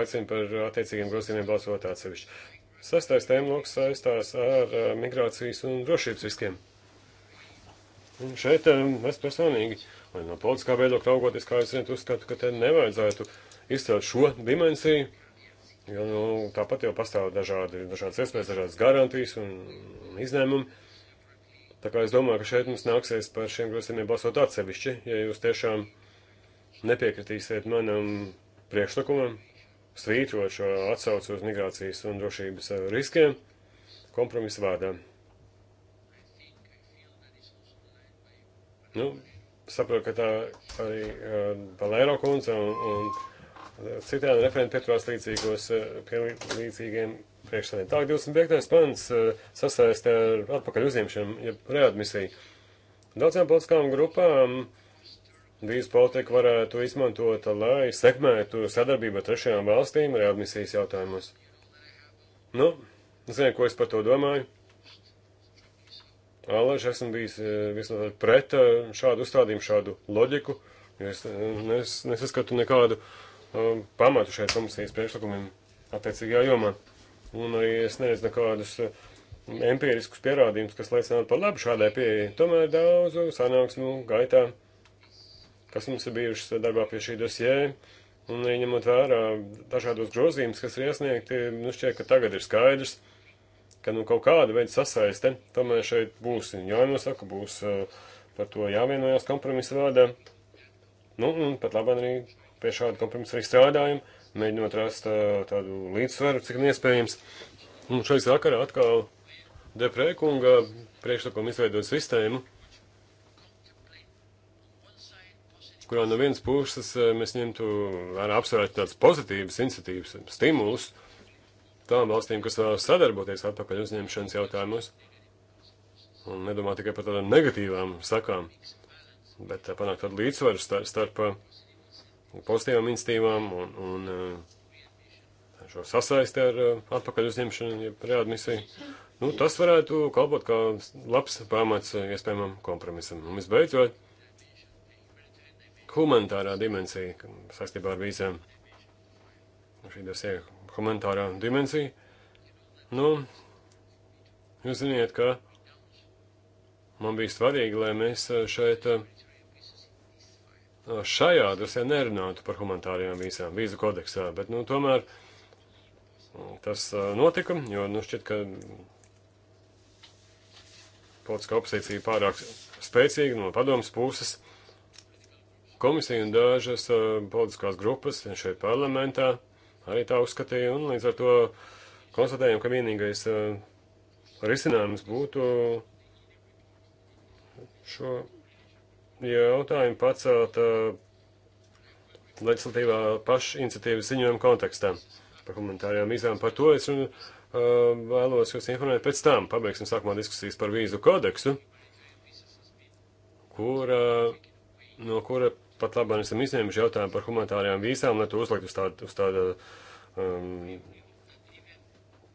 aicinu par attiecīgiem grozījumiem balsot atsevišķi. Sastais tēmloks saistās ar uh, migrācijas un drošības riskiem. Un šeit um, es personīgi, vai no politiskā viedokļa raugoties, kā es zinu, uzskatu, ka te nevajadzētu izcelt šo dimensiju, jo nu, tāpat jau pastāv dažādi, dažādas iespējas, dažādas garantijas un izņēmumi. Tā kā es domāju, ka šeit mums nāksies par šiem grozījumiem balsot atsevišķi, ja jūs tiešām nepiekritīsiet manam priekšlikumam, svītrot šo atsaucu uz migrācijas un drošības eh, riskiem kompromisu vārdā. Nu, saprotu, ka tā arī uh, Valēro kundze un, un citādi referenti pieturās līdzīgos, eh, pie līdzīgiem priekšsēdē. Tā 25. pants eh, sasaistē ar atpakaļ uzņemšanu, ja readmisiju. Daudzām politiskām grupām vīzu politiku varētu izmantot, lai sekmētu sadarbību ar trešajām valstīm readmisijas jautājumos. Nu, zinu, ko es par to domāju. Allaž esmu bijis eh, visnotaļ pret eh, šādu uzstādījumu, šādu loģiku. Es nes, nesaskatu nekādu um, pamatu šeit komisijas priekšlikumiem attiecīgajā jomā un arī es neredzu nekādus eh, empiriskus pierādījumus, kas liecinātu par labu šādai pieeja. Tomēr daudzu sanāksmu gaitā, kas mums ir bijušas darbā pie šī dosjē, un arī ņemot vērā dažādos grozījumus, kas ir iesniegti, nu šķiet, ka tagad ir skaidrs, ka nu kaut kāda veida sasaiste tomēr šeit būs jānosaka, būs eh, par to jāvienojās kompromisa vārdā. Nu, un pat labāk arī pie šāda kompromisa arī strādājam mēģinot rast tādu līdzsvaru, cik iespējams. Un šai sakarā atkal deprēkunga priekšlikumu izveidot sistēmu, kurā no vienas puses mēs ņemtu vērā apsvērtu tādas pozitīvas iniciatīvas, stimulus tām valstīm, kas vēlas sadarboties atpakaļ uzņemšanas jautājumos. Un nedomā tikai par tādām negatīvām sakām, bet panākt tādu līdzsvaru starp, starp pozitīvām institīvām un, un eh, šo sasaisti ar eh, atpakaļ uzņemšanu, ja readmisiju. Nu, tas varētu kalpot kā labs pamats eh, iespējamam kompromisam. Un visbeidzot, humanitārā dimensija saistībā ar vīzēm. Šī dosie humanitārā dimensija. Nu, jūs ziniet, ka man bija svarīgi, lai mēs šeit uh, šajā dosē nerunātu par humanitārajām vīzām, vīzu kodeksā, bet, nu, tomēr mm, tas notika, jo, nu, šķiet, ka politiskā opozīcija pārāk spēcīga no padomas puses. Komisija un dažas politiskās grupas šeit parlamentā arī tā uzskatīja, un līdz ar to konstatējam, ka vienīgais risinājums būtu šo jautājumu pacelt uh, legislatīvā pašiniciatīvas ziņojuma kontekstā par humanitārajām vīzām. Par to es uh, vēlos jūs informēt pēc tam. Pabeigsim sākumā diskusijas par vīzu kodeksu, kura, no kura pat labāk esam izņēmuši jautājumu par humanitārajām vīzām, lai to uzlikt uz tādu, uz tādu um,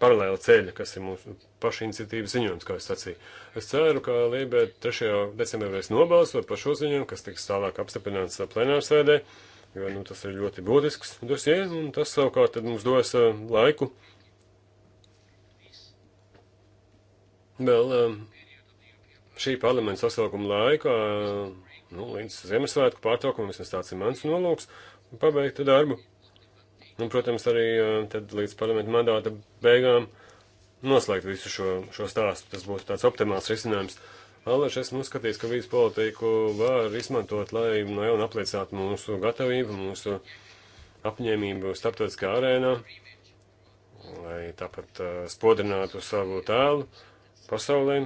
paralēla ceļa, kas ir mūsu paša iniciatīvas ziņojums, kā es sacīju. Es ceru, ka Lībē 3. decembrī varēs nobalsot par šo ziņojumu, kas tiks tālāk apstiprināts plenārsēdē, jo nu, tas ir ļoti būtisks dosie, un tas savukārt tad mums dos uh, laiku vēl uh, šī parlamenta sasaukuma laikā, uh, nu, līdz Ziemassvētku pārtraukumam, vismaz tāds ir mans nolūks, pabeigt darbu. Un, nu, protams, arī tad līdz parlamenta mandāta beigām noslēgt visu šo, šo stāstu. Tas būtu tāds optimāls risinājums. Alveš, esmu uzskatījis, ka vīzu politiku var izmantot, lai no jauna apliecinātu mūsu gatavību, mūsu apņēmību starptautiskā arēnā, lai tāpat uh, spodrinātu savu tēlu pasaulē,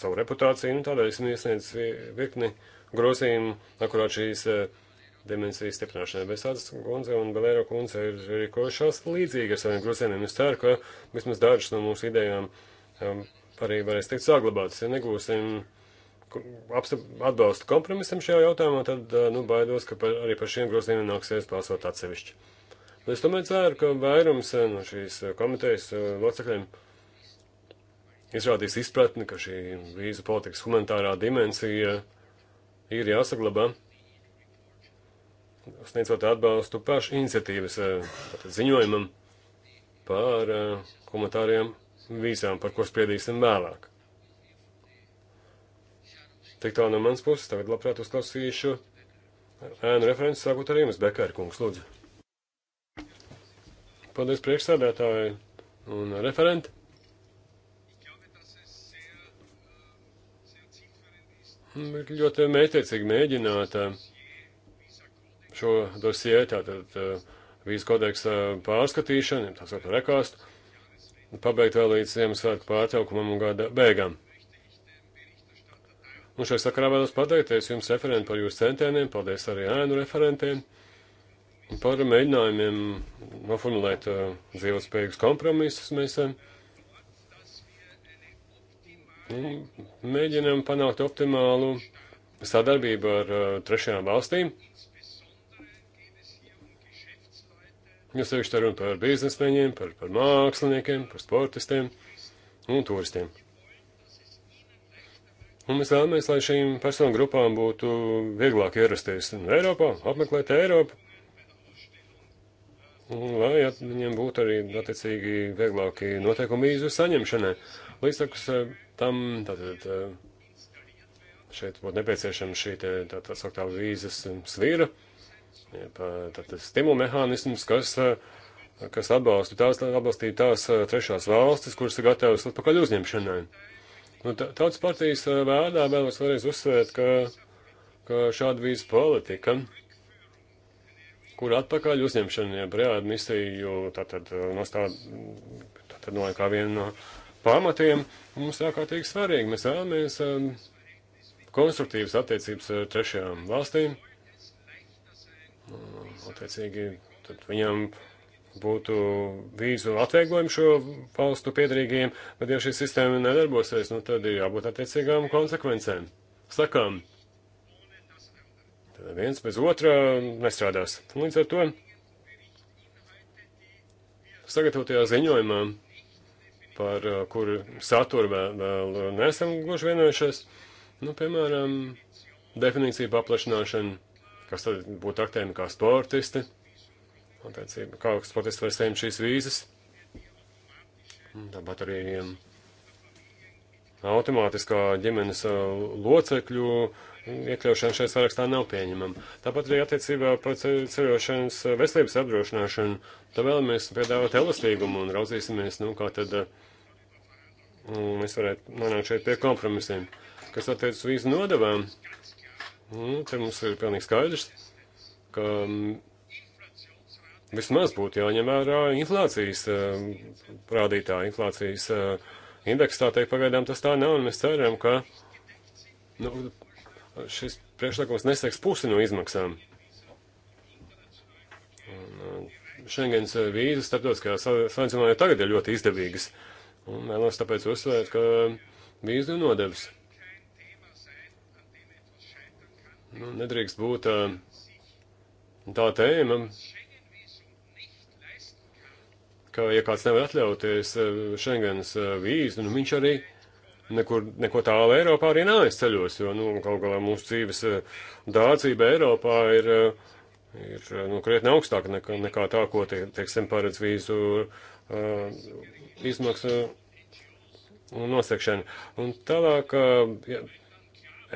savu reputāciju. Nu, tādēļ esmu iesniedzis virkni grozījumu, akurāt šīs uh, dimensijas stiprināšanai. Bez tādas kundze un Belēro kundze ir rīkojušās līdzīgi ar saviem grūzieniem. Es ceru, ka vismaz dažas no mūsu idejām um, arī varēs tikt saglabātas. Ja negūsim atbalstu kompromisam šajā jautājumā, tad, uh, nu, baidos, ka par, arī par šiem grūzieniem nāksies balsot atsevišķi. Nu, es tomēr ceru, ka vairums uh, no šīs uh, komitejas locekļiem izrādīs izpratni, ka šī vīzu politikas humanitārā dimensija ir jāsaglabā sniedzot atbalstu pašu iniciatīvas eh, ziņojumam par eh, komentāriem vīzām, par ko spriedīsim vēlāk. Tik tā no mans puses, tagad labprāt uzklausīšu eh, ēnu referenci, sākot ar jums, Bekēra kungs, lūdzu. Paldies priekšsēdētāji un referenti. Ir ļoti mētiecīgi mēģināt uh, šo dosie, tātad eh, vīzu kodeksa pārskatīšanu, tā saka rekāstu, pabeigt vēl līdz Ziemassvētku pārtraukumam un gada beigām. Un šai sakarā vēlos pateikties jums referenti par jūsu centieniem, paldies arī ēnu referentiem par mēģinājumiem noformulēt uh, dzīvotspējīgus kompromisus. Mēs uh, mēģinām panākt optimālu sadarbību ar uh, trešajām valstīm. Jo sevišķi tā runa par biznesmeņiem, par, par māksliniekiem, par sportistiem un turistiem. Un mēs vēlamies, lai šīm personu grupām būtu vieglāk ierasties Eiropā, apmeklēt Eiropu, un lai viņiem būtu arī attiecīgi vieglāki noteikumi vīzu saņemšanai. Līdztekus eh, tam tātad eh, šeit būtu nepieciešama šī tā, tā sauktā vīzas eh, svīra. Tā, tātad stimulu mehānismus, kas, eh, kas atbalstu tās, atbalstītu tās eh, trešās valstis, kuras ir gatavas atpakaļ uzņemšanai. Nu, tautas partijas eh, vērdā vēlos vēlreiz uzsvērt, ka, ka šāda vīza politika, kur atpakaļ uzņemšana, ja readmisiju, tātad nostād, tātad noliek kā vienu no pamatiem, mums ir ārkārtīgi svarīgi. Mēs vēlamies konstruktīvas attiecības ar trešajām valstīm. Attiecīgi, tad viņam būtu vīzu atvieglojumu šo valstu piedarīgajiem, bet ja šī sistēma nedarbosies, nu tad ir jābūt attiecīgām konsekvencēm. Sakām, tad viens bez otra nestrādās. Līdz ar to sagatavotajā ziņojumā, par uh, kuru saturu vēl, vēl neesam gluži vienojušies, nu, piemēram, definīciju paplašināšanu kas tad būtu traktējumi kā sportisti, attiecībā, kā sportisti var saņemt šīs vīzas. Tāpat arī um, automātiskā ģimenes uh, locekļu iekļaušana šajā sarakstā nav pieņemama. Tāpat arī attiecībā par ceļošanas uh, veselības apdrošināšanu. Te vēlamies piedāvāt elastīgumu un raudzīsimies, nu, kā tad uh, mēs varētu nonākt šeit pie kompromisiem. Kas attiec uz vīzu nodavām, Un te mums ir pilnīgi skaidrs, ka mm, vismaz būtu jāņem vērā inflācijas eh, rādītāji, inflācijas eh, indeks, tā teikt, pagaidām tas tā nav, un mēs ceram, ka nu, šis priekšlikums neseks pusi no izmaksām. Šengens eh, vīzas starptautiskajā savienībā jau tagad ir ļoti izdevīgas. Un vēlos tāpēc uzsvērt, ka vīzu nodevs Nu, nedrīkst būt uh, tā tēma, ka, ja kāds nevar atļauties uh, Schengens uh, vīzu, nu, viņš arī nekur, neko tālu Eiropā arī neaizceļos, jo, nu, kaut galā mūsu dzīves dācība Eiropā ir, ir nu, krietni augstāka nekā, nekā tā, ko, tie, teiksim, paredz vīzu uh, izmaksu nosekšana. Un tālāk, uh, ja,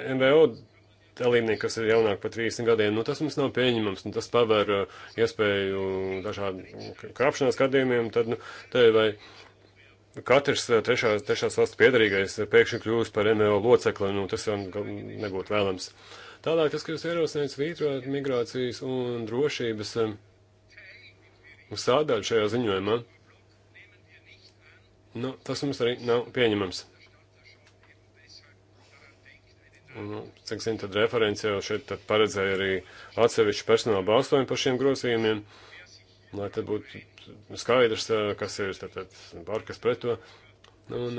MVO dalībnieki, kas ir jaunāki par 30 gadiem, nu tas mums nav pieņemams, nu tas paver uh, iespēju dažādu krāpšanās gadījumiem, tad, nu, te vai katrs uh, trešās, trešās valsts piedarīgais uh, pēkšņi kļūst par NVO locekli, nu tas jau nebūtu vēlams. Tālāk tas, ka jūs ierosināt svītrot migrācijas un drošības um, sādāļu šajā ziņojumā, nu, tas mums arī nav pieņemams. Nu, cik zinu, tad referents jau šeit tad paredzēja arī atsevišķu personālu balsojumu par šiem grozījumiem, lai tad būtu skaidrs, kas ir tad, tad par, kas pret to. Nu, un,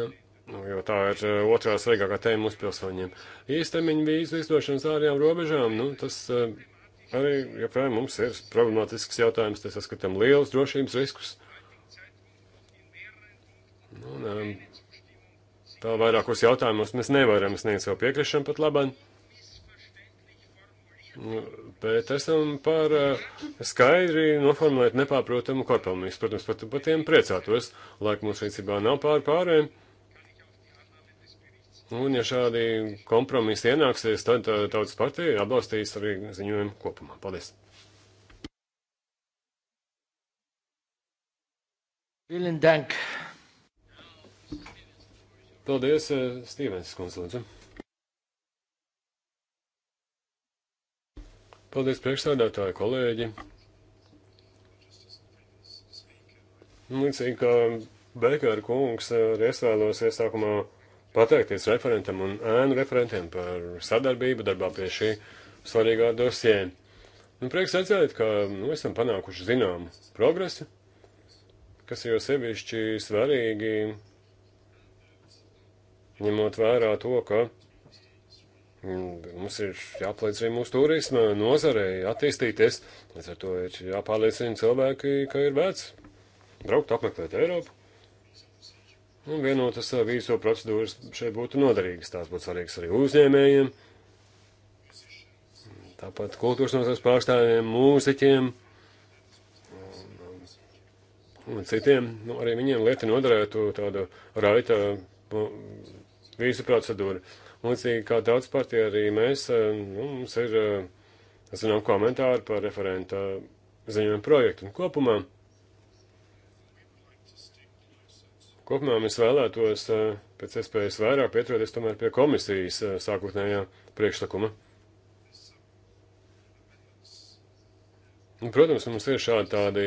nu, jo tā ir otrā svarīgākā tēma mūsu pilsoņiem. Īstermiņa vīzu izdošanas ārējām robežām, nu, tas arī, joprojām mums ir problemātisks jautājums, tas saskatām lielus drošības riskus. Nu, un, Tā vairākos jautājumos mēs nevaram sniegt savu piekrišanu pat labāk. Nu, bet esam par eh, skaidri noformulēt nepārprotamu kompromisu. Protams, pat, pat tiem priecātos, laika mūsu rīcībā nav pār pārējiem. Un, ja šādi kompromisi ienāksies, tad eh, tautas partija atbalstīs arī ziņojumu kopumā. Paldies! Vielen Dank. Paldies, eh, Stīvens Konslūdzu. Paldies, priekšsādātāji, kolēģi. Nu, līdzīgi kā Bekara kungs eh, arī es vēlos iesākumā pateikties referentam un ēnu referentiem par sadarbību darbā pie šī svarīgā dosjē. Nu, prieks redzēt, ka nu, esam panākuši zināmu progresu, kas jau sevišķi svarīgi ņemot vērā to, ka mm, mums ir jāpalīdz arī mūsu turisma nozarei attīstīties, līdz ar to ir jāpārliecina cilvēki, ka ir vērts braukt apmeklēt Eiropu. Un vienotas vīzo procedūras šeit būtu noderīgas, tās būtu svarīgas arī uzņēmējiem, tāpat kultūras nozars pārstāvjiem, mūziķiem un citiem, nu, arī viņiem lieta noderētu tāda raita vīzu procedūru. Un līdzīgi kā daudz partija arī mēs, eh, nu, mums ir, eh, zinām, komentāri par referenta ziņojumu projektu. Un kopumā, kopumā mēs vēlētos eh, pēc iespējas vairāk pieturēties tomēr pie komisijas sākotnējā priekšlikuma. Un, protams, mums ir šādi tādi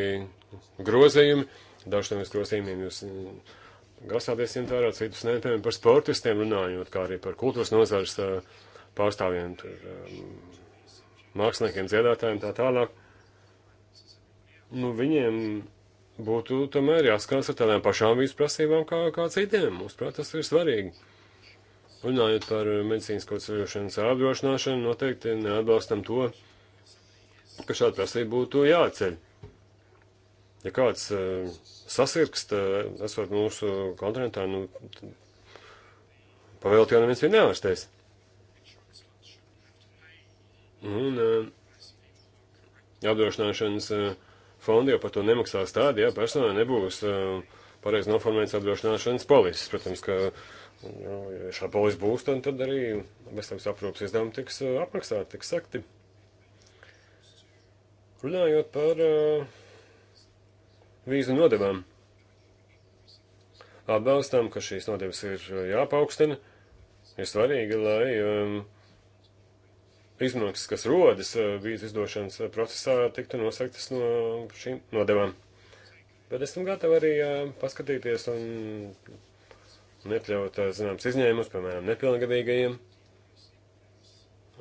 grozījumi, dažs no mēs grozījumiem jūs Gasādies ņemt vērā citus, ne piemēram par sportistiem runājot, kā arī par kultūras nozares pārstāvjiem, tur, māksliniekiem, dziedātājiem tā tālāk. Nu, viņiem būtu tomēr jāskatās ar tādām pašām vīzu prasībām kā, kā citiem. Mūsuprāt, tas ir svarīgi. Runājot par medicīnisko ceļošanas apdrošināšanu, noteikti neatbalstam to, ka šāda prasība būtu jāceļ. Ja kāds uh, sasirgst, uh, esot mūsu kontinentā, nu, pavēlt jau neviens viņu neārstēs. Un uh, apdrošināšanas uh, fondi jau par to nemaksās tādi, ja personai nebūs uh, pareizi noformēts apdrošināšanas polises. Protams, ka nu, ja šā polis būs, tad, tad arī veselības aprūpas izdevumi tiks uh, apmaksāti, tiks sekti. Runājot par uh, vīzu nodevām. Atbalstām, ka šīs nodevas ir jāpaukstina. Ir svarīgi, lai um, izmaksas, kas rodas uh, vīzu izdošanas procesā, tiktu nosaktas no šīm nodevām. Bet esam gatavi arī uh, paskatīties un iekļaut uh, zināmas izņēmumus, piemēram, nepilngadīgajiem.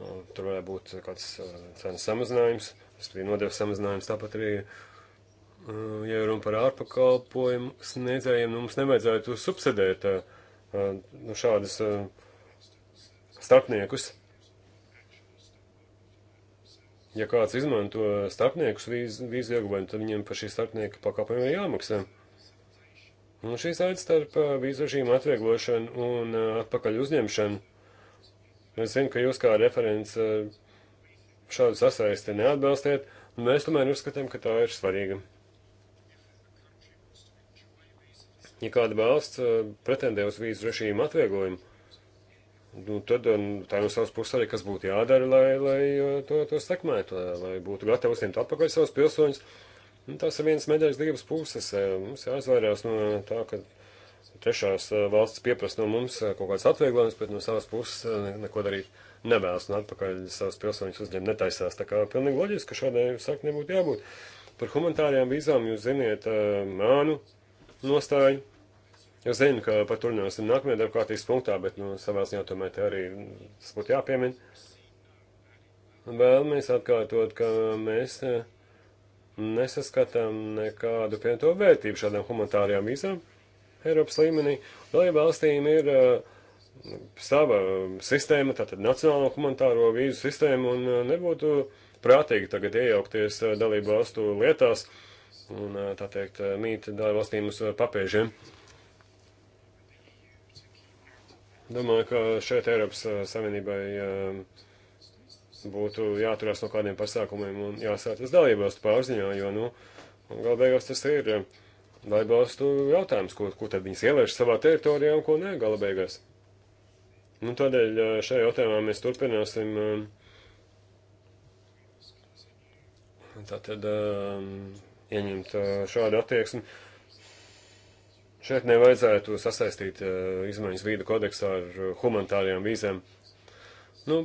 Tur varētu būt kāds cenas samazinājums, respektīvi nodevu samazinājums, tāpat arī uh, Mm, ja runa par ārpakalpojumu sniedzējiem, nu, mums nevajadzētu subsidēt nu, šādas starpniekus. Ja kāds izmanto starpniekus vīzu ieguvēm, tad viņiem par šī starpnieka pakalpojumu ir jāmaksā. Un nu, šī saita starp vīzu režīmu atvieglošanu un atpakaļ uzņemšanu. Es zinu, ka jūs kā referents šādu sasaisti neatbalstiet, un mēs tomēr uzskatām, ka tā ir svarīga. Ja kāda valsts eh, pretendē uz vīzu režīmu atvieglojumu, nu, tad eh, tā no savas puses arī kas būtu jādara, lai, lai eh, to, to sekmētu, lai, lai būtu gatavi uzņemt atpakaļ savus pilsoņus. Un nu, tas ir viens medaļas divas puses. Mums jāizvairās no tā, ka trešās valsts pieprasa no mums kaut kāds atvieglojums, bet no savas puses neko darīt nevēlas un atpakaļ savus pilsoņus uzņemt netaisās. Tā kā pilnīgi loģiski, ka šādai saknei būtu jābūt. Par humanitārajām vīzām jūs ziniet mānu nostāju. Es zinu, ka par turināsim nākamajā darba kārtības punktā, bet, nu, savā ziņā tomēr te arī tas būtu jāpiemin. Vēlamies atkārtot, ka mēs eh, nesaskatām nekādu pieņemto vērtību šādām humanitārajām vīzām Eiropas līmenī. Lai valstīm ir uh, sava sistēma, tātad nacionālo humanitāro vīzu sistēma, un uh, nebūtu prātīgi tagad iejaukties uh, dalību valstu lietās un, tā teikt, mīt dalību valstīm uz papēžiem. Domāju, ka šeit Eiropas uh, Savienībai um, būtu jāturās no kādiem pasākumiem un jāsātas dalībvalstu pārziņā, jo, nu, gal beigās tas ir um, dalībvalstu jautājums, ko, ko tad viņas ielaiž savā teritorijā un ko nē, gala beigās. Nu, tādēļ uh, šajā jautājumā mēs turpināsim. Um, tātad um, ieņemt uh, šādu attieksmi. Šeit nevajadzētu sasaistīt uh, izmaiņas vīdu kodeksā ar uh, humanitārajām vīzēm. Nu,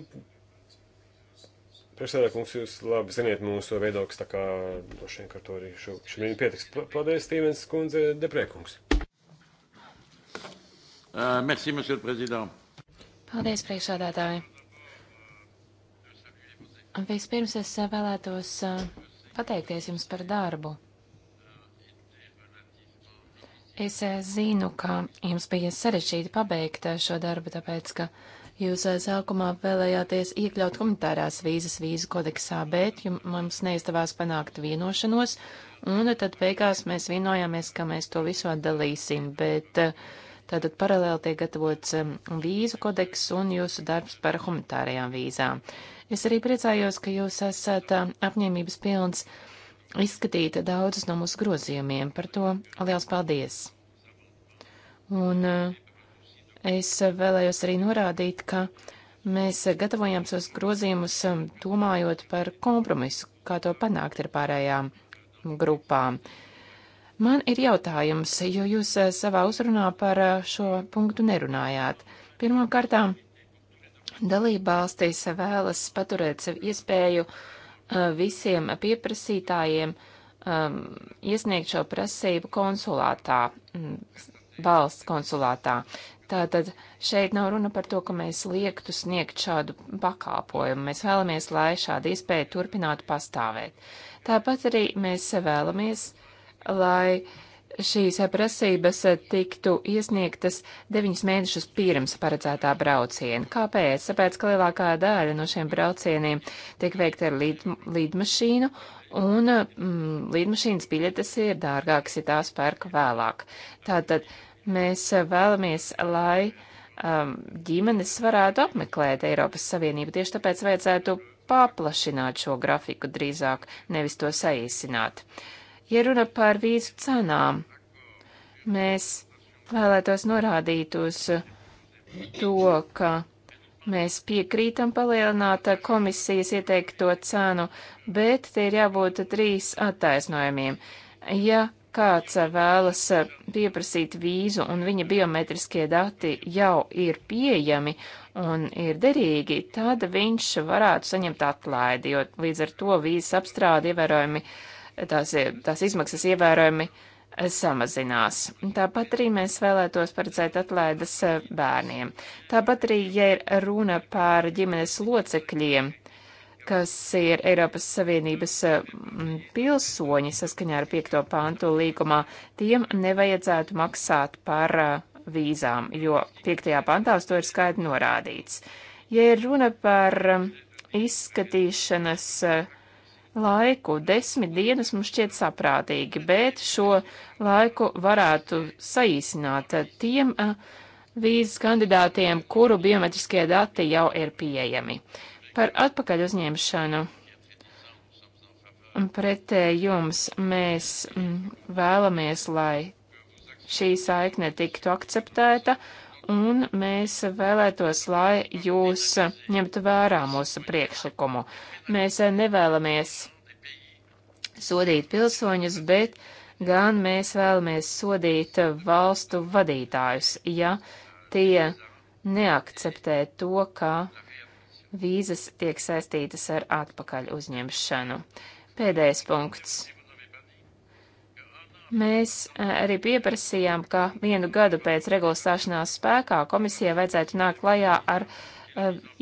priekšsēdā kungs, jūs labi ziniet mūsu viedoklis, tā kā droši vien ar to arī šo, šim viņa pietiks. Paldies, Stīvens kundze, deprēkungs. Uh, merci, monsieur le président. Paldies, priekšsēdētāji. Vispirms es eh, vēlētos pateikties jums par darbu. Es eh, zinu, ka jums bija sarežģīti pabeigt eh, šo darbu, tāpēc, ka jūs eh, sākumā vēlējāties iekļaut humanitārās vīzas vīzu kodeksā, bet mums neizdevās panākt vienošanos, un tad beigās mēs vienojāmies, ka mēs to visu atdalīsim, bet tātad paralēli tiek gatavots vīzu kodeks un jūsu darbs par humanitārajām vīzām. Es arī priecājos, ka jūs esat apņēmības pilns izskatīt daudzus no mūsu grozījumiem. Par to liels paldies! Un eh, es vēlējos arī norādīt, ka mēs gatavojam šos grozījumus eh, domājot par kompromisu, kā to panākt ar pārējām grupām. Man ir jautājums, jo jūs eh, savā uzrunā par šo punktu nerunājāt. Pirmkārtām, dalībvalstīs vēlas paturēt sev iespēju uh, Eh, visiem pieprasītājiem um, iesniegt šo prasību konsulātā, mm, valsts konsulātā. Tātad šeit nav runa par to, ka mēs liektu sniegt šādu pakalpojumu. Mēs vēlamies, lai šāda iespēja turpinātu pastāvēt. Tāpat arī mēs vēlamies, lai uh, šīs prasības tiktu iesniegtas deviņus mēnešus pirms paredzētā brauciena. Kāpēc? Tāpēc, ka lielākā daļa no šiem braucieniem tiek veikta ar līd, līdmašīnu, un mm, līdmašīnas biļetes ir dārgākas, ja tās pērk vēlāk. Tātad mēs vēlamies, lai um, ģimenes varētu apmeklēt Eiropas Savienību, tieši tāpēc vajadzētu paplašināt šo grafiku drīzāk, nevis to saīsināt. Uh, Ja runa par vīzu cenām, mēs vēlētos norādīt uz to, ka mēs piekrītam palielināt komisijas ieteikto cenu, bet te ir jābūt trīs attaisnojumiem. Ja kāds vēlas pieprasīt vīzu un viņa biometriskie dati jau ir pieejami un ir derīgi, tad viņš varētu saņemt atlaidi, jo līdz ar to vīzas apstrāde ievērojami uh, tās, tās izmaksas ievērojami samazinās. Tāpat arī mēs vēlētos paredzēt atlaides e, bērniem. Tāpat arī, ja ir runa par ģimenes locekļiem, kas ir Eiropas Savienības e, pilsoņi saskaņā ar 5. pāntu līgumā, tiem nevajadzētu maksāt par e, vīzām, jo 5. pantā uz to ir skaidri norādīts. Ja ir runa par izskatīšanas uh, laiku. Desmit dienas mums šķiet saprātīgi, bet šo laiku varētu saīsināt tiem vīzas kandidātiem, kuru biometriskie dati jau ir pieejami. Par atpakaļ uzņemšanu pretēji jums mēs vēlamies, lai šī saikne tiktu akceptēta un mēs vēlētos, lai jūs ņemtu vērā mūsu priekšlikumu. Mēs nevēlamies sodīt pilsoņus, bet gan mēs vēlamies sodīt valstu vadītājus, ja tie neakceptē to, ka vīzas tiek saistītas ar atpakaļ uzņemšanu. Pēdējais punkts. Mēs arī pieprasījām, ka vienu gadu pēc regulas stāšanās spēkā komisijai vajadzētu nākt klajā ar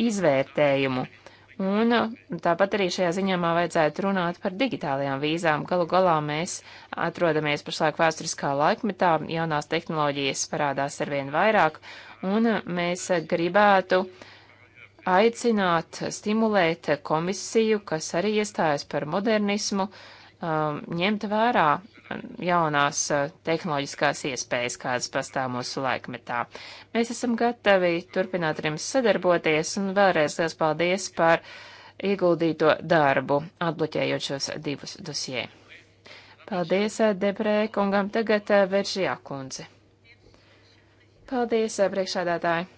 izvērtējumu. Un tāpat arī šajā ziņāmā vajadzētu runāt par digitālajām vīzām. Galu galā mēs atrodamies pašlaik vēsturiskā laikmetā, jaunās tehnoloģijas parādās arvien vairāk, un mēs gribētu aicināt, stimulēt komisiju, kas arī iestājas par modernismu, ņemt vērā jaunās eh, tehnoloģiskās iespējas, kādas pastāv mūsu laikmetā. Mēs esam gatavi turpināt ar jums sadarboties un vēlreiz liels paldies par ieguldīto darbu, atbloķējot šos divus dosjē. Paldies eh, Debrē kungam, tagad eh, Veržijā kundze. Paldies, priekšādātāji!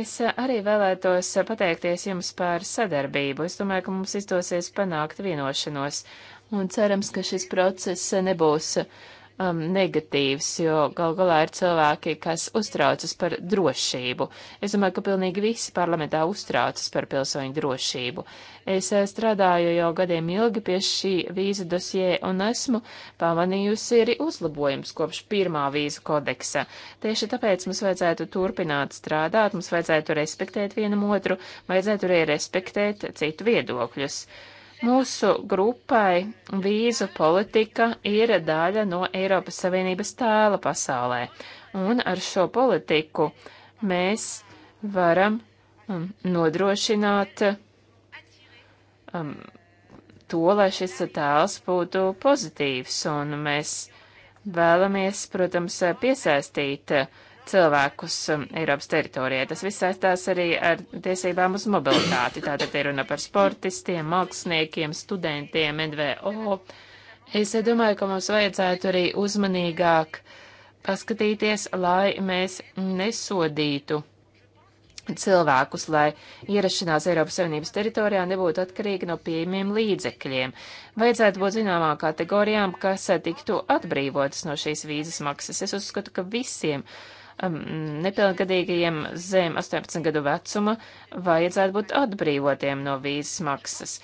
Es eh, arī vēlētos eh, pateikties jums par sadarbību. Es domāju, ka mums izdosies panākt vienošanos, un cerams, ka šis process eh, nebūs um, negatīvs, jo gal galā ir cilvēki, kas uztraucas par drošību. Es domāju, ka pilnīgi visi parlamentā uztraucas par pilsoņu drošību. Es eh, strādāju jau gadiem ilgi pie šī vīza dosie un esmu pamanījusi arī uzlabojums kopš pirmā vīza kodeksa. Tieši tāpēc mums vajadzētu turpināt strādāt, mums vajadzētu respektēt vienam otru, vajadzētu arī respektēt citu viedokļus. Uh, Mūsu grupai vīzu politika ir daļa no Eiropas Savienības tēla pasaulē, un ar šo politiku mēs varam um, nodrošināt um, to, lai šis tēls būtu pozitīvs, un mēs vēlamies, protams, piesaistīt uh, cilvēkus um, Eiropas teritorijai. Tas viss saistās arī ar tiesībām uz mobilitāti. Tātad ir runa par sportistiem, māksliniekiem, studentiem, NVO. Es domāju, ka mums vajadzētu arī uzmanīgāk paskatīties, lai mēs nesodītu cilvēkus, lai ierašanās Eiropas Savienības teritorijā nebūtu atkarīga no pieejamiem līdzekļiem. Vajadzētu būt zināmām kategorijām, kas tiktu atbrīvotas no šīs vīzas maksas. Es uzskatu, ka visiem uh, Um, nepilngadīgajiem zem 18 gadu vecuma vajadzētu būt atbrīvotiem no vīzas maksas.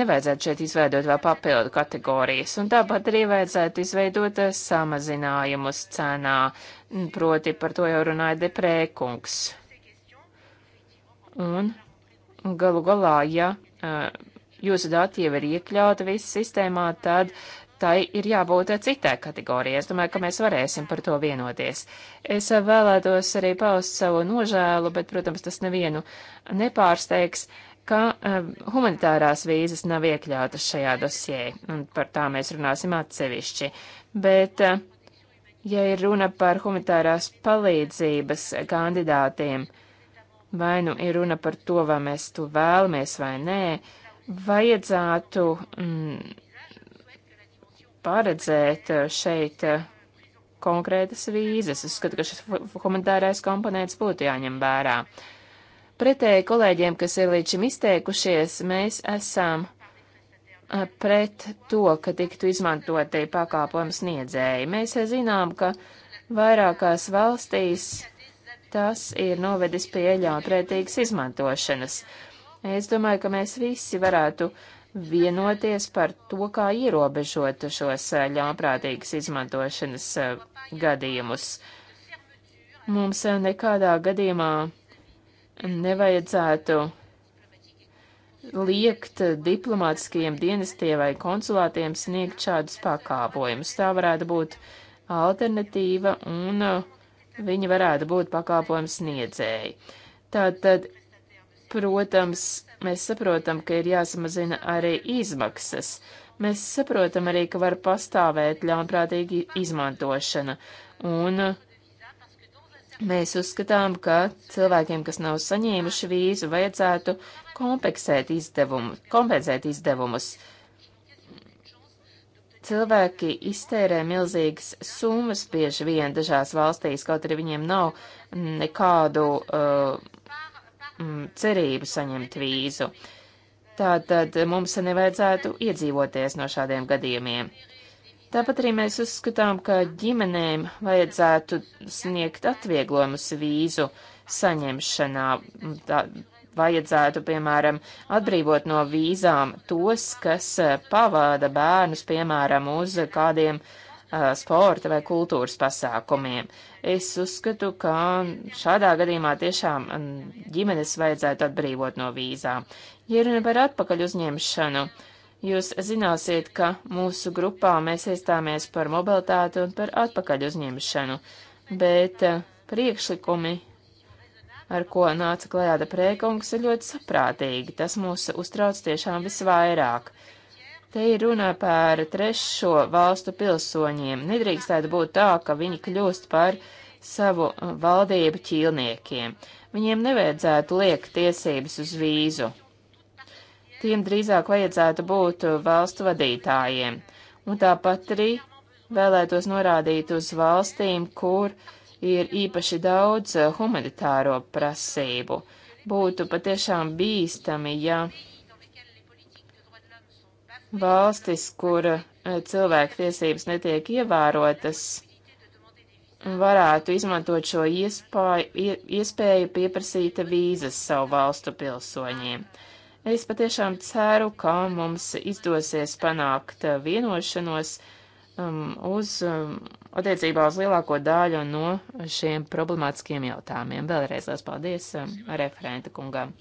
Nevajadzētu šeit izveidot vēl papildu kategorijas, un tāpat arī vajadzētu izveidot eh, samazinājumus cenā, mm, proti par to jau runāja deprēkungs. Un galu galā, ja eh, jūsu dati jau ir iekļauti visu sistēmā, tad tai ir jābūt citai kategorijai. Es domāju, ka mēs varēsim par to vienoties. Es vēlētos arī paust savu nožēlu, bet, protams, tas nevienu nepārsteigs, ka um, humanitārās vīzas nav iekļautas šajā dosjē, un par tā mēs runāsim atsevišķi. Bet, uh, ja ir runa par humanitārās palīdzības kandidātiem, vai nu ir runa par to, vai mēs to vēlamies vai nē, vajadzētu. Mm, paredzēt eh, šeit eh, konkrētas vīzes. Es skatu, ka šis humanitārais komponents būtu jāņem vērā. Pretēji kolēģiem, kas ir līdz šim izteikušies, mēs esam eh, pret to, ka tiktu izmantoti pakāpojumu sniedzēji. Mēs zinām, ka vairākās valstīs tas ir novedis pie ļaunprātīgas izmantošanas. Es domāju, ka mēs visi varētu uh, vienoties par to, kā ierobežot šos eh, ļaunprātīgas izmantošanas eh, gadījumus. Mums eh, nekādā gadījumā nevajadzētu liekt diplomātiskajiem dienestiem vai konsulātiem sniegt šādus pakāpojumus. Tā varētu būt alternatīva un viņi varētu būt pakāpojums sniedzēji. Tātad, protams, Mēs saprotam, ka ir jāsamazina arī izmaksas. Mēs saprotam arī, ka var pastāvēt ļaunprātīga izmantošana. Un mēs uzskatām, ka cilvēkiem, kas nav saņēmuši vīzu, vajadzētu kompensēt, izdevumu, kompensēt izdevumus cilvēki iztērē milzīgas summas bieži vien dažās valstīs, kaut arī viņiem nav nekādu uh, mm, cerību saņemt vīzu. Tātad mums nevajadzētu iedzīvoties no šādiem gadījumiem. Tāpat arī mēs uzskatām, ka ģimenēm vajadzētu sniegt atvieglojumus vīzu saņemšanā. Tā, vajadzētu, piemēram, atbrīvot no vīzām tos, kas eh, pavāda bērnus, piemēram, uz kādiem uh, sporta vai kultūras pasākumiem. Es uzskatu, ka šādā gadījumā tiešām ģimenes vajadzētu atbrīvot no vīzām. Ja runa par atpakaļ uzņemšanu, jūs zināsiet, ka mūsu grupā mēs iestāmies par mobilitāti un par atpakaļ uzņemšanu, bet priekšlikumi ar ko nāca klajā deprēkungs, ir ļoti saprātīgi. Tas mūs uztrauc tiešām visvairāk. Te ir runa par trešo valstu pilsoņiem. Nedrīkstētu būt tā, ka viņi kļūst par savu uh, valdību ķīlniekiem. Viņiem nevajadzētu liekt tiesības uz vīzu. Tiem drīzāk vajadzētu būt uh, valstu vadītājiem. Un tāpat arī vēlētos norādīt uz valstīm, kur ir īpaši daudz uh, humanitāro prasību. Būtu patiešām bīstami, ja Valstis, kur e, cilvēku tiesības netiek ievērotas, varētu izmantot šo iespēju, iespēju pieprasīt vīzas savu valstu pilsoņiem. Es patiešām ceru, ka mums izdosies panākt e, vienošanos um, uz, um, attiecībā uz lielāko daļu no šiem problemātiskiem jautājumiem. Vēlreiz liels paldies um, referenta kungam.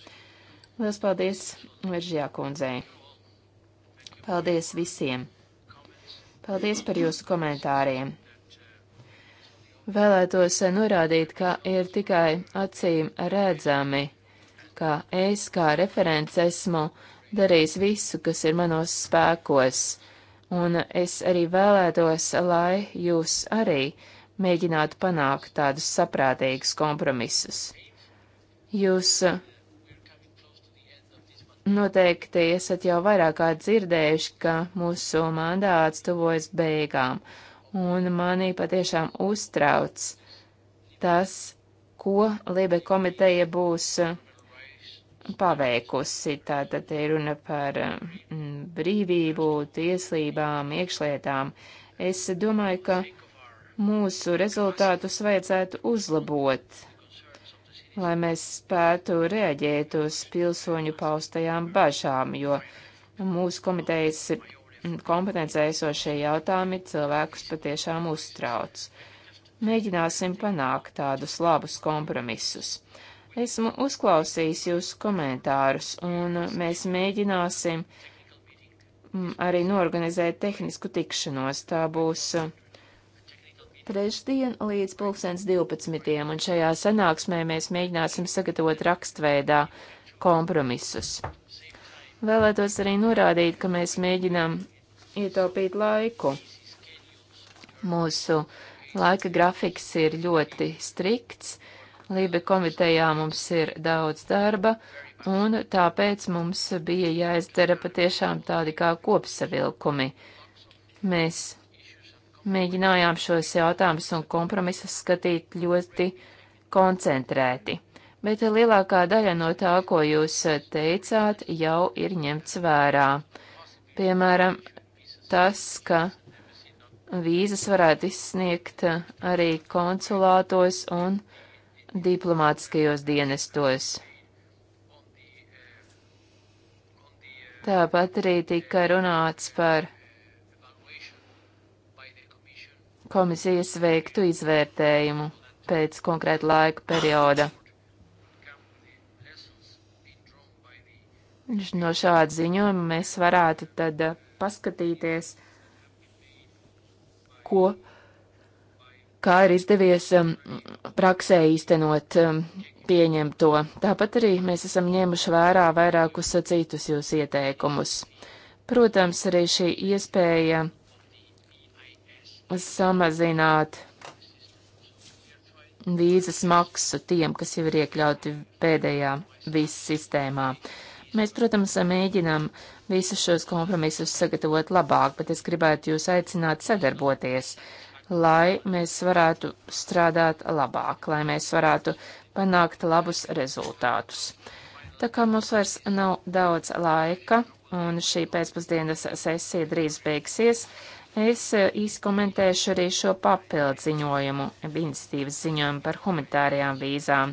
Liels paldies Viržjā kundzei. Paldies visiem! Paldies par jūsu komentāriem! Vēlētos norādīt, ka ir tikai acīm redzami, ka es kā referents esmu darījis visu, kas ir manos spēkos, un es arī vēlētos, lai jūs arī mēģinātu panākt tādus saprātīgus kompromisus. Jūs Noteikti esat jau vairāk kā dzirdējuši, ka mūsu mandāts tuvojas beigām, un manī patiešām uztrauc tas, ko Libe komiteja būs eh, paveikusi. Tātad te runa par eh, brīvību, tieslībām, iekšlietām. Es domāju, ka mūsu rezultātus vajadzētu uzlabot lai mēs spētu reaģēt uz pilsoņu paustajām bažām, jo mūsu komitejas kompetencē esošie jautājumi cilvēkus patiešām uztrauc. Mēģināsim panākt tādus labus kompromisus. Esmu uzklausījis jūsu komentārus, un mēs mēģināsim mm, arī norganizēt tehnisku tikšanos. Tā būs trešdien līdz pulkstens 12. un šajā sanāksmē mēs mēģināsim sagatavot rakstveidā kompromisus. Vēlētos arī norādīt, ka mēs mēģinām ietaupīt laiku. Mūsu laika grafiks ir ļoti strikts, Lībe komitejā mums ir daudz darba, un tāpēc mums bija jāizdara patiešām tādi kā kopsavilkumi. Mēs Mēģinājām šos jautājumus un kompromisus skatīt ļoti koncentrēti, bet lielākā daļa no tā, ko jūs teicāt, jau ir ņemts vērā. Piemēram, tas, ka vīzas varētu izsniegt arī konsulātos un diplomātiskajos dienestos. Tāpat arī tika runāts par komisijas veiktu izvērtējumu pēc konkrēta laika perioda. No šāda ziņojuma mēs varētu tad uh, paskatīties, ko, kā ir izdevies um, praksē īstenot um, pieņemto. Tāpat arī mēs esam ņēmuši vērā vairākus uh, citus jūs ieteikumus. Protams, arī šī iespēja uh, samazināt vīzas maksu tiem, kas jau ir iekļauti pēdējā vīzas sistēmā. Mēs, protams, mēģinām visus šos kompromisus sagatavot labāk, bet es gribētu jūs aicināt sadarboties, lai mēs varētu strādāt labāk, lai mēs varētu panākt labus rezultātus. Tā kā mums vairs nav daudz laika, un šī pēcpusdienas sesija drīz beigsies, Es e, izkomentēšu arī šo papildziņojumu, iniciatīvas ziņojumu par humanitārajām vīzām.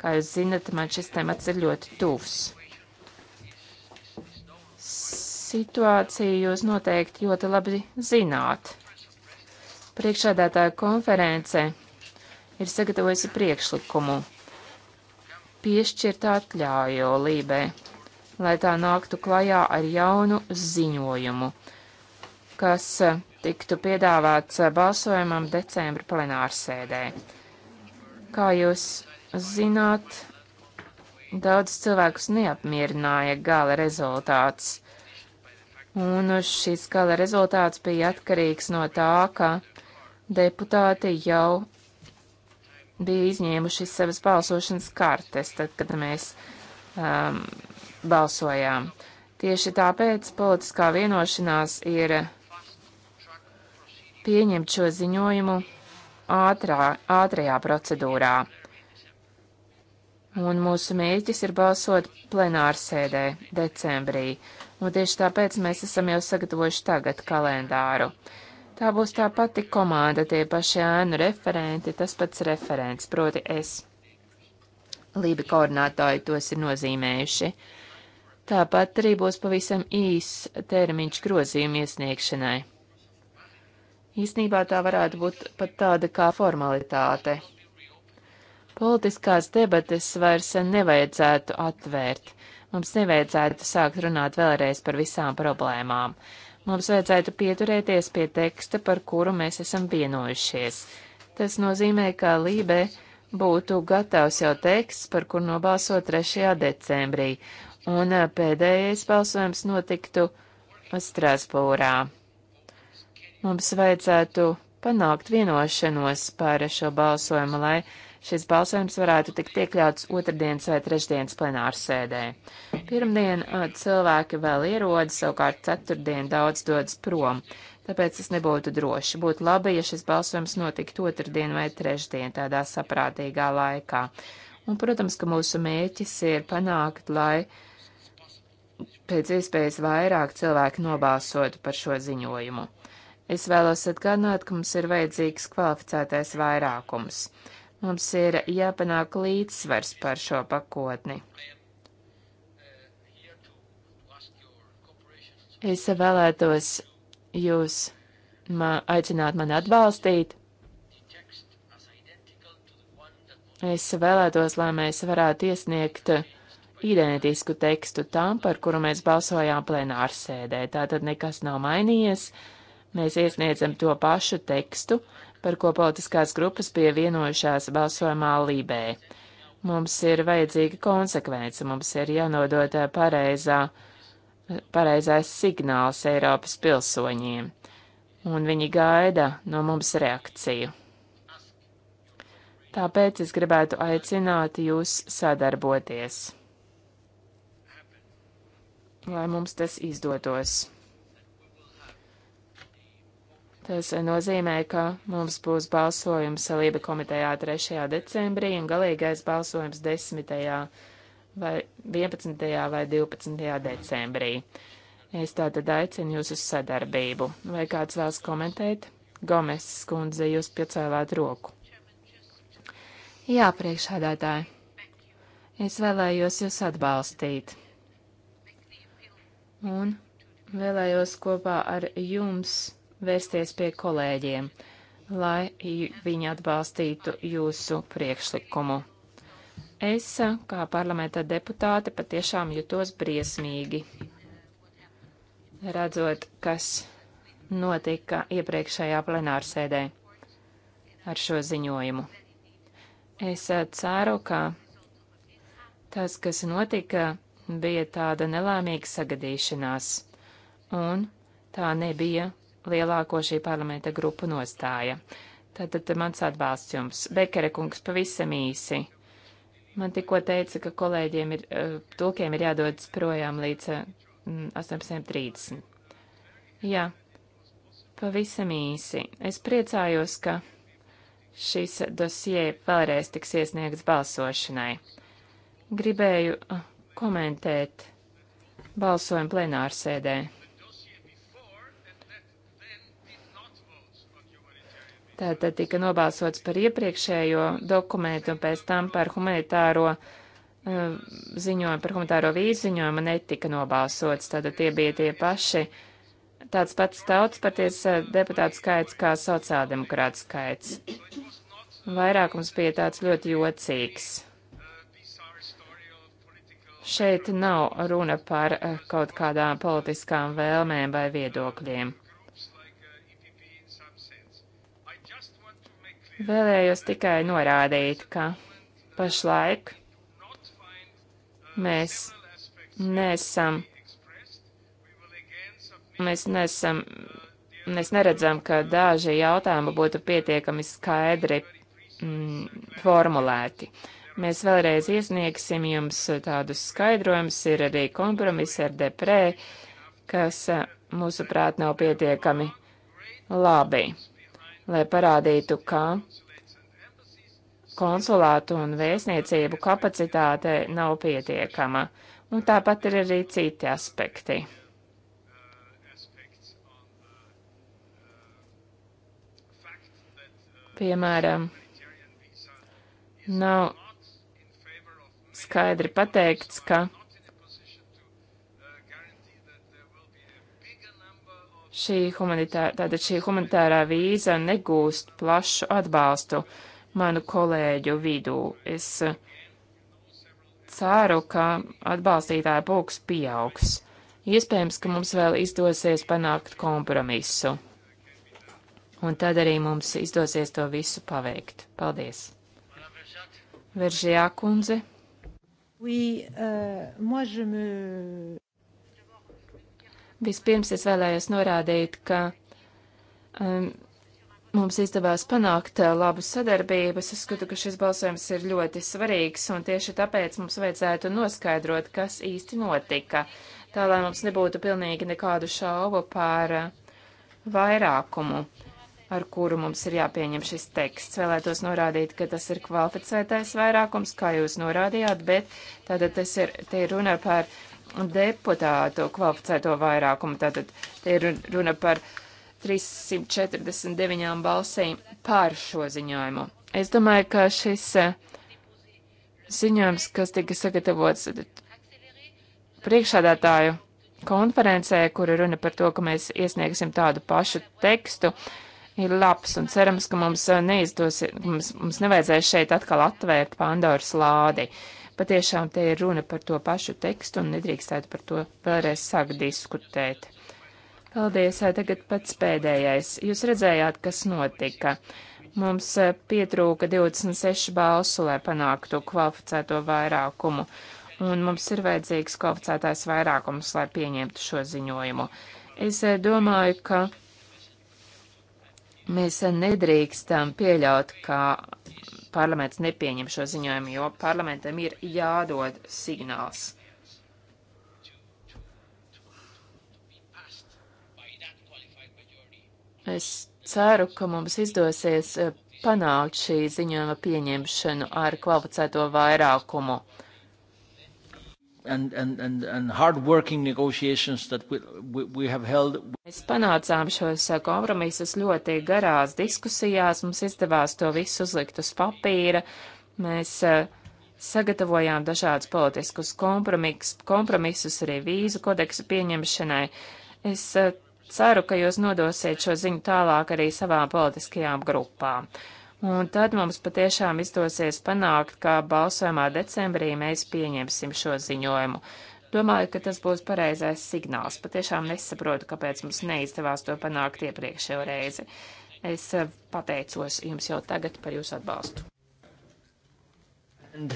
Kā jūs zinat, man šis temats ir ļoti tuvs. Situāciju jūs noteikti ļoti labi zināt. Priekšādātāja konference ir sagatavojusi priekšlikumu piešķirt atļauju Lībē, lai tā nāktu klajā ar jaunu ziņojumu kas e, tiktu piedāvāts balsojumam decembra plenārsēdē. Kā jūs zināt, daudz cilvēkus neapmierināja gala rezultāts. Un šis gala rezultāts bija atkarīgs no tā, ka deputāti jau bija izņēmuši savas balsošanas kartes, tad, kad mēs um, balsojām. Tieši tāpēc politiskā vienošanās ir pieņemt šo ziņojumu ātrā, ātrajā procedūrā. Un mūsu mērķis ir balsot plenārsēdē decembrī, un tieši tāpēc mēs esam jau sagatavojuši tagad kalendāru. Tā būs tā pati komanda, tie paši ēnu referenti, tas pats referents, proti es. Lībi koordinātāji tos ir nozīmējuši. Tāpat arī būs pavisam īs termiņš grozījumu iesniegšanai. Īsnībā tā varētu būt pat tāda kā formalitāte. Politiskās debates vairs nevajadzētu atvērt. Mums nevajadzētu sākt runāt vēlreiz par visām problēmām. Mums vajadzētu pieturēties pie teksta, par kuru mēs esam vienojušies. Tas nozīmē, ka Lībe būtu gatavs jau teksts, par kur nobalso 3. decembrī, un pēdējais balsojums notiktu Strasbūrā. Mums vajadzētu panākt vienošanos par šo balsojumu, lai šis balsojums varētu tikt iekļauts otrdienas vai trešdienas plenārsēdē. Pirmdien uh, cilvēki vēl ierodas, savukārt ceturtdien daudz dodas prom, tāpēc es nebūtu droši. Būtu labi, ja šis balsojums notiktu otrdien vai trešdien tādā saprātīgā laikā. Un, protams, ka mūsu mērķis ir panākt, lai pēc iespējas vairāk cilvēki nobalsotu par šo ziņojumu. Es vēlos atgādināt, ka mums ir vajadzīgs kvalificētais vairākums. Mums ir jāpanāk līdzsvars par šo pakotni. Es vēlētos jūs ma aicināt mani atbalstīt. Es vēlētos, lai mēs varētu iesniegt identisku tekstu tam, par kuru mēs balsojām plenārsēdē. Tātad nekas nav mainījies. Uh, Mēs iesniedzam to pašu tekstu, par ko politiskās grupas bija vienojušās balsojumā Lībē. Mums ir vajadzīga konsekvence, mums ir jānodot pareizā, pareizais signāls Eiropas pilsoņiem, un viņi gaida no mums reakciju. Tāpēc es gribētu aicināt jūs sadarboties, lai mums tas izdotos. Tas nozīmē, ka mums būs balsojums Salība komitejā 3. decembrī un galīgais balsojums 10. vai 11. vai 12. decembrī. Es tātad aicinu jūs uz sadarbību. Vai kāds vēlas komentēt? Gomes skundze, jūs piecēlāt roku. Jā, priekšādātāji. Es vēlējos jūs atbalstīt. Un vēlējos kopā ar jums vērsties pie kolēģiem, lai viņi atbalstītu jūsu priekšlikumu. Es, kā parlamenta deputāte, patiešām jutos briesmīgi, redzot, kas notika iepriekšējā plenārsēdē ar šo ziņojumu. Es ceru, ka tas, kas notika, bija tāda nelēmīga sagadīšanās, un tā nebija lielāko šī parlamenta grupu nostāja. Tātad mans atbalsts jums. Bekere kungs, pavisam īsi. Man tikko teica, ka kolēģiem ir, eh, tulkiem ir jādodas projām līdz 18.30. Eh, mm, Jā, pavisam īsi. Es priecājos, ka šis dosie vēlreiz tiks iesniegts balsošanai. Gribēju eh, komentēt balsojumu plenārsēdē. Tātad tika nobalsots par iepriekšējo dokumentu un pēc tam par humanitāro uh, ziņojumu, par humanitāro vīzu ziņojumu netika nobalsots. Tātad tie bija tie paši tāds pats tautas paties uh, deputātu skaits kā sociāldemokrāta skaits. Vairākums bija tāds ļoti jocīgs. Šeit nav runa par uh, kaut kādām politiskām vēlmēm vai viedokļiem. Vēlējos tikai norādīt, ka pašlaik mēs nesam, mēs nesam, mēs neredzam, ka daži jautājumi būtu pietiekami skaidri mm, formulēti. Mēs vēlreiz iesniegsim jums tādus skaidrojumus, ir arī kompromiss ar deprē, kas, mūsuprāt, nav pietiekami labi lai parādītu, ka konsulātu un vēstniecību kapacitāte nav pietiekama. Un tāpat ir arī citi aspekti. Piemēram, nav skaidri pateikts, ka Šī humanitārā, tātad šī humanitārā vīza negūst plašu atbalstu manu kolēģu vidū. Es eh, ceru, ka atbalstītāja pulks pieaugs. Iespējams, ka mums vēl izdosies panākt kompromisu. Un tad arī mums izdosies to visu paveikt. Paldies! Veržijā kundze. Oui, euh, moi je me... Vispirms es vēlējos norādīt, ka um, mums izdevās panākt uh, labu sadarbību. Es uzskatu, ka šis balsojums ir ļoti svarīgs, un tieši tāpēc mums vajadzētu noskaidrot, kas īsti notika, tā lai mums nebūtu pilnīgi nekādu šaubu par uh, vairākumu, ar kuru mums ir jāpieņem šis teksts. Vēlētos norādīt, ka tas ir kvalificētais vairākums, kā jūs norādījāt, bet tātad tas ir, te ir runa par deputātu kvalificēto vairākumu. Tātad te ir runa par 349 balsīm pār šo ziņojumu. Es domāju, ka šis eh, ziņojums, kas tika sagatavots priekšādātāju konferencē, kur ir runa par to, ka mēs iesniegsim tādu pašu tekstu, ir labs un cerams, ka mums eh, neizdosies, mums, mums nevajadzēs šeit atkal atvērt Pandoras lādi. Uh, Patiešām te ir runa par to pašu tekstu un nedrīkstētu par to vēlreiz sākt diskutēt. Paldies, tagad pats pēdējais. Jūs redzējāt, kas notika. Mums pietrūka 26 balsu, lai panāktu kvalificēto vairākumu, un mums ir vajadzīgs kvalificētais vairākums, lai pieņemtu šo ziņojumu. Es domāju, ka mēs nedrīkstam pieļaut, ka parlaments nepieņem šo ziņojumu, jo parlamentam ir jādod signāls. Es ceru, ka mums izdosies eh, panākt šī ziņojuma pieņemšanu ar kvalificēto vairākumu and, and, and, and hard-working negotiations that we, we, we have held. Mēs panācām šos uh, kompromisus ļoti garās diskusijās, mums izdevās to visu uzlikt uz papīra, mēs uh, sagatavojām dažādus politiskus kompromis, kompromisus arī vīzu kodeksu pieņemšanai. Es uh, ceru, ka jūs nodosiet šo ziņu tālāk arī savām politiskajām grupām. Uh, Un tad mums patiešām izdosies panākt, ka balsojumā decembrī mēs pieņemsim šo ziņojumu. Domāju, ka tas būs pareizais signāls. Patiešām nesaprotu, kāpēc mums neizdevās to panākt iepriekšējo reizi. Es eh, pateicos jums jau tagad par jūsu atbalstu. And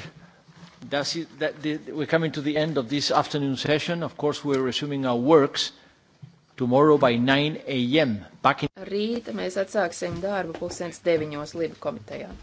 that's it. That the, we're coming to the end of this afternoon session. Of course, we're resuming our works tomorrow by 9 a.m. back in. Rīt mēs atsāksim darbu pusdienas deviņos Liba komitejā.